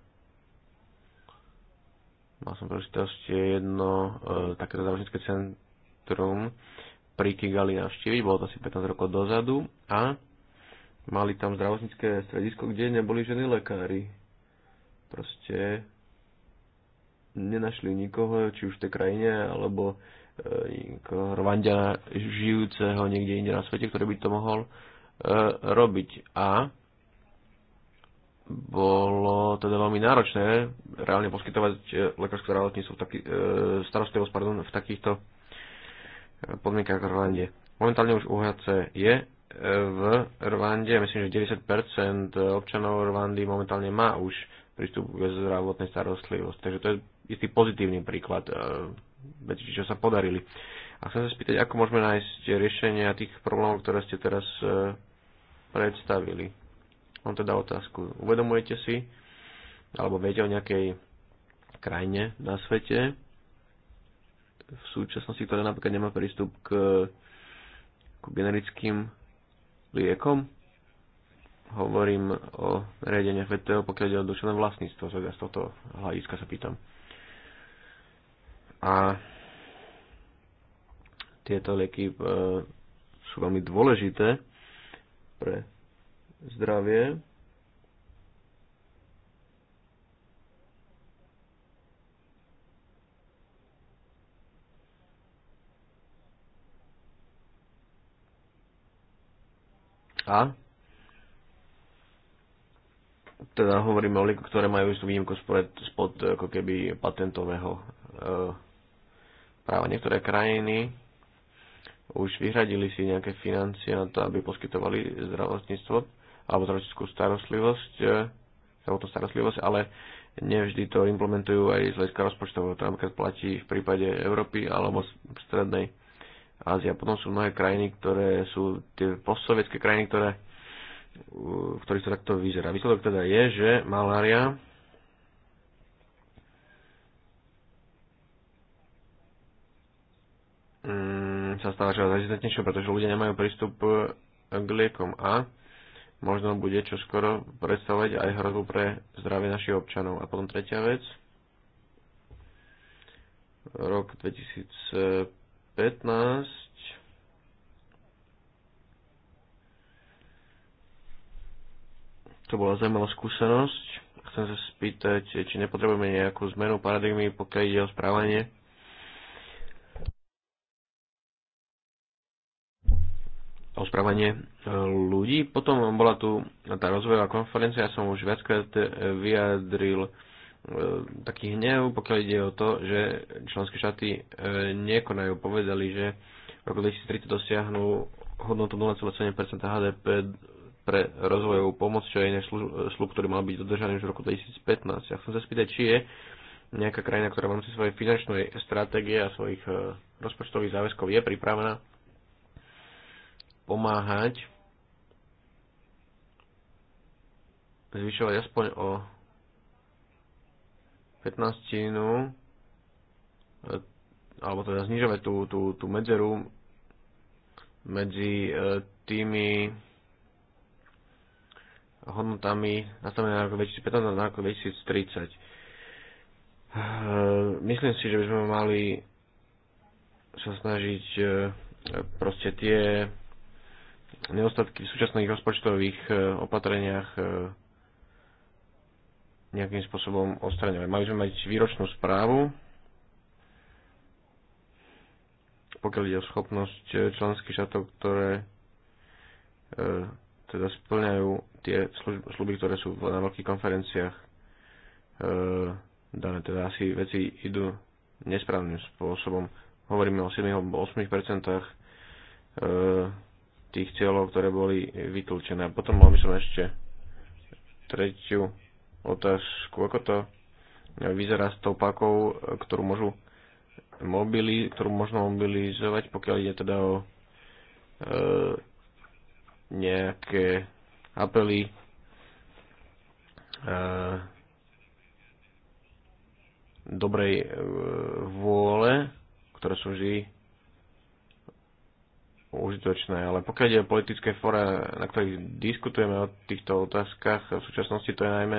Mal som prečítosti jedno e, takéto zdravotnícke centrum pri Kigali navštíviť, bolo to asi 15 rokov dozadu a mali tam zdravotnícke stredisko, kde neboli ženy lekári. Proste nenašli nikoho, či už v tej krajine, alebo Rwandiana žijúceho niekde inde na svete, ktorý by to mohol e, robiť. A bolo teda veľmi náročné reálne poskytovať e, lekárske zdravotníctvo v, taký, e, starostlivosť pardon, v takýchto podmienkach v Rwande. Momentálne už UHC je v Rwande, myslím, že 90% občanov Rwandy momentálne má už prístup k zdravotnej starostlivosti. Takže to je istý pozitívny príklad veci, čo sa podarili. A chcem sa spýtať, ako môžeme nájsť riešenia tých problémov, ktoré ste teraz e, predstavili. Mám teda otázku. Uvedomujete si, alebo viete o nejakej krajine na svete, v súčasnosti, ktorá napríklad nemá prístup k, k generickým liekom? Hovorím o riadeniach VTO, pokiaľ ide o duševné vlastníctvo, z tohto hľadiska sa pýtam. A tieto lieky e, sú veľmi dôležité pre zdravie. A teda hovoríme o lieku, ktoré majú istú výnimku spod, spod ako keby patentového uh, práve niektoré krajiny už vyhradili si nejaké financie na to, aby poskytovali zdravotníctvo alebo zdravotníckú starostlivosť, eh, zdravotnú starostlivosť, ale nevždy to implementujú aj z hľadiska rozpočtového. To napríklad platí v prípade Európy alebo strednej Ázie. Potom sú mnohé krajiny, ktoré sú tie postsovietské krajiny, ktoré, v ktorých to takto vyzerá. Výsledok teda je, že malária mm, sa stáva čoraz rezistentnejšou, pretože ľudia nemajú prístup e, k liekom a možno bude čoskoro predstavovať aj hrozbu pre zdravie našich občanov. A potom tretia vec, rok 2015, to bola zaujímavá skúsenosť. Chcem sa spýtať, či nepotrebujeme nejakú zmenu paradigmy, pokiaľ ide o správanie o e, ľudí. Potom bola tu tá rozvojová konferencia, ja som už viackrát vyjadril e, taký hnev, pokiaľ ide o to, že členské štáty e, nekonajú. Povedali, že v roku 2030 dosiahnu hodnotu 0,7% HDP pre rozvojovú pomoc, čo je iný slub, ktorý mal byť dodržaný už v roku 2015. Ja chcem sa spýtať, či je nejaká krajina, ktorá v rámci svojej finančnej stratégie a svojich rozpočtových záväzkov je pripravená pomáhať zvyšovať aspoň o 15 e, alebo teda znižovať tú, tú, tú medzeru medzi e, tými hodnotami nastavené na rok 2015 a na rok 2030. E, myslím si, že by sme mali sa snažiť proste tie nedostatky v súčasných rozpočtových e, opatreniach e, nejakým spôsobom odstraňovať. Mali sme mať výročnú správu, pokiaľ ide o schopnosť e, členských štátov, ktoré teda splňajú tie sluby, ktoré sú na veľkých konferenciách dané. Teda asi veci idú nesprávnym spôsobom. Hovoríme o 7 alebo 8 percentách tých cieľov, ktoré boli vytlčené. A potom mal by som ešte tretiu otázku, ako to vyzerá s tou pakou, ktorú môžu mobili, ktorú možno mobilizovať, pokiaľ ide teda o e, nejaké apely e, dobrej e, vôle, ktoré sú vždy užitočné. Ale pokiaľ je politické fóre, na ktorých diskutujeme o týchto otázkach, v súčasnosti to je najmä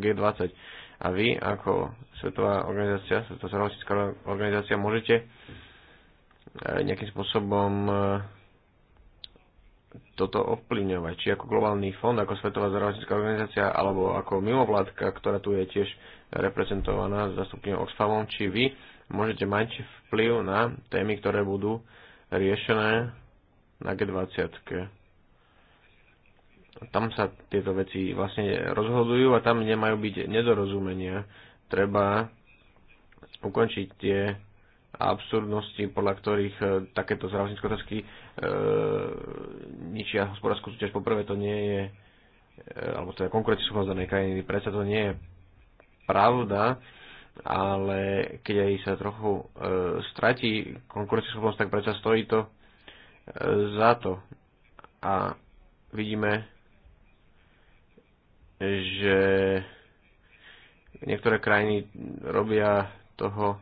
G20. A vy ako Svetová organizácia, Svetová zdravotnícká organizácia, môžete e, nejakým spôsobom e, toto ovplyvňovať. Či ako globálny fond, ako Svetová zdravotnícká organizácia, alebo ako mimovládka, ktorá tu je tiež reprezentovaná zastupným Oxfamom, či vy môžete mať vplyv na témy, ktoré budú riešené na G20. Tam sa tieto veci vlastne rozhodujú a tam nemajú byť nedorozumenia. Treba ukončiť tie absurdnosti, podľa ktorých e, takéto zdravotnícke otázky e, ničia hospodárskú súťaž. Poprvé to nie je, e, alebo teda konkurencieschopnosť danej krajiny, predsa to nie je pravda ale keď aj sa trochu e, stratí konkurencieschopnosť, tak predsa stojí to e, za to. A vidíme, že niektoré krajiny robia toho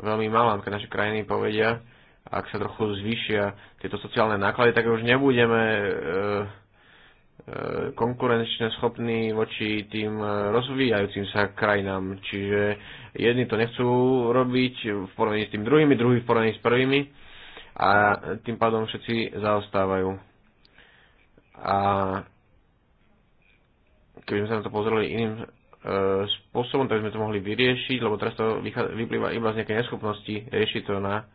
veľmi málo. Keď naše krajiny povedia, ak sa trochu zvýšia tieto sociálne náklady, tak už nebudeme e, E, konkurenčne schopní voči tým e, rozvíjajúcim sa krajinám. Čiže jedni to nechcú robiť v porovnaní s tým druhými, druhí v porovnaní s prvými a tým pádom všetci zaostávajú. A keby sme sa na to pozreli iným e, spôsobom, tak by sme to mohli vyriešiť, lebo teraz to vyplýva iba z nejakej neschopnosti riešiť to na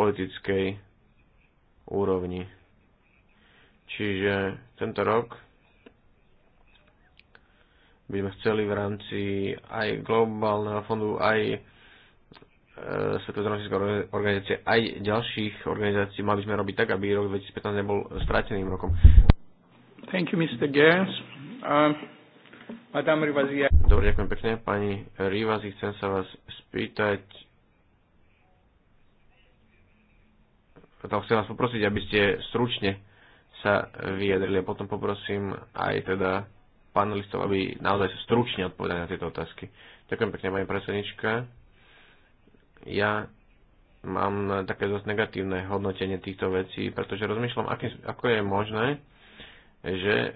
politickej úrovni. Čiže tento rok by sme chceli v rámci aj globálneho fondu, aj e, Svetovej zdravotníckej organizácie, aj ďalších organizácií mali sme robiť tak, aby rok 2015 nebol strateným rokom. Thank you, Mr. Gers. Uh, Dobre, ďakujem pekne. Pani Rivazi, chcem sa vás spýtať, chcem vás poprosiť, aby ste stručne sa vyjadrili. A potom poprosím aj teda panelistov, aby naozaj stručne odpovedali na tieto otázky. Ďakujem pekne, pani predsednička. Ja mám také dosť negatívne hodnotenie týchto vecí, pretože rozmýšľam, aký, ako je možné, že e,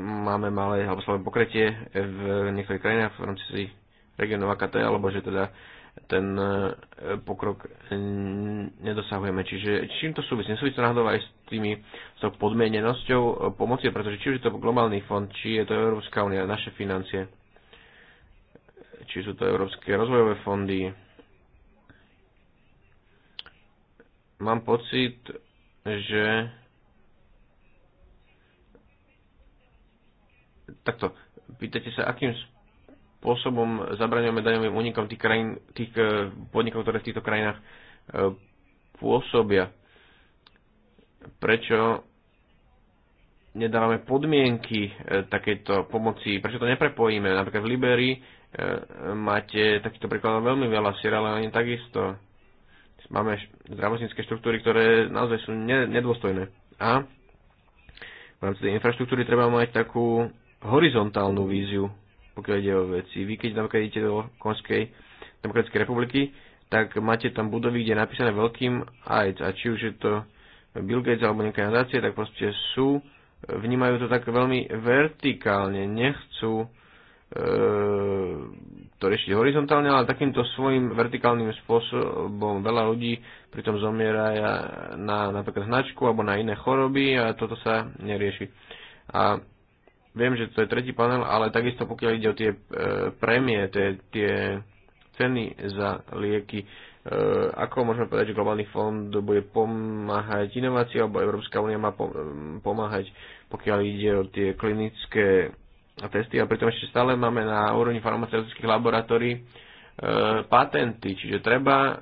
máme malé alebo slabé pokretie v niektorých krajinách v rámci regionov AKT, alebo že teda e, ten e, pokrok e, nedosahujeme. Čiže čím to súvisí? Nesúvisí to náhodou aj s tými s tou podmienenosťou e, pomoci, pretože či už je to globálny fond, či je to Európska únia, naše financie, či sú to európske rozvojové fondy. Mám pocit, že takto, pýtate sa, akým spôsobom zabraňujeme daňovým únikom tých, krajín, tých e, podnikov, ktoré v týchto krajinách e, pôsobia. Prečo nedávame podmienky e, takejto pomoci, prečo to neprepojíme? Napríklad v Liberii máte takýchto príkladov veľmi veľa, Sierra Leone takisto. Máme zdravotnícke štruktúry, ktoré naozaj sú nedôstojné. A v rámci tej infraštruktúry treba mať takú horizontálnu víziu pokiaľ ide o veci. Vy keď napríklad idete do Konskej demokratickej republiky, tak máte tam budovy, kde je napísané veľkým AIDS. A či už je to Bill Gates alebo nejaká nadácie, tak proste sú, vnímajú to tak veľmi vertikálne, nechcú e, to riešiť horizontálne, ale takýmto svojim vertikálnym spôsobom veľa ľudí pritom zomiera na napríklad značku alebo na iné choroby a toto sa nerieši. A Viem, že to je tretí panel, ale takisto pokiaľ ide o tie e, prémie, tie, tie ceny za lieky, e, ako môžeme povedať, že globálny fond bude pomáhať inovácii, alebo Európska únia má e, pomáhať, pokiaľ ide o tie klinické testy, a pritom ešte stále máme na úrovni farmaceutických laboratórií e, patenty, čiže treba e,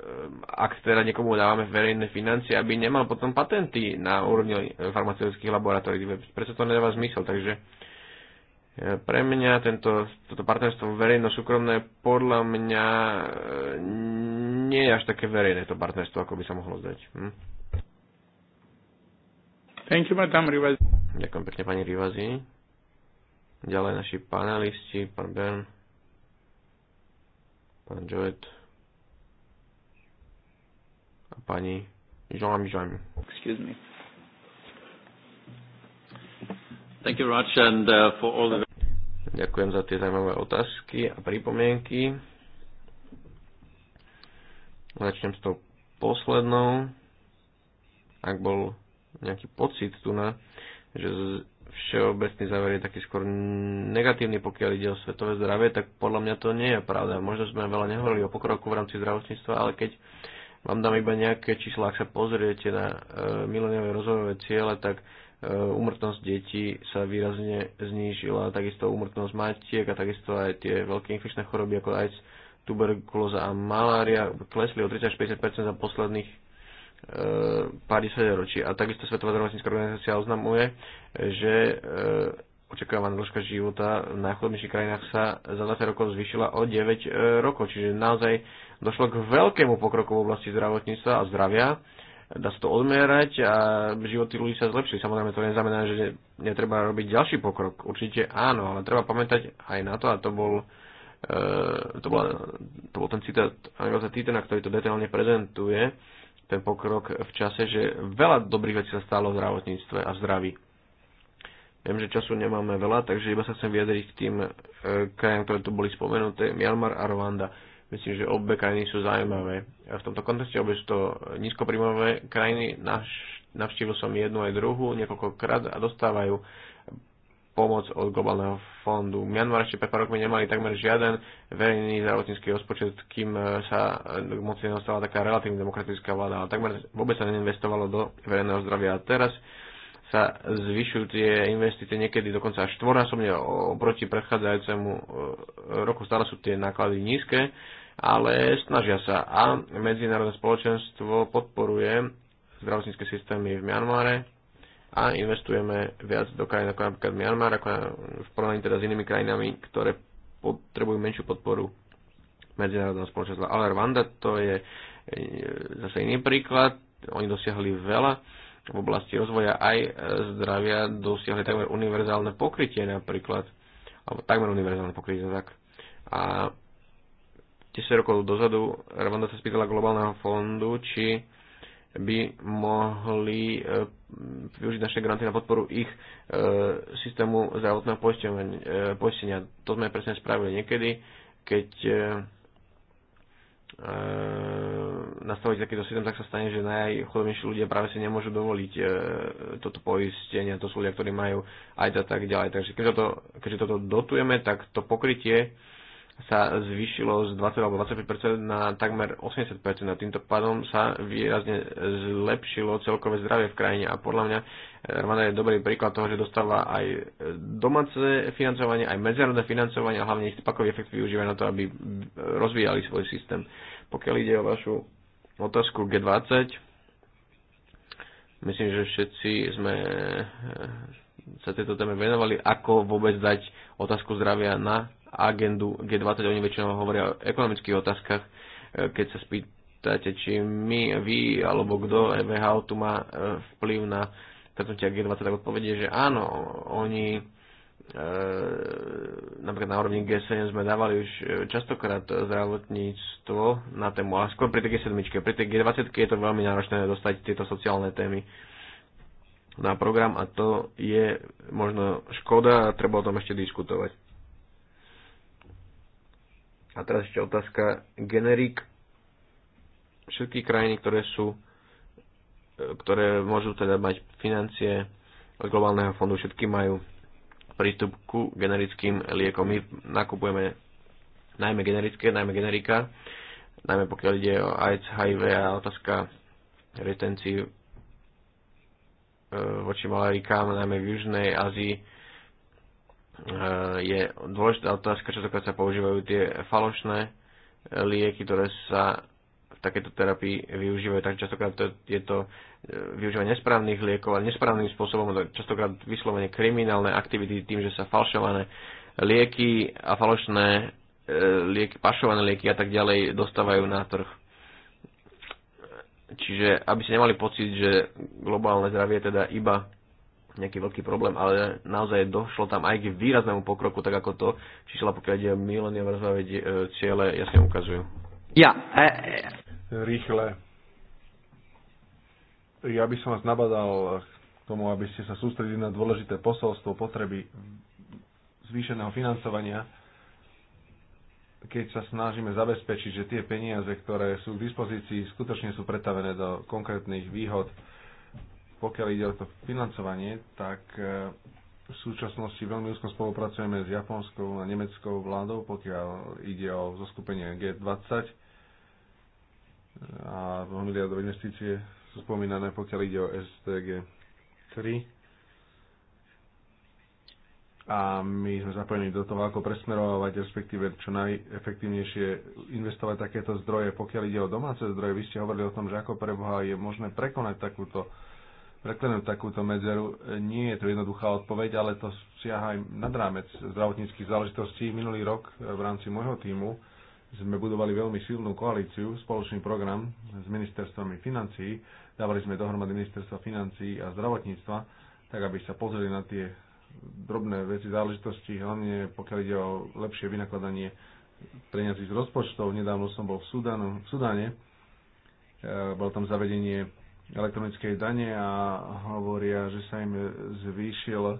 Eh, ak teda niekomu dávame verejné financie, aby nemal potom patenty na úrovni farmaceutických laboratórií. Prečo to nedáva zmysel? Takže eh, pre mňa tento, toto partnerstvo verejno-súkromné podľa mňa eh, nie je až také verejné to partnerstvo, ako by sa mohlo zdať. Hm? Thank you, madam Ďakujem pekne, pani Rivazi. Ďalej naši panelisti, pán Bern, pán Joet pani Joam Joam. Excuse me. Thank you, Raj, and uh, for all the... Ďakujem za tie zaujímavé otázky a pripomienky. Začnem s tou poslednou. Ak bol nejaký pocit tu na, že všeobecný záver je taký skôr negatívny, pokiaľ ide o svetové zdravie, tak podľa mňa to nie je pravda. Možno sme veľa nehovorili o pokroku v rámci zdravotníctva, ale keď vám dám iba nejaké čísla, ak sa pozriete na e, mileniové rozvojové ciele, tak umrtnosť e, detí sa výrazne znížila, takisto umrtnosť matiek a takisto aj tie veľké infekčné choroby ako AIDS, tuberkulóza a malária klesli o 30 50 za posledných e, pár desaťročí. A takisto Svetová zdravotnícka organizácia oznamuje, že e, očakávaná dĺžka života v najchudobnejších krajinách sa za 20 rokov zvyšila o 9 e, rokov, čiže naozaj došlo k veľkému pokroku v oblasti zdravotníctva a zdravia. Dá sa to odmerať a životy ľudí sa zlepšili. Samozrejme to neznamená, že netreba robiť ďalší pokrok. Určite áno, ale treba pamätať aj na to, a to bol, e, to bola, to bol ten citát Angela Titena, ktorý to detailne prezentuje, ten pokrok v čase, že veľa dobrých vecí sa stalo v zdravotníctve a v zdraví. Viem, že času nemáme veľa, takže iba sa chcem vyjadriť k tým e, krajom, ktoré tu boli spomenuté, Myanmar a Rwanda. Myslím, že obe krajiny sú zaujímavé. V tomto kontexte obe sú to nízkoprímové krajiny. Navštívil som jednu aj druhú niekoľkokrát a dostávajú pomoc od globálneho fondu. Mianmar ešte pred pár rokmi nemali takmer žiaden verejný zdravotnícky rozpočet, kým e, sa k e, moci nedostala taká relatívne demokratická vláda, ale takmer vôbec sa neinvestovalo do verejného zdravia. A teraz sa zvyšujú tie investície niekedy dokonca až štvornásobne oproti predchádzajúcemu e, roku. Stále sú tie náklady nízke ale snažia sa. A medzinárodné spoločenstvo podporuje zdravotnícke systémy v Mianmare a investujeme viac do krajín ako napríklad Mianmar, ako v porovnaní teda s inými krajinami, ktoré potrebujú menšiu podporu medzinárodného spoločenstva. Ale Rwanda to je e, zase iný príklad, oni dosiahli veľa v oblasti rozvoja aj zdravia, dosiahli takmer univerzálne pokrytie napríklad, alebo takmer univerzálne pokrytie, tak. A 10 rokov dozadu Rwanda sa spýtala globálneho fondu, či by mohli e, využiť naše granty na podporu ich e, systému zdravotného e, poistenia. To sme presne spravili niekedy, keď nastaviť takýto systém, tak sa stane, že najchudobnejší ľudia práve si nemôžu dovoliť toto poistenie. To sú ľudia, ktorí majú aj a tak ďalej. Takže keďže, to, keďže toto dotujeme, tak to pokrytie sa zvýšilo z 20 alebo 25 na takmer 80 a týmto pádom sa výrazne zlepšilo celkové zdravie v krajine a podľa mňa eh, Rwanda je dobrý príklad toho, že dostáva aj eh, domáce financovanie, aj medzinárodné financovanie a hlavne ich spakový efekt využíva na to, aby eh, rozvíjali svoj systém. Pokiaľ ide o vašu otázku G20, myslím, že všetci sme sa tejto téme venovali, ako vôbec dať otázku zdravia na agendu G20. Oni väčšinou hovoria o ekonomických otázkach. E, keď sa spýtate, či my, vy alebo kto e VHO tu má e, vplyv na stretnutia G20, tak odpovedie, že áno, oni napríklad na úrovni G7 sme dávali už častokrát zdravotníctvo na tému, ale skôr pri tej G7, pri tej G20 je to veľmi náročné dostať tieto sociálne témy na program a to je možno škoda a treba o tom ešte diskutovať. A teraz ešte otázka generik. Všetky krajiny, ktoré sú e, ktoré môžu teda mať financie od globálneho fondu, všetky majú prístup ku generickým liekom. My nakupujeme najmä generické, najmä generika, najmä pokiaľ ide o AIDS, HIV a otázka retencii e, voči malarikám, najmä v Južnej Ázii, Eh, je dôležitá otázka, častokrát sa používajú tie falošné lieky, ktoré sa v takejto terapii využívajú. Tak častokrát to, je to eh, využívanie nesprávnych liekov, ale nesprávnym spôsobom, častokrát vyslovene kriminálne aktivity tým, že sa falšované lieky a falošné eh, lieky, pašované lieky a tak ďalej dostávajú na trh. Čiže aby ste nemali pocit, že globálne zdravie je teda iba nejaký veľký problém, ale naozaj došlo tam aj k výraznému pokroku, tak ako to čísla, pokiaľ ide mileniové rozvojové e, ciele, jasne
ukazujú. Ja. E, e. Rýchle. Ja by som vás nabadal k tomu, aby ste sa sústredili na dôležité posolstvo potreby zvýšeného financovania, keď sa snažíme zabezpečiť, že tie peniaze, ktoré sú k dispozícii, skutočne sú pretavené do konkrétnych výhod pokiaľ ide o to financovanie, tak e, v súčasnosti veľmi úzko spolupracujeme s japonskou a nemeckou vládou, pokiaľ ide o zoskupenie G20 e, a 2 miliardové investície sú spomínané, pokiaľ ide o STG 3 a my sme zapojení do toho, ako presmerovať, respektíve čo najefektívnejšie investovať takéto zdroje. Pokiaľ ide o domáce zdroje, vy ste hovorili o tom, že ako preboha je možné prekonať takúto preklenúť takúto medzeru. E, nie je to jednoduchá odpoveď, ale to siaha aj nad rámec zdravotníckých záležitostí. Minulý rok e, v rámci môjho týmu sme budovali veľmi silnú koalíciu, spoločný program s ministerstvami financií. Dávali sme dohromady ministerstva financií a zdravotníctva, tak aby sa pozreli na tie drobné veci, záležitosti, hlavne pokiaľ ide o lepšie vynakladanie peňazí z rozpočtov. Nedávno som bol v, Sudanu, v Sudáne, e, bolo tam zavedenie elektronickej dane a hovoria, že sa im zvýšil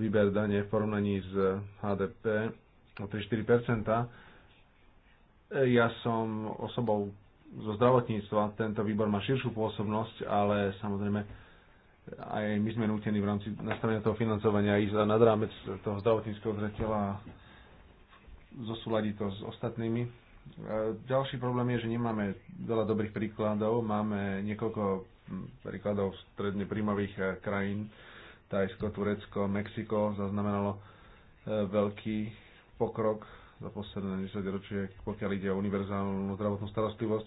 výber dane v porovnaní s HDP o 3-4%. Ja som osobou zo zdravotníctva, tento výbor má širšiu pôsobnosť, ale samozrejme aj my sme nutení v rámci nastavenia toho financovania ísť nad rámec toho zdravotníckého zretela a zosúľadiť to s ostatnými ďalší problém je, že nemáme veľa dobrých príkladov. Máme niekoľko hm, príkladov stredne príjmových eh, krajín. Tajsko, Turecko, Mexiko zaznamenalo eh, veľký pokrok za posledné 10 ročie, pokiaľ ide o univerzálnu zdravotnú starostlivosť.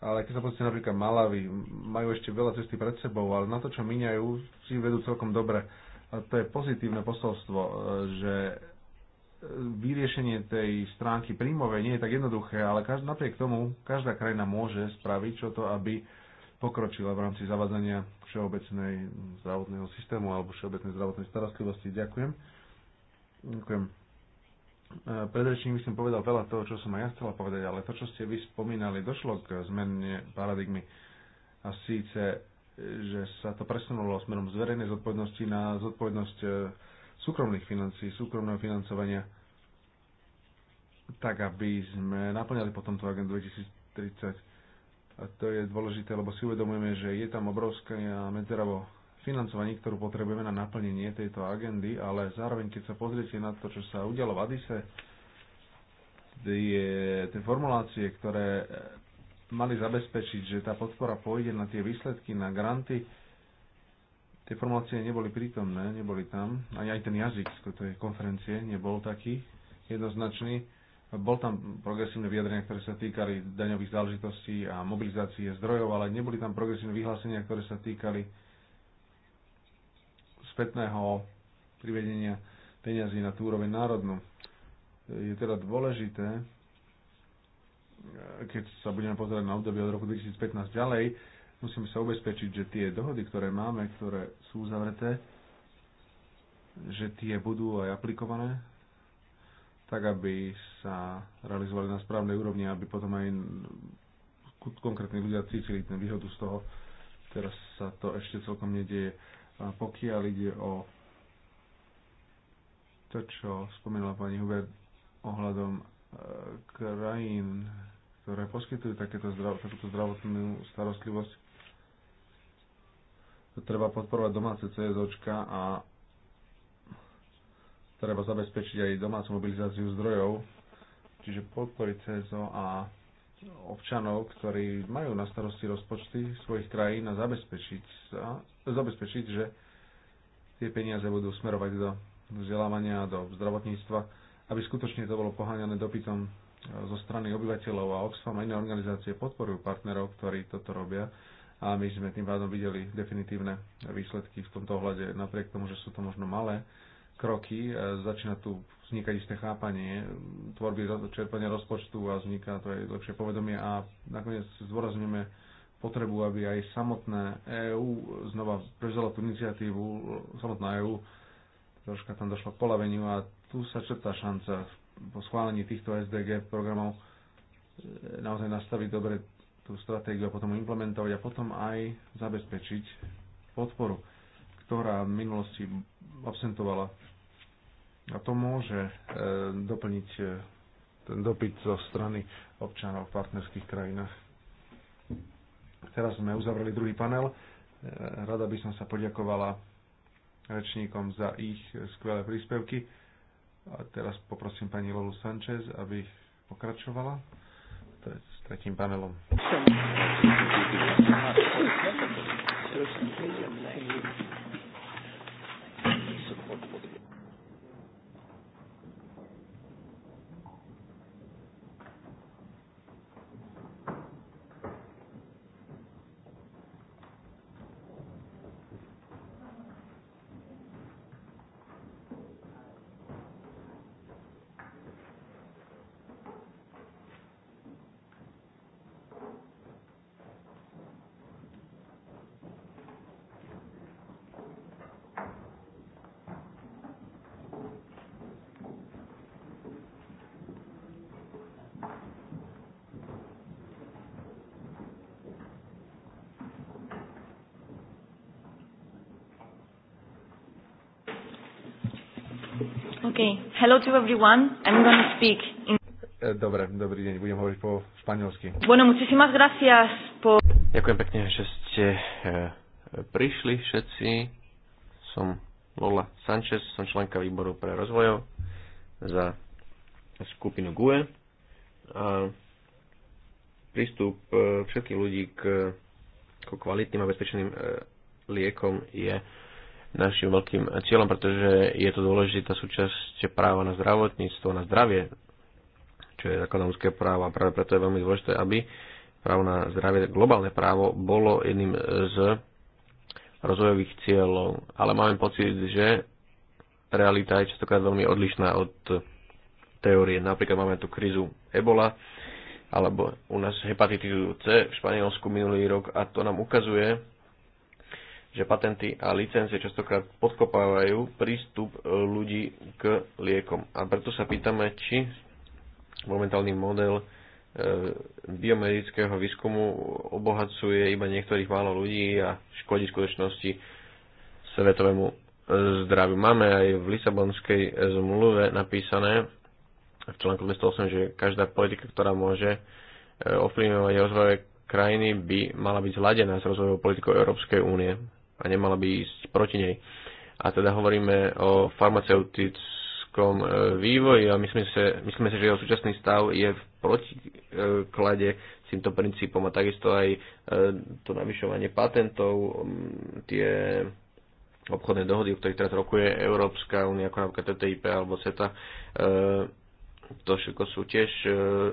Ale keď sa pozrite napríklad Malavy, majú ešte veľa cesty pred sebou, ale na to, čo miniajú, si vedú celkom dobre. A to je pozitívne posolstvo, eh, že vyriešenie tej stránky príjmovej nie je tak jednoduché, ale každ- napriek tomu každá krajina môže spraviť čo to, aby pokročila v rámci zavádzania všeobecnej zdravotného systému alebo všeobecnej zdravotnej starostlivosti. Ďakujem. Ďakujem. E, predrečník by som povedal veľa toho, čo som aj ja chcela povedať, ale to, čo ste vy spomínali, došlo k zmene paradigmy. A síce, e, že sa to presunulo smerom z verejnej zodpovednosti na zodpovednosť e, súkromných financií, súkromného financovania, tak aby sme naplňali potom tú agendu 2030. A to je dôležité, lebo si uvedomujeme, že je tam obrovské medzera vo financovaní, ktorú potrebujeme na naplnenie tejto agendy, ale zároveň, keď sa pozriete na to, čo sa udialo v Adise, tie, tie formulácie, ktoré mali zabezpečiť, že tá podpora pôjde na tie výsledky, na granty, tie formulácie neboli prítomné, neboli tam. Ani aj ten jazyk z tej konferencie nebol taký jednoznačný. Bol tam progresívne vyjadrenia, ktoré sa týkali daňových záležitostí a mobilizácie zdrojov, ale neboli tam progresívne vyhlásenia, ktoré sa týkali spätného privedenia peňazí na tú úroveň národnú. Je teda dôležité, keď sa budeme pozerať na obdobie od roku 2015 ďalej, Musíme sa ubezpečiť, že tie dohody, ktoré máme, ktoré sú uzavreté, že tie budú aj aplikované, tak aby sa realizovali na správnej úrovni, aby potom aj konkrétni ľudia cítili ten výhodu z toho. Teraz sa to ešte celkom nedieje. A pokiaľ ide o to, čo spomenula pani Huber ohľadom e, krajín, ktoré poskytujú takéto zdrav, takúto zdravotnú starostlivosť, treba podporovať domáce CSOčka a treba zabezpečiť aj domácu mobilizáciu zdrojov, čiže podporiť CSO a občanov, ktorí majú na starosti rozpočty svojich krajín a zabezpečiť, a zabezpečiť že tie peniaze budú smerovať do vzdelávania, do zdravotníctva, aby skutočne to bolo poháňané dopytom eh, zo strany obyvateľov a Oxfam a iné organizácie podporujú partnerov, ktorí toto robia a my sme tým pádom videli definitívne výsledky v tomto ohľade. Napriek tomu, že sú to možno malé kroky, e, začína tu vznikať isté chápanie tvorby čerpania rozpočtu a vzniká to aj lepšie povedomie a nakoniec zdôrazňujeme potrebu, aby aj samotné EÚ znova prevzala tú iniciatívu, samotná EÚ troška tam došlo k polaveniu a tu sa črtá šanca po schválení týchto SDG programov e, naozaj nastaviť dobre tú stratégiu a potom implementovať a potom aj zabezpečiť podporu, ktorá v minulosti absentovala. A to môže e, doplniť e, ten dopyt zo strany občanov v partnerských krajinách. Teraz sme uzavreli druhý panel. E, rada by som sa poďakovala rečníkom za ich skvelé príspevky. A teraz poprosím pani Lolu Sanchez, aby pokračovala s tretím panelom.
Hello to everyone. I'm going to speak in...
E, dobre, dobrý deň, budem hovoriť po španielsky. Bueno,
muchísimas gracias por...
Ďakujem pekne, že ste e,
prišli všetci. Som Lola Sanchez, som členka výboru pre rozvoj za skupinu GUE. A prístup e, všetkých ľudí k, k kvalitným a bezpečným liekom je našim veľkým cieľom, pretože je to dôležitá súčasť práva na zdravotníctvo, na zdravie, čo je základná ľudské právo a práve preto je veľmi dôležité, aby právo na zdravie, globálne právo, bolo jedným z rozvojových cieľov. Ale máme pocit, že realita je častokrát veľmi odlišná od teórie. Napríklad máme tu krízu ebola, alebo u nás hepatitidu C v Španielsku minulý rok a to nám ukazuje, že patenty a licencie častokrát podkopávajú prístup e, ľudí k liekom. A preto sa pýtame, či momentálny model e, biomedického výskumu obohacuje iba niektorých málo ľudí a škodí v skutočnosti svetovému e, zdraviu. Máme aj v Lisabonskej zmluve napísané v článku 208, že každá politika, ktorá môže ovplyvňovať rozvoje krajiny, by mala byť zladená s rozvojovou politikou Európskej únie a nemala by ísť proti nej. A teda hovoríme o farmaceutickom e, vývoji a myslíme, si, myslíme si, že jeho súčasný stav je v protiklade s týmto princípom a takisto aj e, to navyšovanie patentov, tie obchodné dohody, o ktorých teraz rokuje Európska únia, ako napríklad TTIP alebo CETA, e, to všetko sú tiež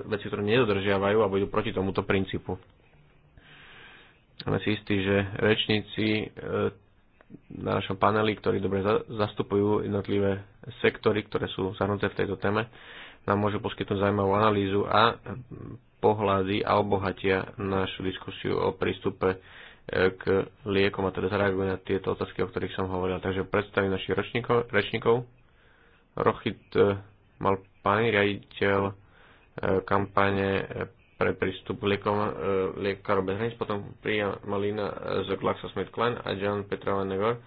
veci, ktoré nedodržiavajú a budú proti tomuto princípu. Máme si istí, že rečníci e, na našom paneli, ktorí dobre zastupujú jednotlivé sektory, ktoré sú zahrnuté v tejto téme, nám môžu poskytnúť zaujímavú analýzu a mm, pohľady a obohatia našu diskusiu o prístupe e, k liekom a teda zareagujú na tieto otázky, o ktorých som hovoril. Takže predstavím našich rečníkov. rečníkov. Rochit e, pani riaditeľ kampane pre prístup liekom, e, liekárov bez hraníc, potom Priya Malina z GlaxoSmithKline a John Petrova Negor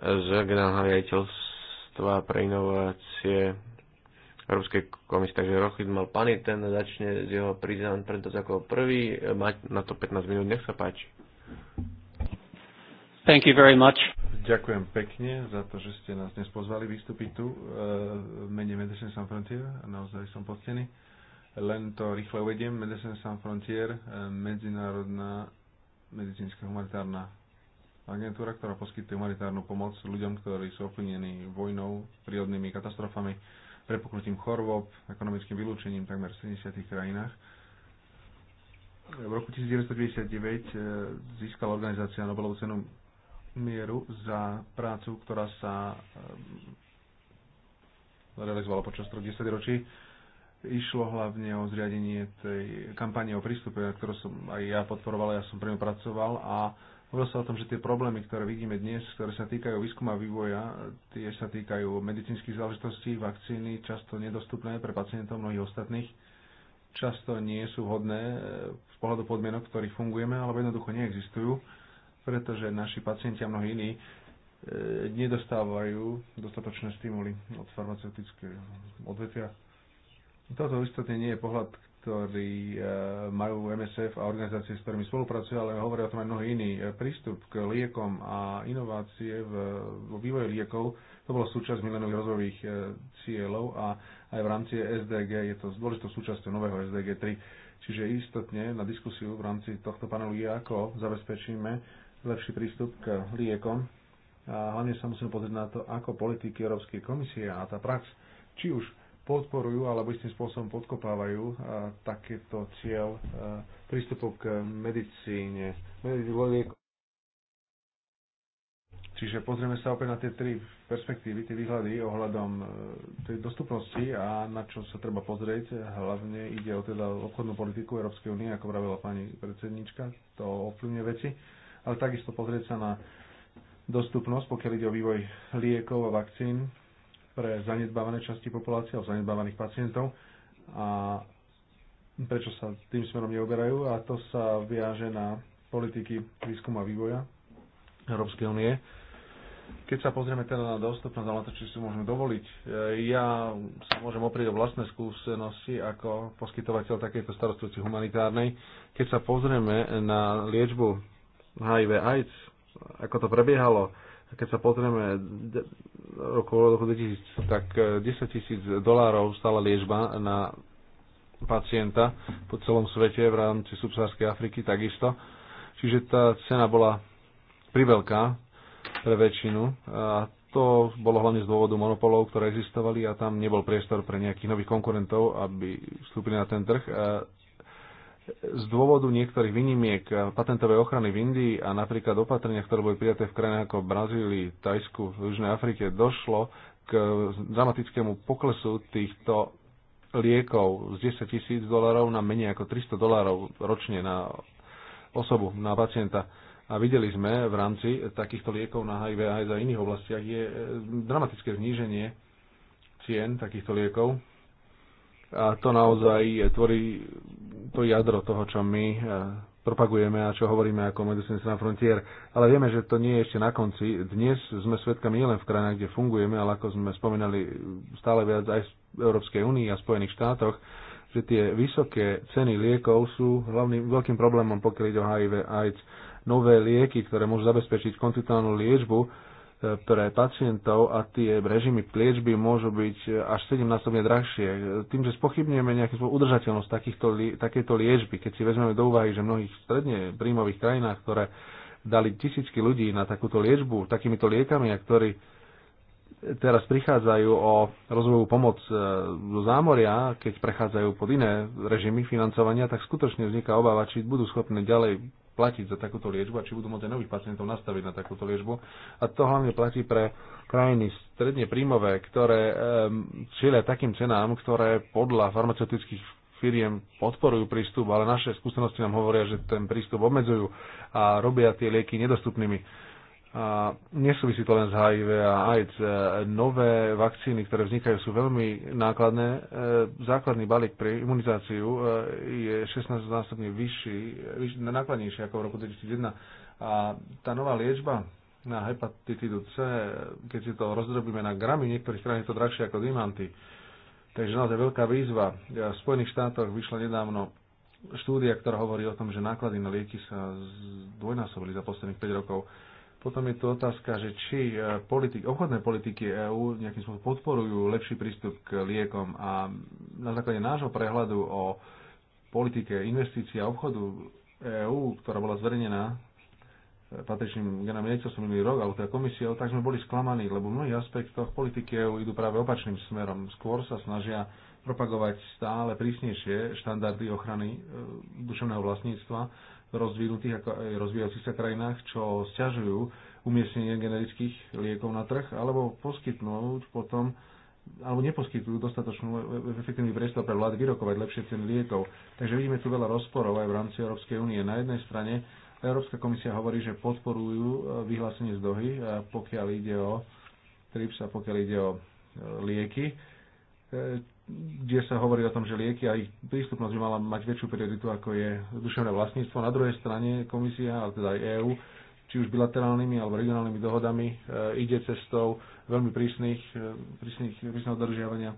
z generálneho riaditeľstva pre inovácie Európskej komisie. Takže Rochid mal pani, ten začne z jeho priznan preto ako prvý. Mať na to 15 minút, nech sa páči. Thank you very much.
Ďakujem pekne za to, že ste nás dnes pozvali vystúpiť tu e, v mene Medicine San Frontier. Naozaj som poctený. Len to rýchle uvediem. Medicine Sans Frontier, eh, medzinárodná medicínska humanitárna agentúra, ktorá poskytuje humanitárnu pomoc ľuďom, ktorí sú ovplyvnení vojnou, prírodnými katastrofami, prepuknutím chorôb, ekonomickým vylúčením takmer v 70 krajinách. V roku 1999 eh, získala organizácia Nobelovú cenu mieru za prácu, ktorá sa eh, realizovala počas 30 ročí Išlo hlavne o zriadenie tej kampane o prístupe, na ktorú som aj ja podporoval, ja som pre ňu pracoval a hovoril sa o tom, že tie problémy, ktoré vidíme dnes, ktoré sa týkajú výskuma a vývoja, tie sa týkajú medicínskych záležitostí, vakcíny, často nedostupné pre pacientov mnohých ostatných, často nie sú vhodné eh, z pohľadu podmienok, v ktorých fungujeme, alebo jednoducho neexistujú, pretože naši pacienti a mnohí iní eh, nedostávajú dostatočné stimuly od farmaceutického odvetvia. Toto istotne nie je pohľad, ktorí e, majú MSF a organizácie, s ktorými spolupracujú, ale hovoria o tom aj mnohí iní. E, prístup k liekom a inovácie v, vo vývoji liekov, to bolo súčasť milenových rozvojových e, cieľov a aj v rámci SDG je to dôležitou súčasťou nového SDG 3. Čiže istotne na diskusiu v rámci tohto panelu je, ako zabezpečíme lepší prístup k liekom. A hlavne sa musíme pozrieť na to, ako politiky Európskej komisie a tá prax, či už podporujú alebo istým spôsobom podkopávajú takýto cieľ prístupu k medicíne. Čiže pozrieme sa opäť na tie tri perspektívy, tie výhľady ohľadom e, tej dostupnosti a na čo sa treba pozrieť. Hlavne ide o teda obchodnú politiku Európskej únie, ako pravila pani predsednička, to ovplyvňuje veci, ale takisto pozrieť sa na dostupnosť, pokiaľ ide o vývoj liekov a vakcín, pre zanedbávané časti populácie alebo zanedbávaných pacientov a prečo sa tým smerom neoberajú a to sa viaže na politiky výskumu a vývoja Európskej únie. Keď sa pozrieme teda na dostupnosť, ale to, či si môžeme dovoliť, e, ja sa môžem oprieť o vlastné skúsenosti ako poskytovateľ takejto starostlivosti humanitárnej. Keď sa pozrieme na liečbu HIV AIDS, ako to prebiehalo, a keď sa pozrieme okolo roku 2000, tak 10 e, tisíc dolárov stala liežba na pacienta po celom svete v rámci subsárskej Afriky takisto. Čiže tá cena bola priveľká pre väčšinu a to bolo hlavne z dôvodu monopolov, ktoré existovali a tam nebol priestor pre nejakých nových konkurentov, aby vstúpili na ten trh z dôvodu niektorých výnimiek eh, patentovej ochrany v Indii a napríklad opatrenia, ktoré boli prijaté v krajinách ako Brazílii, Tajsku, v Južnej Afrike, došlo k dramatickému poklesu týchto liekov z 10 tisíc dolarov na menej ako 300 dolarov ročne na osobu, na pacienta. A videli sme v rámci takýchto liekov na HIV a aj za iných oblastiach je eh, dramatické zníženie cien takýchto liekov a to naozaj tvorí to jadro toho, čo my e, propagujeme a čo hovoríme ako Medicine na Frontier. Ale vieme, že to nie je ešte na konci. Dnes sme svedkami nielen v krajinách, kde fungujeme, ale ako sme spomínali stále viac aj v Európskej únii a Spojených štátoch, že tie vysoké ceny liekov sú hlavným veľkým problémom, pokiaľ ide o HIV AIDS. Nové lieky, ktoré môžu zabezpečiť koncitálnu liečbu, pre pacientov a tie režimy liečby môžu byť až 7-násobne drahšie. Tým, že spochybňujeme nejakú udržateľnosť takýchto, takéto liečby, keď si vezmeme do úvahy, že v mnohých stredne príjmových krajinách, ktoré dali tisícky ľudí na takúto liečbu, takýmito liekami, a ktorí teraz prichádzajú o rozvojovú pomoc do e, zámoria, keď prechádzajú pod iné režimy financovania, tak skutočne vzniká obava, či budú schopné ďalej platiť za takúto liečbu a či budú môcť aj nových pacientov nastaviť na takúto liečbu. A to hlavne platí pre krajiny stredne príjmové, ktoré um, čelia takým cenám, ktoré podľa farmaceutických firiem podporujú prístup, ale naše skúsenosti nám hovoria, že ten prístup obmedzujú a robia tie lieky nedostupnými a nesúvisí to len s HIV a AIDS. E, nové vakcíny, ktoré vznikajú, sú veľmi nákladné. E, základný balík pre imunizáciu e, je 16-násobne vyšší, vyšší, nákladnejší ako v roku 2001. A tá nová liečba na hepatitidu C, keď si to rozdrobíme na gramy, niektorých krajinách je to drahšie ako dimanty. Takže naozaj veľká výzva. V Spojených štátoch vyšla nedávno štúdia, ktorá hovorí o tom, že náklady na lieky sa zdvojnásobili za posledných 5 rokov potom je tu otázka, že či e, politik, obchodné politiky EÚ nejakým spôsobom podporujú lepší prístup k liekom a na základe nášho prehľadu o politike investícií a obchodu EÚ, ktorá bola zverejnená e, patričným generálnym riaditeľstvom minulý rok, alebo teda komisiou, tak sme boli sklamaní, lebo v mnohých aspektoch politiky EÚ idú práve opačným smerom. Skôr sa snažia propagovať stále prísnejšie štandardy ochrany e, duševného vlastníctva rozvinutých ako aj rozvíjajúcich sa krajinách, čo stiažujú umiestnenie generických liekov na trh, alebo poskytnúť potom alebo neposkytujú dostatočnú e, e, efektívny priestor pre vlády vyrokovať lepšie ceny liekov. Takže vidíme tu veľa rozporov aj v rámci Európskej únie. Na jednej strane Európska komisia hovorí, že podporujú e, vyhlásenie z dohy, pokiaľ ide o TRIPS a pokiaľ ide o lieky kde sa hovorí o tom, že lieky a ich prístupnosť by mala mať väčšiu prioritu, ako je duševné vlastníctvo. Na druhej strane komisia, ale teda aj EÚ, či už bilaterálnymi alebo regionálnymi dohodami, e, ide cestou veľmi prísnych, e, prísnych, prísneho dodržiavania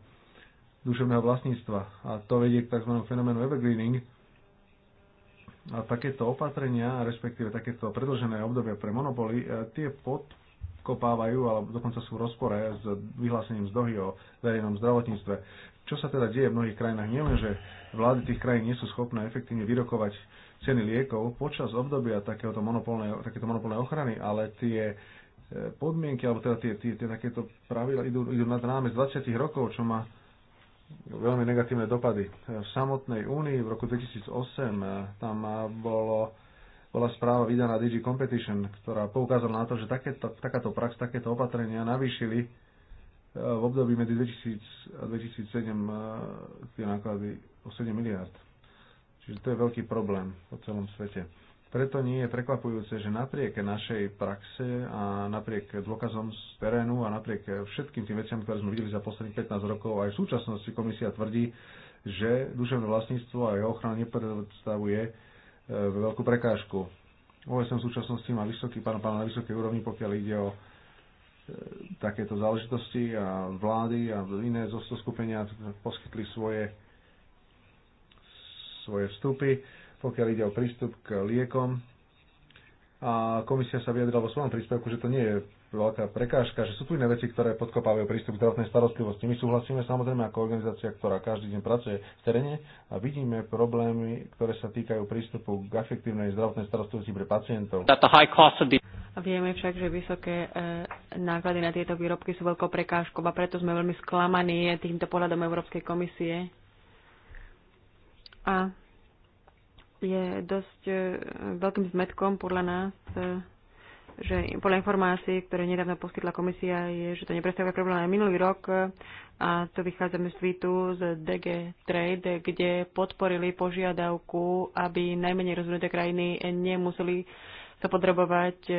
duševného vlastníctva. A to vedie k tzv. fenoménu evergreening. A takéto opatrenia, respektíve takéto predlžené obdobia pre monopoly, e, tie podkopávajú, alebo dokonca sú v rozpore s vyhlásením z Dohy o verejnom zdravotníctve. Čo sa teda deje v mnohých krajinách? Nielen, že vlády tých krajín nie sú schopné efektívne vyrokovať ceny liekov počas obdobia takéto monopolnej, takéto monopolnej ochrany, ale tie e, podmienky, alebo teda tie, tie, tie takéto pravidla idú, idú nad rámec 20 rokov, čo má veľmi negatívne dopady. V samotnej únii v roku 2008 e, tam e, bolo, bola správa vydaná DG Competition, ktorá poukázala na to, že takéto, takáto prax, takéto opatrenia navýšili v období medzi 2000 a 2007 eh, tie náklady o 7 miliard. Čiže to je veľký problém po celom svete. Preto nie je prekvapujúce, že napriek našej praxe a napriek dôkazom z terénu a napriek všetkým tým veciam, ktoré sme videli za posledných 15 rokov, aj v súčasnosti komisia tvrdí, že duševné vlastníctvo a jeho ochrana nepredstavuje eh, veľkú prekážku. OSM v súčasnosti má vysoký, pán, pán na vysokej úrovni, pokiaľ ide o takéto záležitosti a vlády a iné zoskupenia poskytli svoje, svoje vstupy, pokiaľ ide o prístup k liekom. A komisia sa vyjadrila vo svojom príspevku, že to nie je veľká prekážka, že sú tu iné veci, ktoré podkopávajú prístup k zdravotnej starostlivosti. My súhlasíme samozrejme ako organizácia, ktorá každý deň pracuje v teréne a vidíme problémy, ktoré sa týkajú prístupu k efektívnej zdravotnej starostlivosti pre pacientov. That the high cost of the
Vieme však, že vysoké e, náklady na tieto výrobky sú veľkou prekážkou a preto sme veľmi sklamaní týmto pohľadom Európskej komisie. A je dosť e, veľkým zmetkom podľa nás, e, že podľa informácií, ktoré nedávno poskytla komisia, je, že to nepredstavuje problém aj minulý rok a to vychádzame z tweetu z DG Trade, kde podporili požiadavku, aby najmenej rozvinuté krajiny nemuseli sa podrobovať e,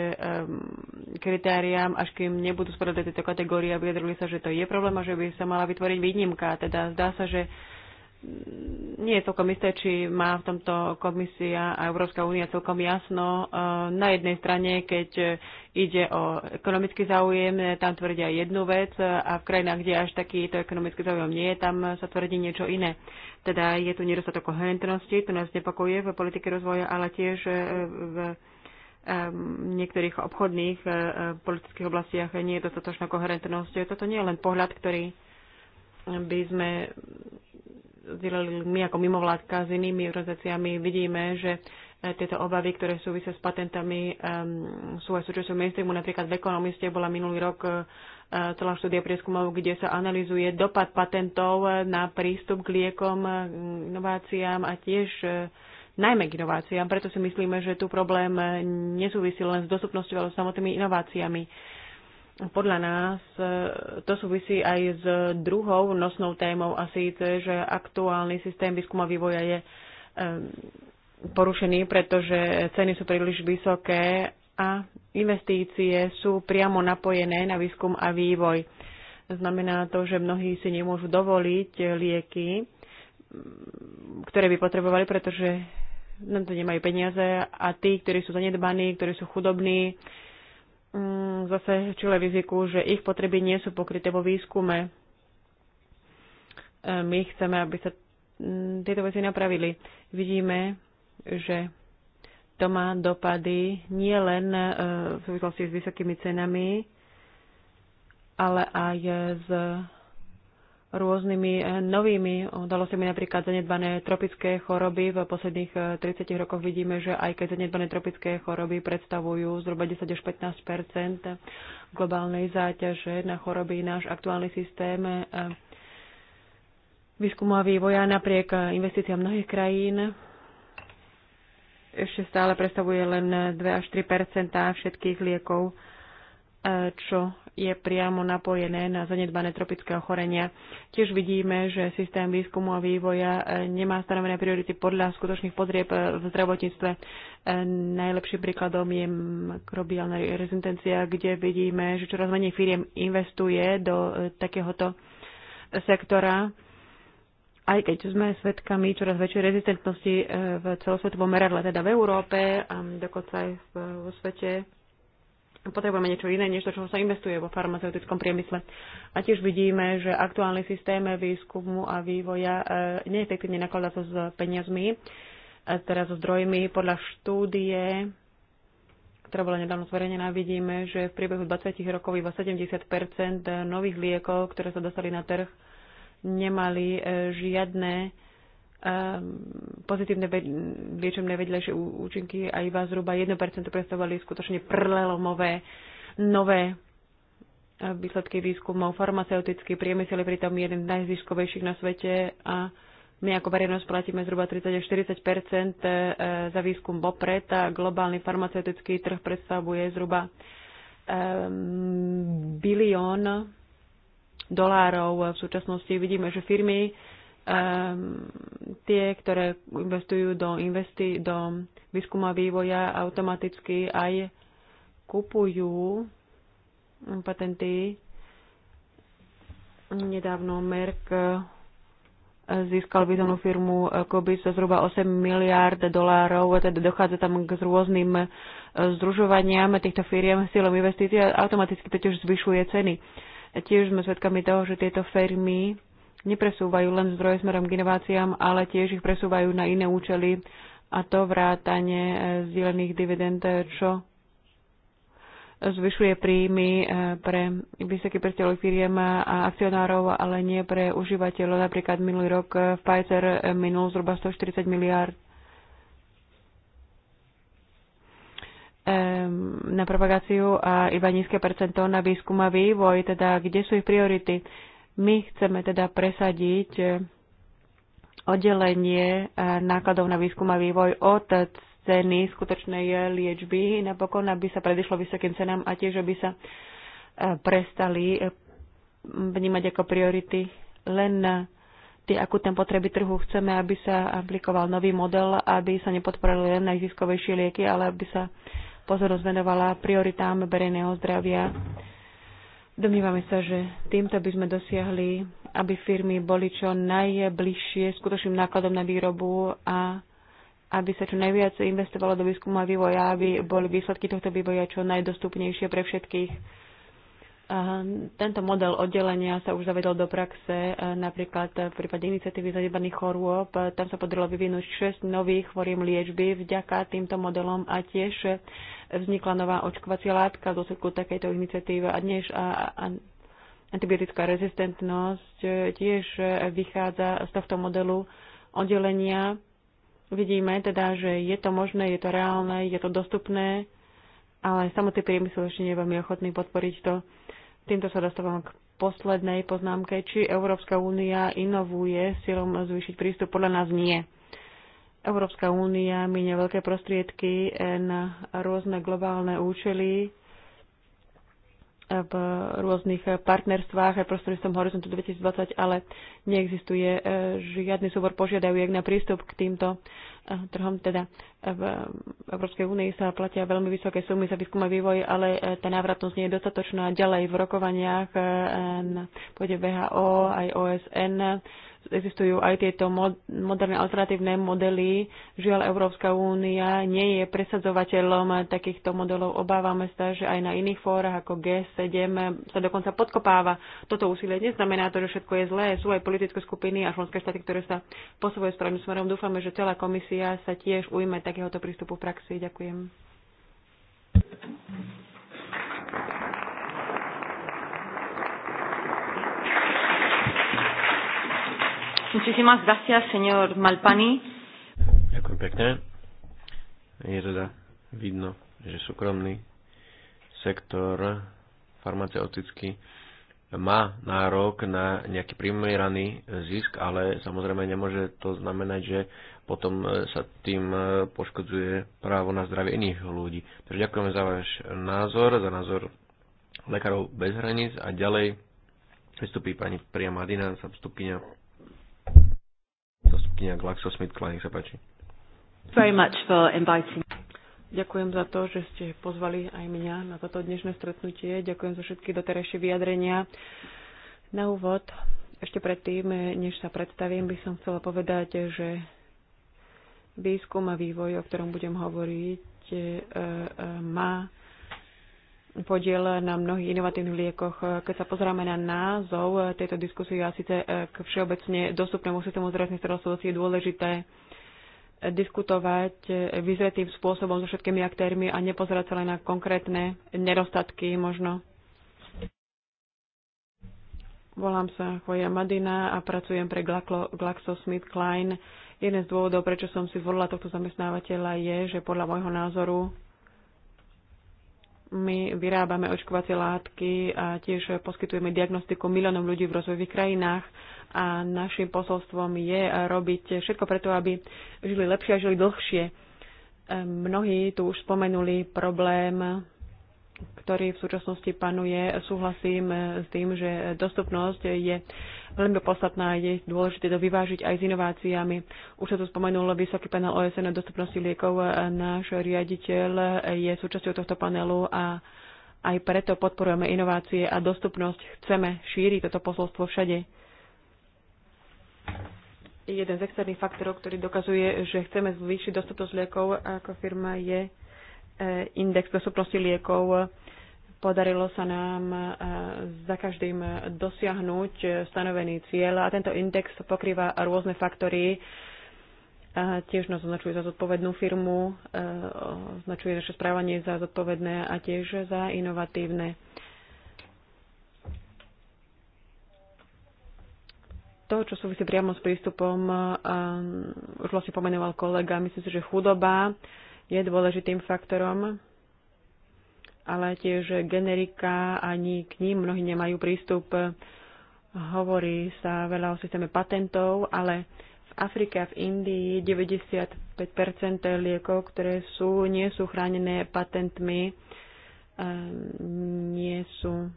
kritériám, až kým nebudú spadať tieto kategórie a vyjadrili sa, že to je problém a že by sa mala vytvoriť výnimka. Teda zdá sa, že nie je celkom isté, či má v tomto komisia a Európska únia celkom jasno. E, na jednej strane, keď ide o ekonomický záujem, tam tvrdia jednu vec a v krajinách, kde až takýto ekonomický záujem nie je, tam sa tvrdí niečo iné. Teda je tu nedostatok koherentnosti, to nás nepokojuje v politike rozvoja, ale tiež e, v v niektorých obchodných eh, eh, politických oblastiach nie je dostatočná koherentnosť. Toto nie je len pohľad, ktorý by sme zdieľali my ako mimovládka s inými organizáciami. Vidíme, že eh, tieto obavy, ktoré súvisia s patentami, sú aj súčasťou mainstreamu. Napríklad v ekonomiste bola minulý rok celá štúdia prieskumov, kde sa analizuje dopad patentov na prístup k liekom, inováciám a tiež najmä k inováciám. Preto si myslíme, že tu problém nesúvisí len s dostupnosťou, ale s samotnými inováciami. Podľa nás e, to súvisí aj s druhou nosnou témou a síce, že aktuálny systém výskuma vývoja je e, porušený, pretože ceny sú príliš vysoké a investície sú priamo napojené na výskum a vývoj. Znamená to, že mnohí si nemôžu dovoliť lieky, ktoré by potrebovali, pretože na to nemajú peniaze a tí, ktorí sú zanedbaní, ktorí sú chudobní, mm, zase čile riziku, že ich potreby nie sú pokryté vo výskume. E, my chceme, aby sa mm, tieto veci napravili. Vidíme, že to má dopady nie len e, v súvislosti s vysokými cenami, ale aj s rôznymi eh, novými udalostiami, napríklad zanedbané tropické choroby. V posledných 30 eh, rokoch vidíme, že aj keď zanedbané tropické choroby predstavujú zhruba 10 až 15 globálnej záťaže na choroby, náš aktuálny systém eh, výskumu a vývoja napriek investíciám mnohých krajín ešte stále predstavuje len 2 až 3 všetkých liekov, čo je priamo napojené na zanedbané tropické ochorenia. Tiež vidíme, že systém výskumu a vývoja e, nemá stanovené priority podľa skutočných potrieb e, v zdravotníctve. E, najlepším príkladom je mikrobiálna rezistencia, kde vidíme, že čoraz menej firiem investuje do takéhoto sektora aj keď sme svedkami čoraz väčšej rezistentnosti v celosvetovom meradle, teda v Európe a dokonca aj vo svete, potrebujeme niečo iné, než to, čo sa investuje vo farmaceutickom priemysle. A tiež vidíme, že aktuálny systém výskumu a vývoja e, neefektívne nakladá sa s peniazmi, e, teraz so zdrojmi. Podľa štúdie, ktorá bola nedávno zverejnená, vidíme, že v priebehu 20 rokov iba 70 nových liekov, ktoré sa dostali na trh, nemali e, žiadne pozitívne liečebné vedľajšie účinky a iba zhruba 1% predstavovali skutočne prlelomové nové e, výsledky výskumov. Farmaceutický priemysel je pritom jeden z najziskovejších na svete a my ako verejnosť platíme zhruba 30 až 40 e, za výskum vopred a globálny farmaceutický trh predstavuje zhruba e, bilión dolárov v súčasnosti. Vidíme, že firmy um, tie, ktoré investujú do, investi- do výskuma vývoja, automaticky aj kupujú patenty. Nedávno Merck eh, získal významnú firmu Kobis eh, za zhruba 8 miliard dolárov, teda dochádza tam k rôznym eh, združovaniam týchto firiem s cieľom investícií a automaticky tiež zvyšuje ceny. Tiež sme svedkami toho, že tieto firmy nepresúvajú len zdroje smerom k inováciám, ale tiež ich presúvajú na iné účely a to vrátanie e, zdieľaných dividend, e, čo zvyšuje príjmy e, pre vysoký predstavov firiem a akcionárov, ale nie pre užívateľov. Napríklad minulý rok Pfizer minul zhruba 140 miliárd na propagáciu a iba nízke percento na výskum a vývoj, teda kde sú ich priority. My chceme teda presadiť eh, oddelenie eh, nákladov na výskum a vývoj od ceny skutočnej eh, liečby, napokon aby sa predišlo vysokým cenám a tiež aby sa prestali vnímať ako priority len tie akutné potreby trhu. Chceme, aby sa aplikoval nový model, aby sa nepodporili len najziskovejšie lieky, ale aby sa pozornosť venovala prioritám verejného zdravia Domnívame sa, že týmto by sme dosiahli, aby firmy boli čo najbližšie skutočným nákladom na výrobu a aby sa čo najviac investovalo do výskumu a vývoja, aby boli výsledky tohto vývoja čo najdostupnejšie pre všetkých. tento model oddelenia sa už zavedol do praxe, napríklad v prípade iniciatívy zanedbaných chorôb. Tam sa podarilo vyvinúť 6 nových foriem liečby vďaka týmto modelom a tiež vznikla nová očkovacia látka v dôsledku takejto iniciatívy a dnes a, a, antibiotická rezistentnosť e, tiež e, vychádza z tohto modelu oddelenia. Vidíme teda, že je to možné, je to reálne, je to dostupné, ale samotný priemysel ešte nie je veľmi ochotný podporiť to. Týmto sa dostávam k poslednej poznámke, či Európska únia inovuje silom zvýšiť prístup. Podľa nás nie. Európska únia minie veľké prostriedky eh, na rôzne globálne účely eh, v rôznych partnerstvách aj eh, prostredníctvom Horizontu 2020, ale neexistuje žiadny súbor požiadaviek na prístup k týmto trhom. Teda v Európskej únii sa platia veľmi vysoké sumy za výskum a vývoj, ale e, tá návratnosť nie je dostatočná. Ďalej v rokovaniach e, na pôde VHO aj OSN existujú aj tieto moderné alternatívne modely. Žiaľ, Európska únia nie je presadzovateľom takýchto modelov. Obávame sa, že aj na iných fórach ako G7 sa dokonca podkopáva toto úsilie. Neznamená to, že všetko je zlé. Sú aj politické skupiny a členské štáty, ktoré sa posúvajú správnym smerom. Dúfame, že celá komisia komisia sa tiež ujme takéhoto prístupu v praxi. Ďakujem. Muchísimas gracias, señor Malpani.
Ďakujem pekne. Je teda vidno, že súkromný sektor farmaceutický má nárok na nejaký primeraný zisk, ale samozrejme nemôže to znamenať, že potom e, sa tým e, poškodzuje právo na zdravie iných ľudí. Takže ďakujeme za váš názor, za názor Lekárov bez hraníc a ďalej vystupí pani Priamadina, zastupkynia zastupkynia GlaxoSmithKline, nech sa páči.
Very much for inviting
Ďakujem za to, že ste pozvali aj mňa na toto dnešné stretnutie. Ďakujem za všetky doterajšie vyjadrenia. Na úvod, ešte predtým, než sa predstavím, by som chcela povedať, že výskum a vývoj, o ktorom budem hovoriť, e, e, má podiel na mnohých inovatívnych liekoch. Keď sa pozráme na názov tejto diskusie a síce e, k všeobecne dostupnému systému zdravotnej starostlivosti je dôležité diskutovať e, vyzretým spôsobom so všetkými aktérmi a nepozerať sa len na konkrétne nedostatky možno. Volám sa Choja Madina a pracujem pre GlaxoSmithKline. Jeden z dôvodov, prečo som si zvolila tohto zamestnávateľa, je, že podľa môjho názoru my vyrábame očkovacie látky a tiež poskytujeme diagnostiku miliónom ľudí v rozvojových krajinách a našim posolstvom je robiť všetko preto, aby žili lepšie a žili dlhšie. Mnohí tu už spomenuli problém ktorý v súčasnosti panuje, súhlasím s tým, že dostupnosť je veľmi podstatná, je dôležité to vyvážiť aj s inováciami. Už sa tu spomenul Vysoký panel OSN na dostupnosti liekov. Náš riaditeľ je súčasťou tohto panelu a aj preto podporujeme inovácie a dostupnosť. Chceme šíriť toto posolstvo všade. Jeden z externých faktorov, ktorý dokazuje, že chceme zvýšiť dostupnosť liekov ako firma je E, index dostupnosti liekov. E, podarilo sa nám e, za každým dosiahnuť stanovený cieľ a tento index pokrýva rôzne faktory. Tiež nás označuje za zodpovednú firmu, označuje naše správanie za zodpovedné a tiež za inovatívne. to, čo súvisí priamo s prístupom, už vlastne pomenoval kolega, myslím si, že chudoba je dôležitým faktorom, ale tiež generika ani k ním mnohí nemajú prístup. Hovorí sa veľa o systéme patentov, ale v Afrike a v Indii 95 liekov, ktoré sú, nie sú chránené patentmi, e, nie sú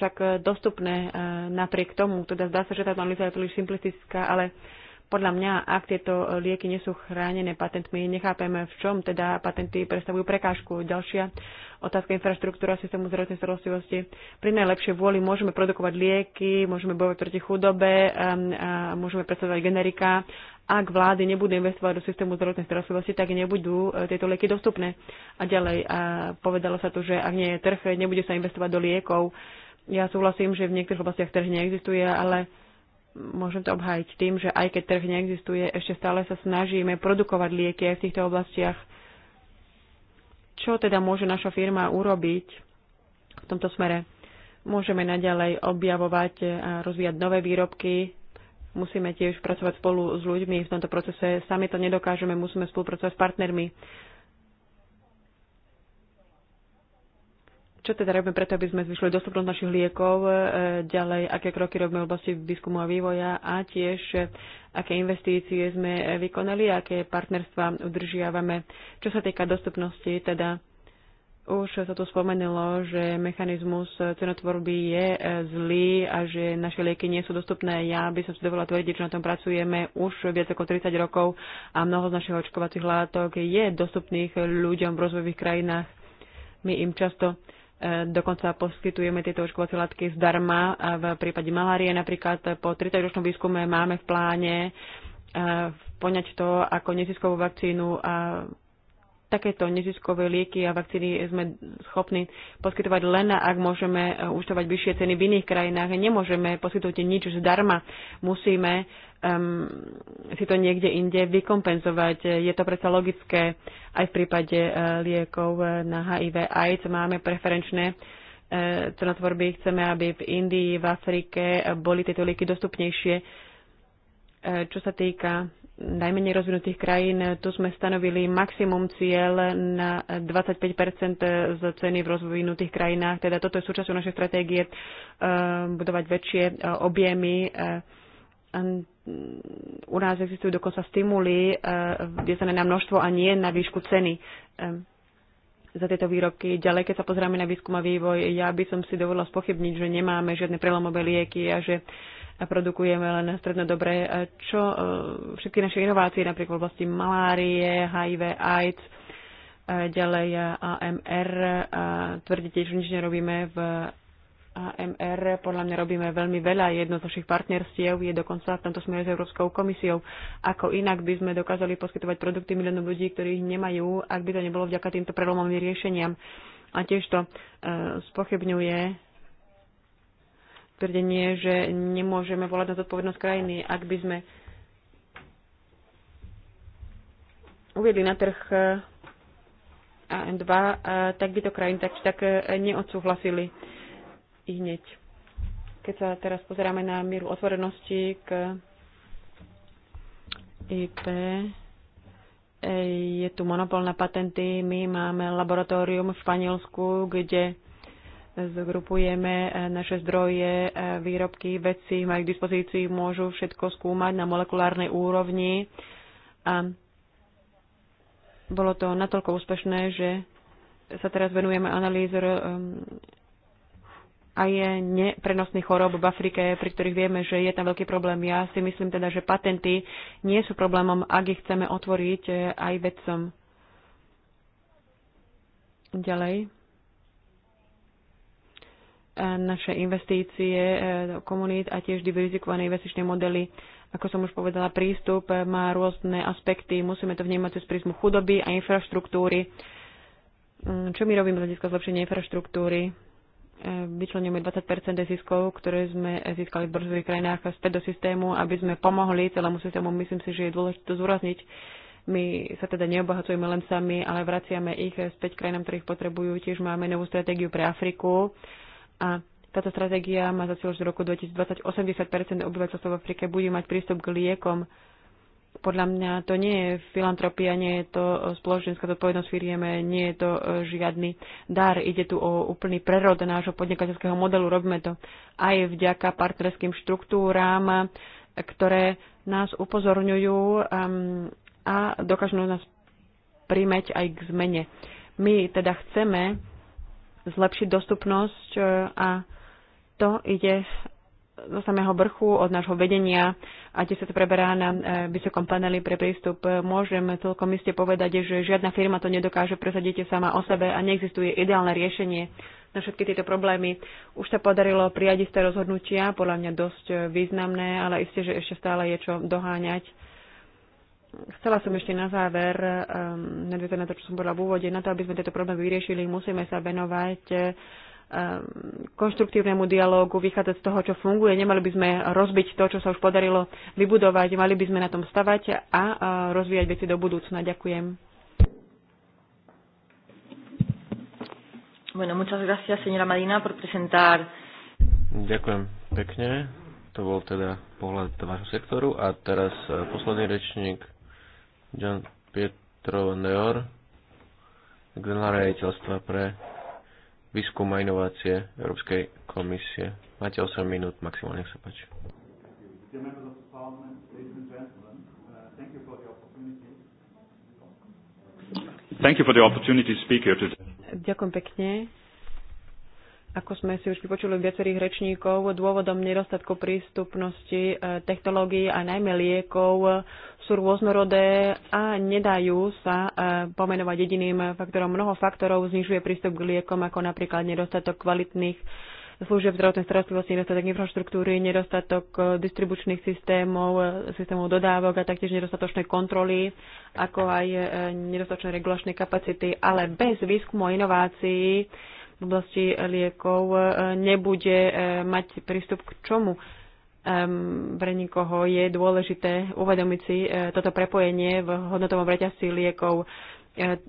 však dostupné e, napriek tomu. Teda zdá sa, že táto analýza je príliš simplistická, ale podľa mňa, ak tieto lieky nie sú chránené patentmi, nechápeme, v čom teda patenty predstavujú prekážku. Ďalšia otázka infraštruktúra systému zdravotnej starostlivosti. Pri najlepšej vôli môžeme produkovať lieky, môžeme bojovať proti chudobe, um, môžeme predstavovať generika. Ak vlády nebudú investovať do systému zdravotnej starostlivosti, tak nebudú e, tieto lieky dostupné. A ďalej a povedalo sa tu, že ak nie je trh, nebude sa investovať do liekov. Ja súhlasím, že v niektorých oblastiach trh neexistuje, ale môžem to obhájiť tým, že aj keď trh neexistuje, ešte stále sa snažíme produkovať lieky aj v týchto oblastiach. Čo teda môže naša firma urobiť v tomto smere? Môžeme naďalej objavovať a rozvíjať nové výrobky. Musíme tiež pracovať spolu s ľuďmi v tomto procese. Sami to nedokážeme, musíme spolupracovať s partnermi. Čo teda robíme preto, aby sme zvyšili dostupnosť našich liekov, e, ďalej aké kroky robíme v oblasti výskumu a vývoja a tiež e, aké investície sme e, vykonali, aké partnerstva udržiavame. Čo sa týka dostupnosti, teda už sa tu spomenulo, že mechanizmus cenotvorby je zlý a že naše lieky nie sú dostupné. Ja by som si dovolila tvrdiť, že na tom pracujeme už viac ako 30 rokov a mnoho z našich očkovacích látok je dostupných ľuďom v rozvojových krajinách. My im často E, dokonca poskytujeme tieto očkovacie látky zdarma. A e, v prípade malárie napríklad po 30-ročnom výskume máme v pláne e, poňať to ako neziskovú vakcínu a takéto neziskové lieky a vakcíny sme schopní poskytovať len, ak môžeme účtovať vyššie ceny v iných krajinách. Nemôžeme poskytovať nič zdarma. Musíme um, si to niekde inde vykompenzovať. Je to predsa logické aj v prípade uh, liekov eh, na HIV AIDS. Máme preferenčné uh, cenotvorby. Chceme, aby v Indii, v Afrike boli tieto lieky dostupnejšie. Uh, čo sa týka najmenej rozvinutých krajín, tu sme stanovili maximum cieľ na 25 z ceny v rozvinutých krajinách. Teda toto je súčasťou našej stratégie budovať väčšie objemy Mm, u nás existujú dokonca stimuly, e, kde sa na množstvo a nie na výšku ceny za tieto výrobky. Ďalej, keď sa pozrieme na výskum a vývoj, ja by som si dovolila spochybniť, že nemáme žiadne prelomové lieky a že produkujeme len stredno dobré, čo e, všetky naše inovácie, napríklad v oblasti malárie, HIV, AIDS, e, ďalej AMR, a tvrdíte, že nič nerobíme v AMR podľa mňa robíme veľmi veľa. Jedno z našich partnerstiev je dokonca v tomto smere s Európskou komisiou. Ako inak by sme dokázali poskytovať produkty miliónom ľudí, ktorých nemajú, ak by to nebolo vďaka týmto prelomovým riešeniam. A tiež to uh, spochybňuje tvrdenie, že nemôžeme volať na zodpovednosť krajiny, ak by sme uviedli na trh eh, AN2, eh, tak by to krajiny tak či tak neodsúhlasili i hneď. Keď sa teraz pozeráme na mieru otvorenosti k IP, e, je tu monopol na patenty. My máme laboratórium v Španielsku, kde zgrupujeme e, naše zdroje, e, výrobky, veci, majú k dispozícii, môžu všetko skúmať na molekulárnej úrovni. A bolo to natoľko úspešné, že sa teraz venujeme analýzor aj neprenosných chorób v Afrike, pri ktorých vieme, že je tam veľký problém. Ja si myslím teda, že patenty nie sú problémom, ak ich chceme otvoriť eh, aj vedcom. Ďalej. Eh, naše investície do eh, komunít a tiež diverzikované investičné modely. Ako som už povedala, prístup má rôzne aspekty. Musíme to vnímať cez prízmu chudoby a infraštruktúry. Mm, čo my robíme z hľadiska zlepšenia infraštruktúry? vyčlenujeme 20 ziskov, ktoré sme získali v brzových krajinách späť do systému, aby sme pomohli celému systému. Myslím si, že je dôležité to zúrazniť. My sa teda neobohacujeme len sami, ale vraciame ich späť krajinám, ktorých potrebujú. Tiež máme novú stratégiu pre Afriku a táto stratégia má za cieľ, že v roku 2020 80 obyvateľstva v Afrike bude mať prístup k liekom podľa mňa to nie je filantropia, nie je to e, spoločenská zodpovednosť firieme, nie je to e, žiadny dar. Ide tu o úplný prerod nášho podnikateľského modelu. Robíme to aj vďaka partnerským štruktúram, ktoré nás upozorňujú a dokážu nás príjmeť aj k zmene. My teda chceme zlepšiť dostupnosť e, a to ide zo samého vrchu, od nášho vedenia a tie sa to preberá na e, vysokom paneli pre prístup. E, môžem celkom iste povedať, že žiadna firma to nedokáže presadiť sama o sebe a neexistuje ideálne riešenie na všetky tieto problémy. Už sa podarilo prijať isté rozhodnutia, podľa mňa dosť e, významné, ale isté, že ešte stále je čo doháňať. Chcela som ešte na záver, um, na to, čo som bola v úvode, na to, aby sme tieto problémy vyriešili, musíme sa venovať Ehm, konštruktívnemu dialógu, vychádzať z toho, čo funguje. Nemali by sme rozbiť to, čo sa už podarilo vybudovať, mali by sme na tom stavať a e, rozvíjať veci do budúcna. Ďakujem. Bueno, muchas gracias, señora Marina, por presentar.
Ďakujem pekne. To bol teda pohľad do vášho sektoru. A teraz e, posledný rečník, Jan Pietro Neor, generálne rejiteľstva pre výskum a inovácie Európskej komisie. Máte 8 minút maximálne, nech sa páči.
Ďakujem pekne ako sme si už vypočuli viacerých rečníkov, dôvodom nedostatku prístupnosti e, technológií a najmä liekov sú rôznorodé a nedajú sa e, pomenovať jediným faktorom. Mnoho faktorov znižuje prístup k liekom, ako napríklad nedostatok kvalitných služieb zdravotnej starostlivosti, nedostatok infraštruktúry, nedostatok e, distribučných systémov, systémov dodávok a taktiež nedostatočné kontroly, ako aj nedostatočné regulačné kapacity. Ale bez výskumu a inovácií v oblasti liekov e, nebude e, mať prístup k čomu. E, pre nikoho je dôležité uvedomiť si toto prepojenie v hodnotovom reťazci liekov.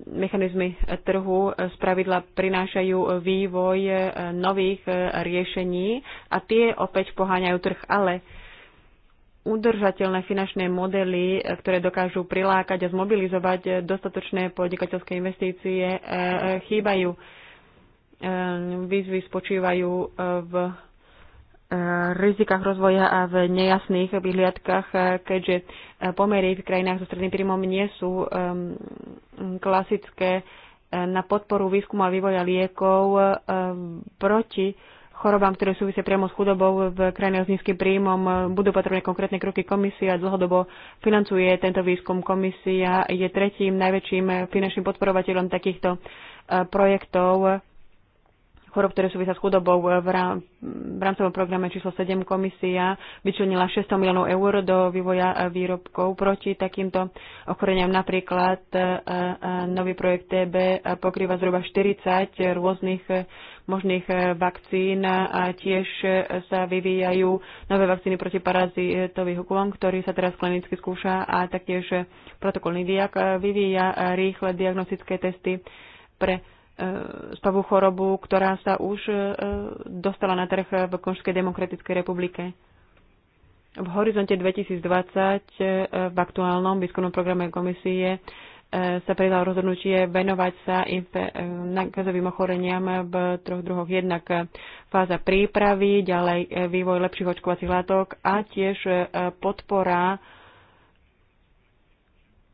Mechanizmy trhu spravidla prinášajú vývoj nových riešení a tie opäť poháňajú trh, ale udržateľné finančné modely, ktoré dokážu prilákať a zmobilizovať dostatočné podnikateľské investície, chýbajú. Ehm, výzvy spočívajú eh, v eh, rizikách rozvoja a v nejasných vyhliadkach, eh, keďže pomery v krajinách so stredným príjmom nie sú ehm, klasické na podporu výskumu a vývoja liekov proti chorobám, ktoré súvisia priamo s chudobou v krajinách s nízkym príjmom. Budú potrebné konkrétne kroky komisia. Dlhodobo financuje tento výskum. Komisia je tretím najväčším finančným podporovateľom takýchto projektov chorob, ktoré súvisia s chudobou. V, rám, v rámcovom programe číslo 7 komisia vyčlenila 600 miliónov eur do vývoja e, výrobkov proti takýmto ochoreniam. Napríklad e, e, nový projekt TB pokrýva zhruba 40 rôznych možných vakcín a tiež sa vyvíjajú nové vakcíny proti parazitový huklom, ktorý sa teraz klinicky skúša a taktiež protokolný diak vyvíja rýchle diagnostické testy pre E, spavú chorobu, ktorá sa už e, dostala na trh v Konžskej demokratickej republike. V horizonte 2020 e, v aktuálnom výskumnom programe komisie sa pridal rozhodnutie venovať sa nakazovým ochoreniam v troch druhoch. Jednak fáza prípravy, ďalej vývoj lepších očkovacích látok a tiež podpora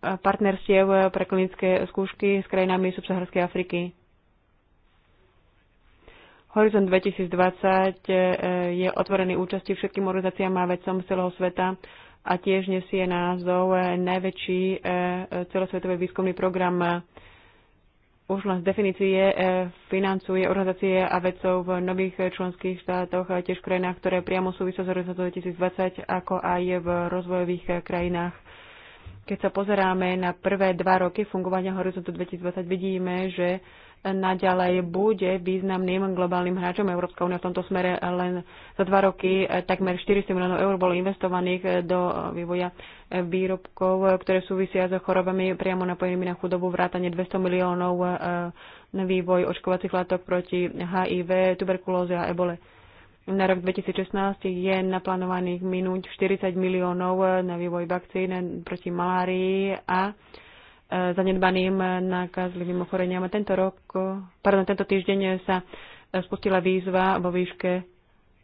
partnerstiev pre klinické skúšky s krajinami subsaharskej Afriky. Horizont 2020 e, je otvorený účasti všetkým organizáciám a vedcom z celého sveta a tiež nesie názov e, najväčší e, celosvetový výskumný program už len z definície financuje organizácie a vedcov v nových členských štátoch a tiež v krajinách, ktoré priamo súvisia s horizontom 2020, ako aj v rozvojových krajinách. Keď sa pozeráme na prvé dva roky fungovania horizontu 2020, vidíme, že naďalej bude významným globálnym hráčom. Európska únia v tomto smere len za dva roky eh, takmer 400 miliónov eur bolo investovaných eh, do eh, vývoja výrobkov, ktoré súvisia so chorobami priamo napojenými na chudobu, vrátane 200 miliónov na vývoj očkovacích látok proti HIV, tuberkulóze a ebole. Na rok 2016 je naplánovaných minúť 40 miliónov na vývoj vakcín proti malárii a Eh, zanedbaným nákazlivým ochoreniam. A tento rok, pardon, tento týždeň sa eh, spustila výzva vo výške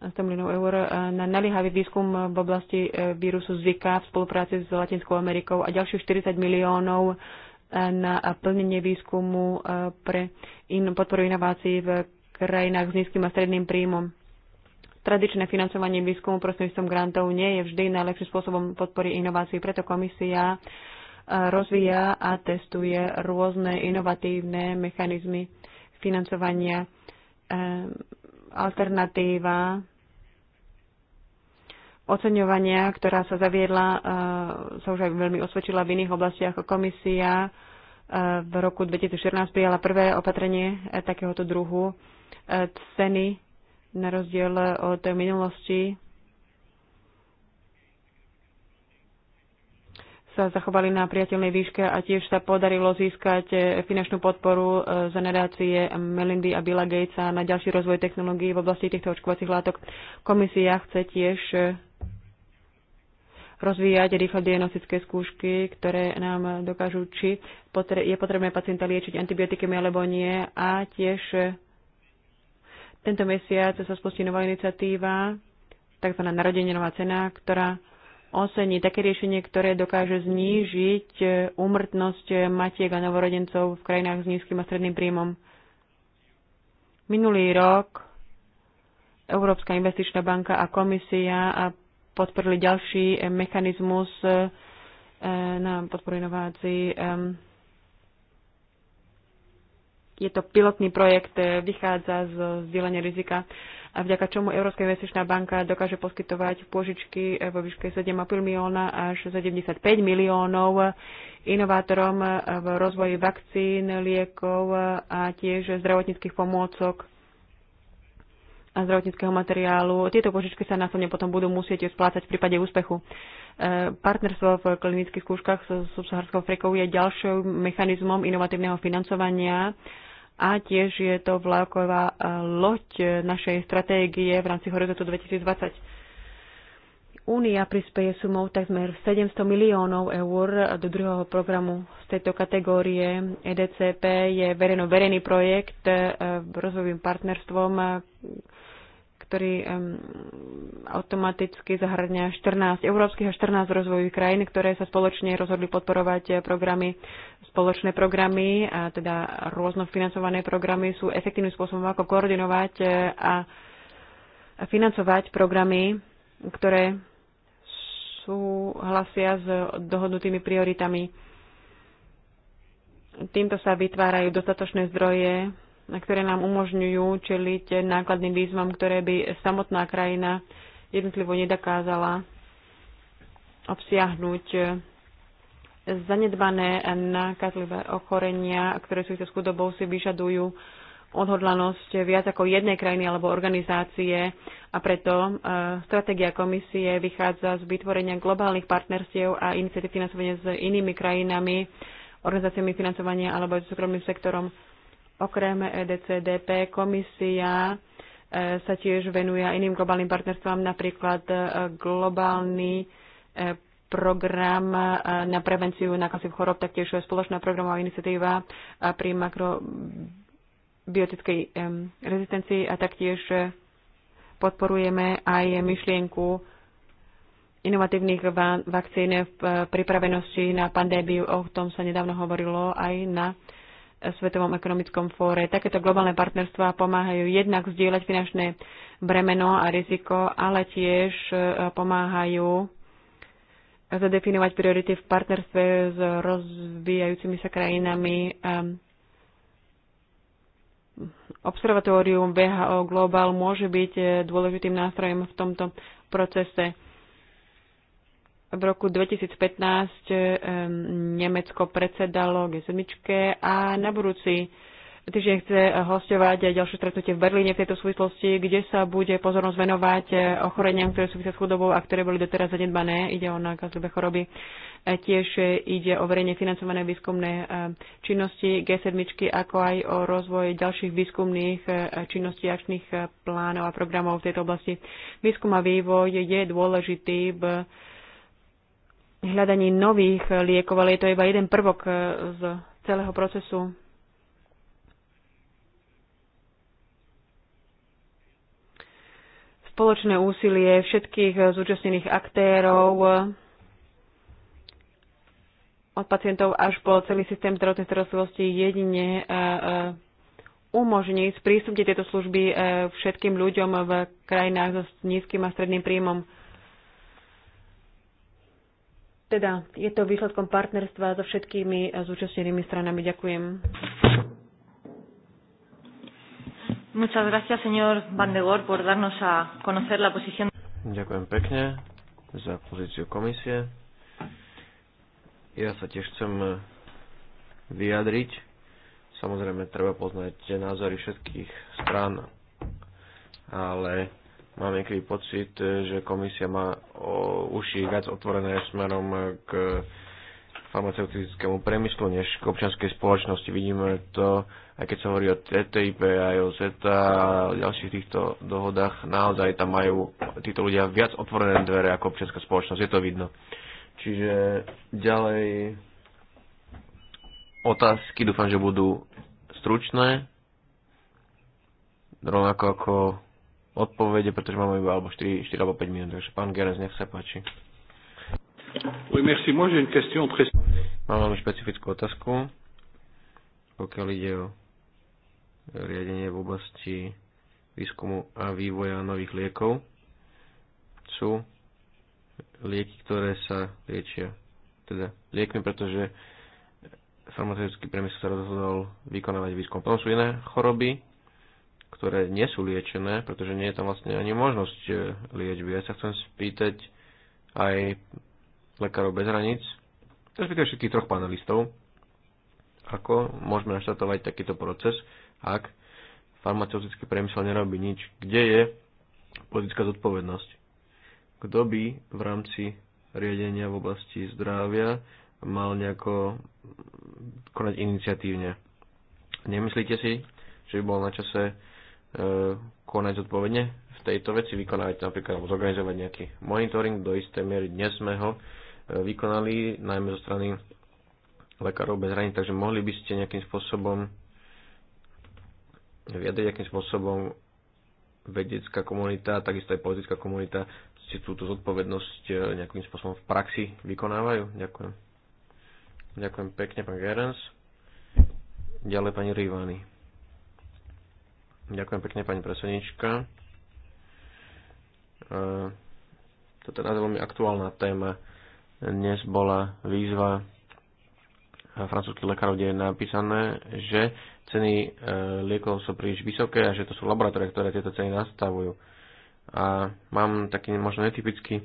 100 miliónov eur eh, na naliehavý výskum v oblasti vírusu Zika v spolupráci s Latinskou Amerikou a ďalších 40 miliónov na plnenie výskumu pre in, podporu inovácií v krajinách s nízkym a stredným príjmom. Tradičné financovanie výskumu prostredníctvom grantov nie je vždy najlepším spôsobom podpory inovácií, preto komisia rozvíja a testuje rôzne inovatívne mechanizmy financovania. Eh, alternatíva oceňovania, ktorá sa zaviedla, eh, sa už aj veľmi osvedčila v iných oblastiach. Komisia eh, v roku 2014 prijala prvé opatrenie takéhoto druhu ceny na rozdiel od minulosti sa zachovali na priateľnej výške a tiež sa podarilo získať e, finančnú podporu e, z nadácie Melindy a Billa Gatesa na ďalší rozvoj technológií v oblasti týchto očkovacích látok. Komisia chce tiež e, rozvíjať rýchle diagnostické skúšky, ktoré nám dokážu, či je potrebné pacienta liečiť antibiotikami alebo nie. A tiež tento mesiac sa spustí nová iniciatíva, tzv. narodeninová cena, ktorá osení, také riešenie, ktoré dokáže znížiť e, úmrtnosť e, matiek a novorodencov v krajinách s nízkym a stredným príjmom. Minulý rok Európska investičná banka a komisia a podporili ďalší e, mechanizmus na podporu inovácií. Je to pilotný projekt, vychádza z zdieľania rizika a vďaka čomu Európska investičná banka dokáže poskytovať pôžičky vo výške 7,5 milióna až 75 miliónov inovátorom v rozvoji vakcín, liekov a tiež zdravotníckých pomôcok a zdravotníckého materiálu. Tieto požičky sa následne potom budú musieť splácať v prípade úspechu. E, partnerstvo v klinických skúškach s subsaharskou frekou je ďalším mechanizmom inovatívneho financovania a tiež je to vláková e, loď e, našej stratégie v rámci Horizontu 2020. Únia prispieje sumou takmer 700 miliónov eur do druhého programu z tejto kategórie. EDCP je verejno-verejný projekt e, rozvojovým partnerstvom, ktorý automaticky zahrňa 14 európskych a 14 rozvojových krajín, ktoré sa spoločne rozhodli podporovať eh, programy, spoločné programy, a teda rôzno financované programy sú efektívnym spôsobom, ako koordinovať eh, a financovať programy, ktoré súhlasia s dohodnutými prioritami. Týmto sa vytvárajú dostatočné zdroje ktoré nám umožňujú čeliť nákladným výzvam, ktoré by samotná krajina jednotlivo nedokázala obsiahnuť zanedbané nákazlivé ochorenia, ktoré sú s chudobou, si vyžadujú odhodlanosť viac ako jednej krajiny alebo organizácie a preto e, stratégia komisie vychádza z vytvorenia globálnych partnerstiev a iniciatív financovania s inými krajinami, organizáciami financovania alebo s súkromným sektorom. Okrem EDCDP komisia e, sa tiež venuje iným globálnym partnerstvám, napríklad e, globálny e, program na prevenciu nákazov chorob, taktiež spoločná programová iniciatíva pri makrobiotickej rezistencii a taktiež podporujeme aj myšlienku inovatívnych vakcín v pripravenosti na pandémiu. O tom sa nedávno hovorilo aj na Svetovom ekonomickom fóre. Takéto globálne partnerstvá pomáhajú jednak zdieľať finančné bremeno a riziko, ale tiež e, pomáhajú zadefinovať priority v partnerstve s rozvíjajúcimi sa krajinami. Ehm, observatórium VHO Global môže byť e, dôležitým nástrojom v tomto procese v roku 2015 eh, Nemecko predsedalo G7 a na budúci týždeň chce hostovať aj ďalšie stretnutie v Berlíne v tejto súvislosti, kde sa bude pozornosť venovať eh, ochoreniam, ktoré súvisia s chudobou a ktoré boli doteraz zanedbané. Ide o nákazlivé choroby. Eh, tiež ide o verejne financované výskumné činnosti G7, ako aj o rozvoj ďalších výskumných činností, akčných plánov a programov v tejto oblasti. Výskum a vývoj je dôležitý v hľadaní nových liekov, ale je to iba jeden prvok eh, z celého procesu. Spoločné úsilie všetkých eh, zúčastnených aktérov, eh, od pacientov až po celý systém zdravotnej starostlivosti jedine umožní sprístupniť tieto služby všetkým ľuďom v krajinách so nízkym a stredným príjmom teda je to výsledkom partnerstva so všetkými eh, zúčastnenými stranami. Ďakujem. Muchas gracias, señor Van de Gor, por darnos a conocer la posición.
Ďakujem pekne za pozíciu komisie. Ja sa tiež chcem eh, vyjadriť. Samozrejme, treba poznať názory všetkých strán, ale mám niekedy pocit, e, že komisia má uši viac otvorené smerom k farmaceutickému priemyslu než k občianskej spoločnosti. Vidíme to, aj keď sa hovorí o TTIP, aj o ZETA a o ďalších týchto dohodách, naozaj tam majú títo ľudia viac otvorené dvere ako občianská spoločnosť, je to vidno. Čiže ďalej otázky dúfam, že budú stručné, rovnako ako odpovede, pretože máme iba alebo 4, 4 alebo 5 minút. Takže pán Gerenz, nech sa páči.
Oui, merci. Moi, j'ai une question très...
Mám veľmi špecifickú otázku, pokiaľ ide o riadenie v oblasti výskumu a vývoja nových liekov. Sú lieky, ktoré sa liečia teda liekmi, pretože farmaceutický priemysel sa rozhodol vykonávať výskum. Potom sú iné choroby, ktoré nie sú liečené, pretože nie je tam vlastne ani možnosť e, liečby. Ja sa chcem spýtať aj lekárov bez hraníc, respektíve všetkých troch panelistov, ako môžeme naštartovať takýto proces, ak farmaceutický priemysel nerobí nič. Kde je politická zodpovednosť? Kto by v rámci riadenia v oblasti zdravia mal nejako konať iniciatívne? Nemyslíte si, že by bol na čase E, konať zodpovedne v tejto veci, vykonávať napríklad alebo zorganizovať nejaký monitoring. Do istej miery dnes sme ho e, vykonali, najmä zo strany lekárov bez hraní, takže mohli by ste nejakým spôsobom vyjadriť, akým spôsobom vedecká komunita, takisto aj politická komunita si túto zodpovednosť e, nejakým spôsobom v praxi vykonávajú. Ďakujem. Ďakujem pekne, pán Gerens. Ďalej pani Rivani. Ďakujem pekne, pani predsednička. E, to teda je veľmi aktuálna téma. Dnes bola výzva francúzských lekárov, kde je napísané, že ceny e, liekov sú príliš vysoké a že to sú laboratórie, ktoré tieto ceny nastavujú. A mám taký možno netypický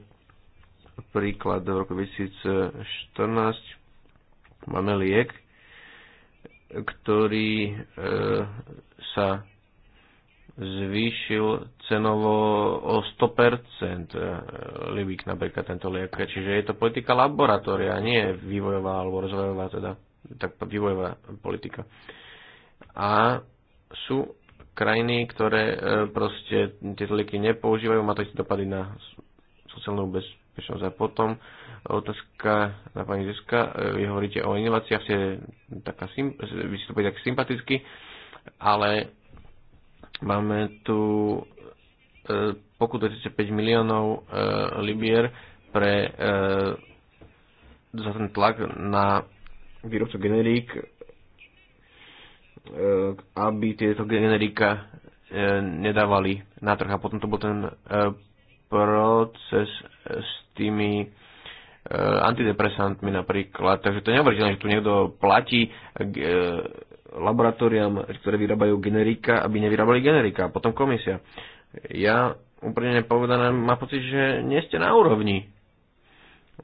príklad v roku 2014. Máme liek, ktorý e, sa zvýšil cenovo o 100% na e, napríklad tento liek. Čiže je to politika laboratória, nie vývojová alebo rozvojová teda, tak vývojová politika. A sú krajiny, ktoré e, proste tieto lieky nepoužívajú, má to isté dopady na sociálnu bezpečnosť. A potom otázka na pani Zeska, e, vy hovoríte o inováciách, ste taká, vy si to tak sympaticky, ale Máme tu e, pokud 35 miliónov e, libier pre e, za ten tlak na výrobcu generík, aby tieto generika nedávali na trh. A potom to bol ten proces s tými antidepresantmi napríklad. Takže to nehovorí, že tu niekto platí laboratóriám, ktoré vyrábajú generika, aby nevyrábali generika. A potom komisia. Ja úplne povedané mám pocit, že nie ste na úrovni.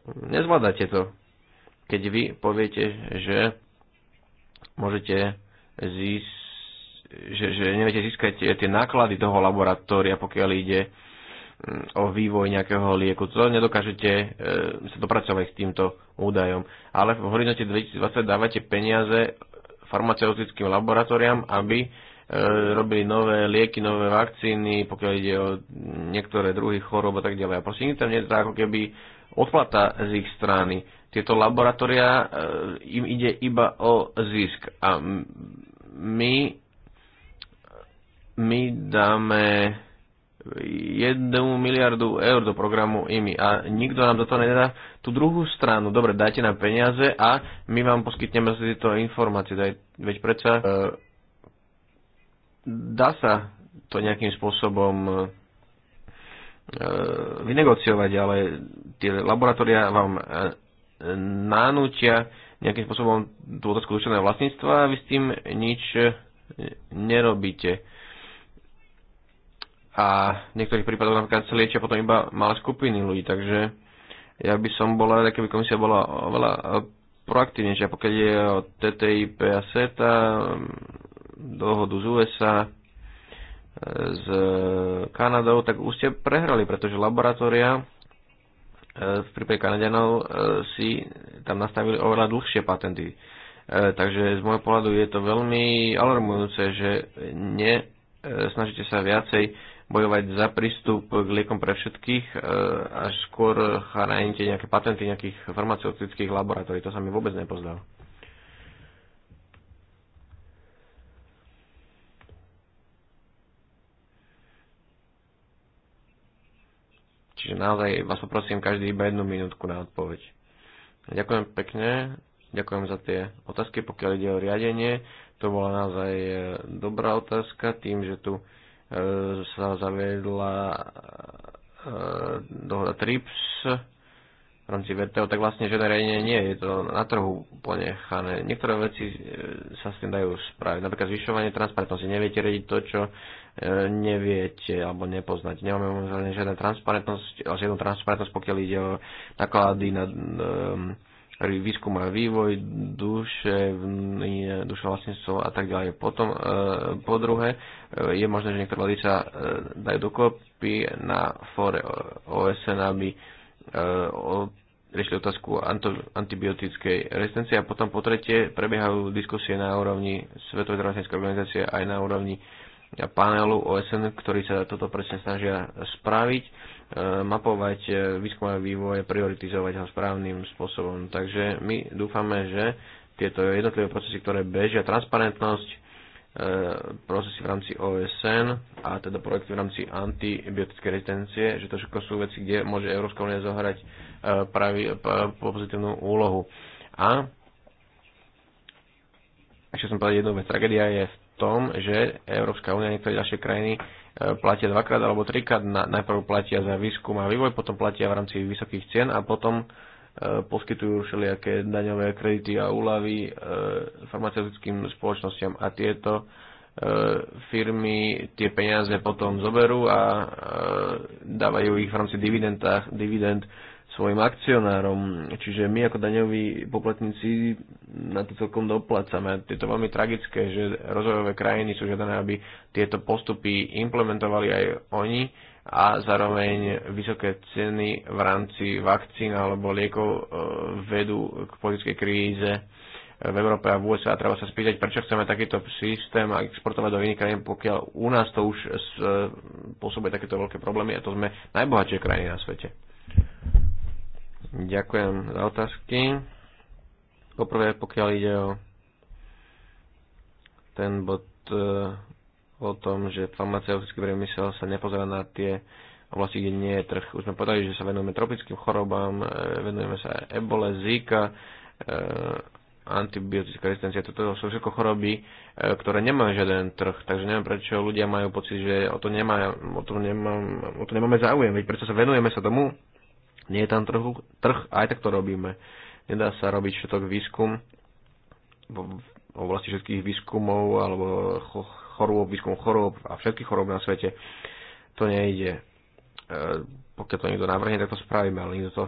Nezvládate to. Keď vy poviete, že môžete zísť že, že neviete získať tie náklady toho laboratória, pokiaľ ide mm, o vývoj nejakého lieku. To nedokážete e, sa dopracovať s týmto údajom. Ale v horizonte 2020 dávate peniaze farmaceutickým laboratóriám, aby e, robili nové lieky, nové vakcíny, pokiaľ ide o niektoré druhy chorób a tak ďalej. A proste tam nie je ako keby odplata z ich strany. Tieto laboratória, e, im ide iba o zisk. A my, my dáme jednu miliardu eur do programu IMI a nikto nám do toho nedá tú druhú stranu. Dobre, dajte nám peniaze a my vám poskytneme si tieto informácie. Daj, veď prečo? e, dá sa to nejakým spôsobom e, vynegociovať, ale tie laboratória vám e, nanútia nejakým spôsobom tú otázku duševného vlastníctva a vy s tým nič e, nerobíte a v niektorých prípadoch napríklad sa liečia potom iba malé skupiny ľudí, takže ja by som bola rada, keby komisia bola oveľa e, proaktívnejšia, pokiaľ je o TTIP a SETA, dohodu z USA, s e, Kanadou, tak už ste prehrali, pretože laboratória e, v prípade Kanadianov si tam nastavili oveľa dlhšie patenty. Takže z môjho pohľadu je to veľmi alarmujúce, že nesnažíte sa viacej bojovať za prístup k liekom pre všetkých e, a skôr chránite nejaké patenty nejakých farmaceutických laboratórií. To sa mi vôbec nepozdal. Čiže naozaj vás poprosím každý iba jednu minútku na odpoveď. Ďakujem pekne, ďakujem za tie otázky, pokiaľ ide o riadenie. To bola naozaj e, dobrá otázka, tým, že tu E, sa zaviedla e, dohoda TRIPS v rámci VTO, tak vlastne žiadne nie je to na trhu ponechané. Niektoré veci e, sa s tým dajú spraviť. Napríklad zvyšovanie transparentnosti. Neviete rediť to, čo neviete alebo nepoznáte. Nemáme momentálne žiadnu transparentnosť, žiadnu transparentnosť, pokiaľ ide o náklady na um, výskum a vývoj, duše, duše vlastníctvo a tak ďalej. Potom, e, po druhé, e, je možné, že niektoré vladiča sa e, dajú dokopy na fóre OSN, aby riešili otázku antibiotickej rezistencie a potom po tretie prebiehajú diskusie na úrovni Svetovej zdravotníckej organizácie aj na úrovni panelu OSN, ktorý sa toto presne snažia spraviť Eh, mapovať eh, výskum a vývoj, prioritizovať ho správnym spôsobom. Takže my dúfame, že tieto jednotlivé procesy, ktoré bežia, transparentnosť, eh, procesy v rámci OSN a teda projekty v rámci antibiotickej rezistencie, že to všetko sú veci, kde môže Európska únia zohrať pravý, pozitívnu úlohu. A ešte som povedal, jednu vec. Tragédia je v tom, že Európska únia a niektoré ďalšie krajiny platia dvakrát alebo trikrát. Najprv platia za výskum a vývoj, potom platia v rámci vysokých cien a potom e, poskytujú všelijaké daňové kredity a úlavy e, farmaceutickým spoločnosťam a tieto e, firmy tie peniaze potom zoberú a dávajú ich v rámci dividend svojim akcionárom. Čiže my ako daňoví poplatníci na to celkom doplácame. Je to veľmi tragické, že rozvojové krajiny sú žiadané, aby tieto postupy implementovali aj oni a zároveň vysoké ceny v rámci vakcín alebo liekov e, vedú k politickej kríze v Európe a v USA. Treba sa spýtať, prečo chceme takýto systém a exportovať do iných krajín, pokiaľ u nás to už spôsobuje e, takéto veľké problémy a to sme najbohatšie krajiny na svete. Ďakujem za otázky. Poprvé, pokiaľ ide o ten bod e, o tom, že farmaceutický priemysel sa nepozerá na tie oblasti, kde nie je trh. Už sme povedali, že sa venujeme tropickým chorobám, e, venujeme sa ebole, zika, e, antibiotická rezistencia. Toto sú všetko choroby, ktoré nemajú žiaden trh, takže neviem, prečo ľudia majú pocit, že o to, nemá, o to, nemá, o to nemáme záujem. Veď prečo sa venujeme sa tomu, nie je tam trhu, trh, aj tak to robíme. Nedá sa robiť všetok výskum v oblasti všetkých výskumov alebo chorôb, výskum chorôb a všetkých chorôb na svete. To nejde. E, pokiaľ to niekto navrhne, tak to spravíme, ale nikto to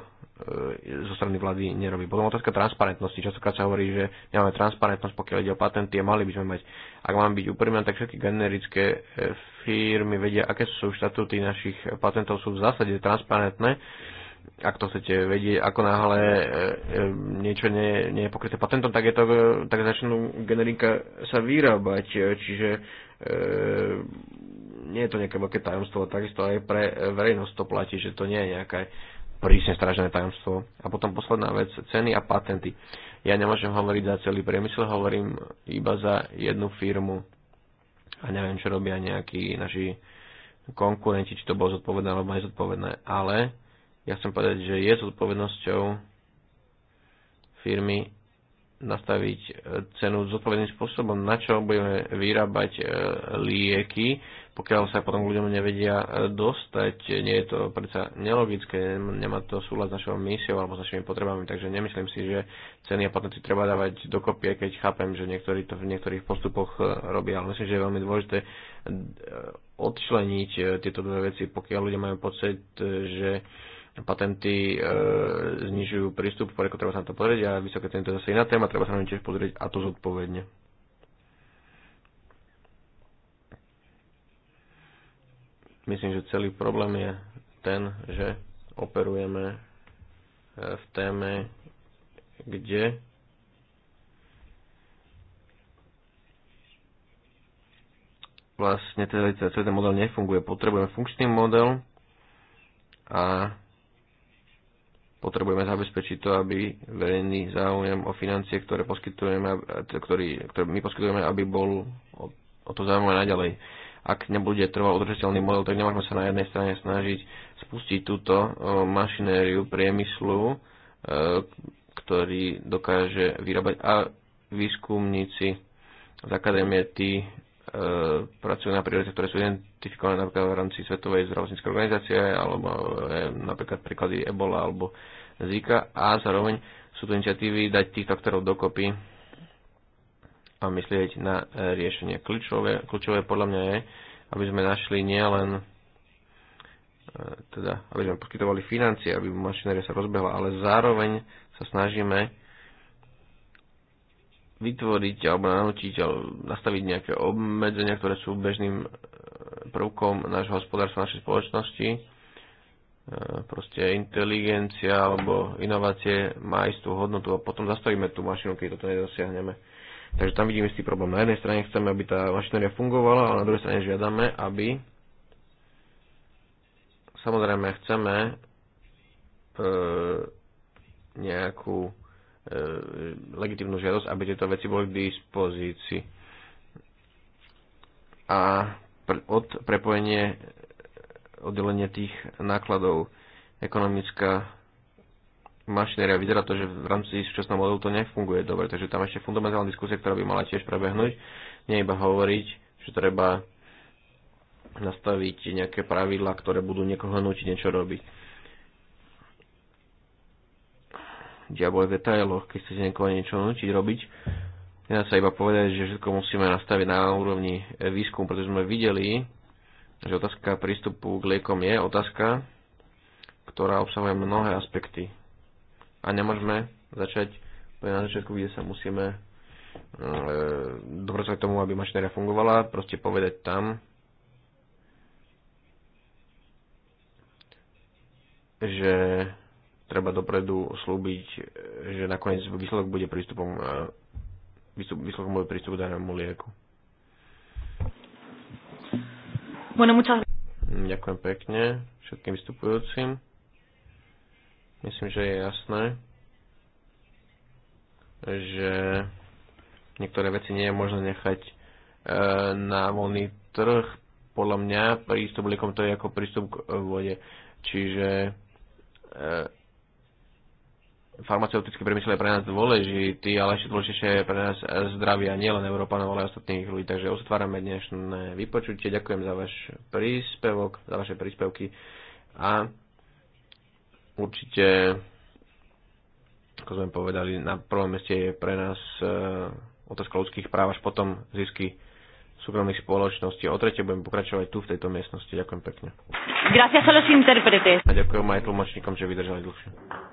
e, zo strany vlády nerobí. Potom otázka transparentnosti. Častokrát sa hovorí, že nemáme transparentnosť, pokiaľ ide o patenty a mali by sme mať. Ak mám byť úprimná, tak všetky generické e, firmy vedia, aké sú štatúty našich patentov, sú v zásade transparentné ak to chcete vedieť, ako náhle e, e, niečo nie, nie je pokryté patentom, tak, je to, tak začnú generika sa vyrábať. E, čiže e, nie je to nejaké veľké tajomstvo, takisto aj pre verejnosť to platí, že to nie je nejaké prísne stražené tajomstvo. A potom posledná vec, ceny a patenty. Ja nemôžem hovoriť za celý priemysel, hovorím iba za jednu firmu. A neviem, čo robia nejakí naši konkurenti, či to bolo zodpovedné alebo nezodpovedné. Ale ja chcem povedať, že je zodpovednosťou firmy nastaviť e, cenu zodpovedným spôsobom, na čo budeme vyrábať e, lieky, pokiaľ sa potom ľuďom nevedia e, dostať. Nie je to predsa nelogické, nemá to súľad s našou misiou alebo s našimi potrebami, takže nemyslím si, že ceny a patenty treba dávať dokopy, keď chápem, že niektorí to v niektorých postupoch robia, ale myslím, že je veľmi dôležité odčleniť tieto dve veci, pokiaľ ľudia majú pocit, že patenty e, znižujú prístup, ako treba sa na to pozrieť a vysoké ceny to je zase iná téma, treba sa na ňu tiež pozrieť a to zodpovedne. Myslím, že celý problém je ten, že operujeme e, v téme, kde vlastne teda celý ten model nefunguje. Potrebujeme funkčný model a potrebujeme zabezpečiť to, aby verejný záujem o financie, ktoré, poskytujeme, ktorý, ktoré my poskytujeme, aby bol o, o to záujem naďalej. Ak nebude trval udržateľný model, tak nemôžeme sa na jednej strane snažiť spustiť túto mašinériu priemyslu, e, ktorý dokáže vyrábať a výskumníci z akadémie tí E, pracujú na prírode, ktoré sú identifikované napríklad v rámci Svetovej zdravotníckej organizácie alebo e, napríklad príklady Ebola alebo Zika a zároveň sú tu iniciatívy dať týchto aktorov dokopy a myslieť na e, riešenie. Kľúčové, kľúčové podľa mňa je, aby sme našli nielen teda, aby sme poskytovali financie, aby mašinéria sa rozbehla, ale zároveň sa snažíme vytvoriť alebo nanútiť alebo nastaviť nejaké obmedzenia, ktoré sú bežným e, prvkom nášho hospodárstva, našej spoločnosti. E, proste inteligencia alebo inovácie má istú hodnotu a potom zastavíme tú mašinu, keď toto nedosiahneme. Takže tam vidíme istý problém. Na jednej strane chceme, aby tá mašinéria fungovala, ale na druhej strane žiadame, aby samozrejme chceme e, nejakú E, legitímnu žiadosť, aby tieto veci boli k dispozícii. A pre, od prepojenie oddelenie tých nákladov ekonomická mašinéria. Vyzerá to, že v rámci súčasného modelu to nefunguje dobre, takže tam ešte fundamentálna diskusia, ktorá by mala tiež prebehnúť. Nie iba hovoriť, že treba nastaviť nejaké pravidlá, ktoré budú niekoho nútiť niečo robiť je v detailoch, keď chcete niekoho niečo nutiť robiť. Nedá sa iba povedať, že všetko musíme nastaviť na úrovni eh, výskum, pretože sme videli, že otázka prístupu k liekom je otázka, ktorá obsahuje mnohé aspekty. A nemôžeme začať na začiatku, kde sa musíme e, tomu, aby mašinéria fungovala, proste povedať tam, že treba dopredu slúbiť, že nakoniec výsledok bude prístupom, e, výsledkom bude prístup k danému lieku.
Bueno,
muchas...
Ďakujem pekne všetkým vystupujúcim. Myslím, že je jasné, že niektoré veci nie je možné nechať e, na voľný trh. Podľa mňa prístup liekom to je ako prístup k vode. Čiže e, farmaceutický priemysel je pre nás dôležitý, ale ešte dôležitejšie je pre nás zdravia nielen Európanov, ale aj ostatných ľudí. Takže otvárame dnešné vypočutie. Ďakujem za váš príspevok, za vaše príspevky a určite, ako sme povedali, na prvom meste je pre nás e, otázka ľudských práv, až potom zisky súkromných spoločností. O tretie budem pokračovať tu v tejto miestnosti. Ďakujem pekne.
Gracias a los intérpretes. A
ďakujem aj tlmočníkom, že vydržali dlhšie.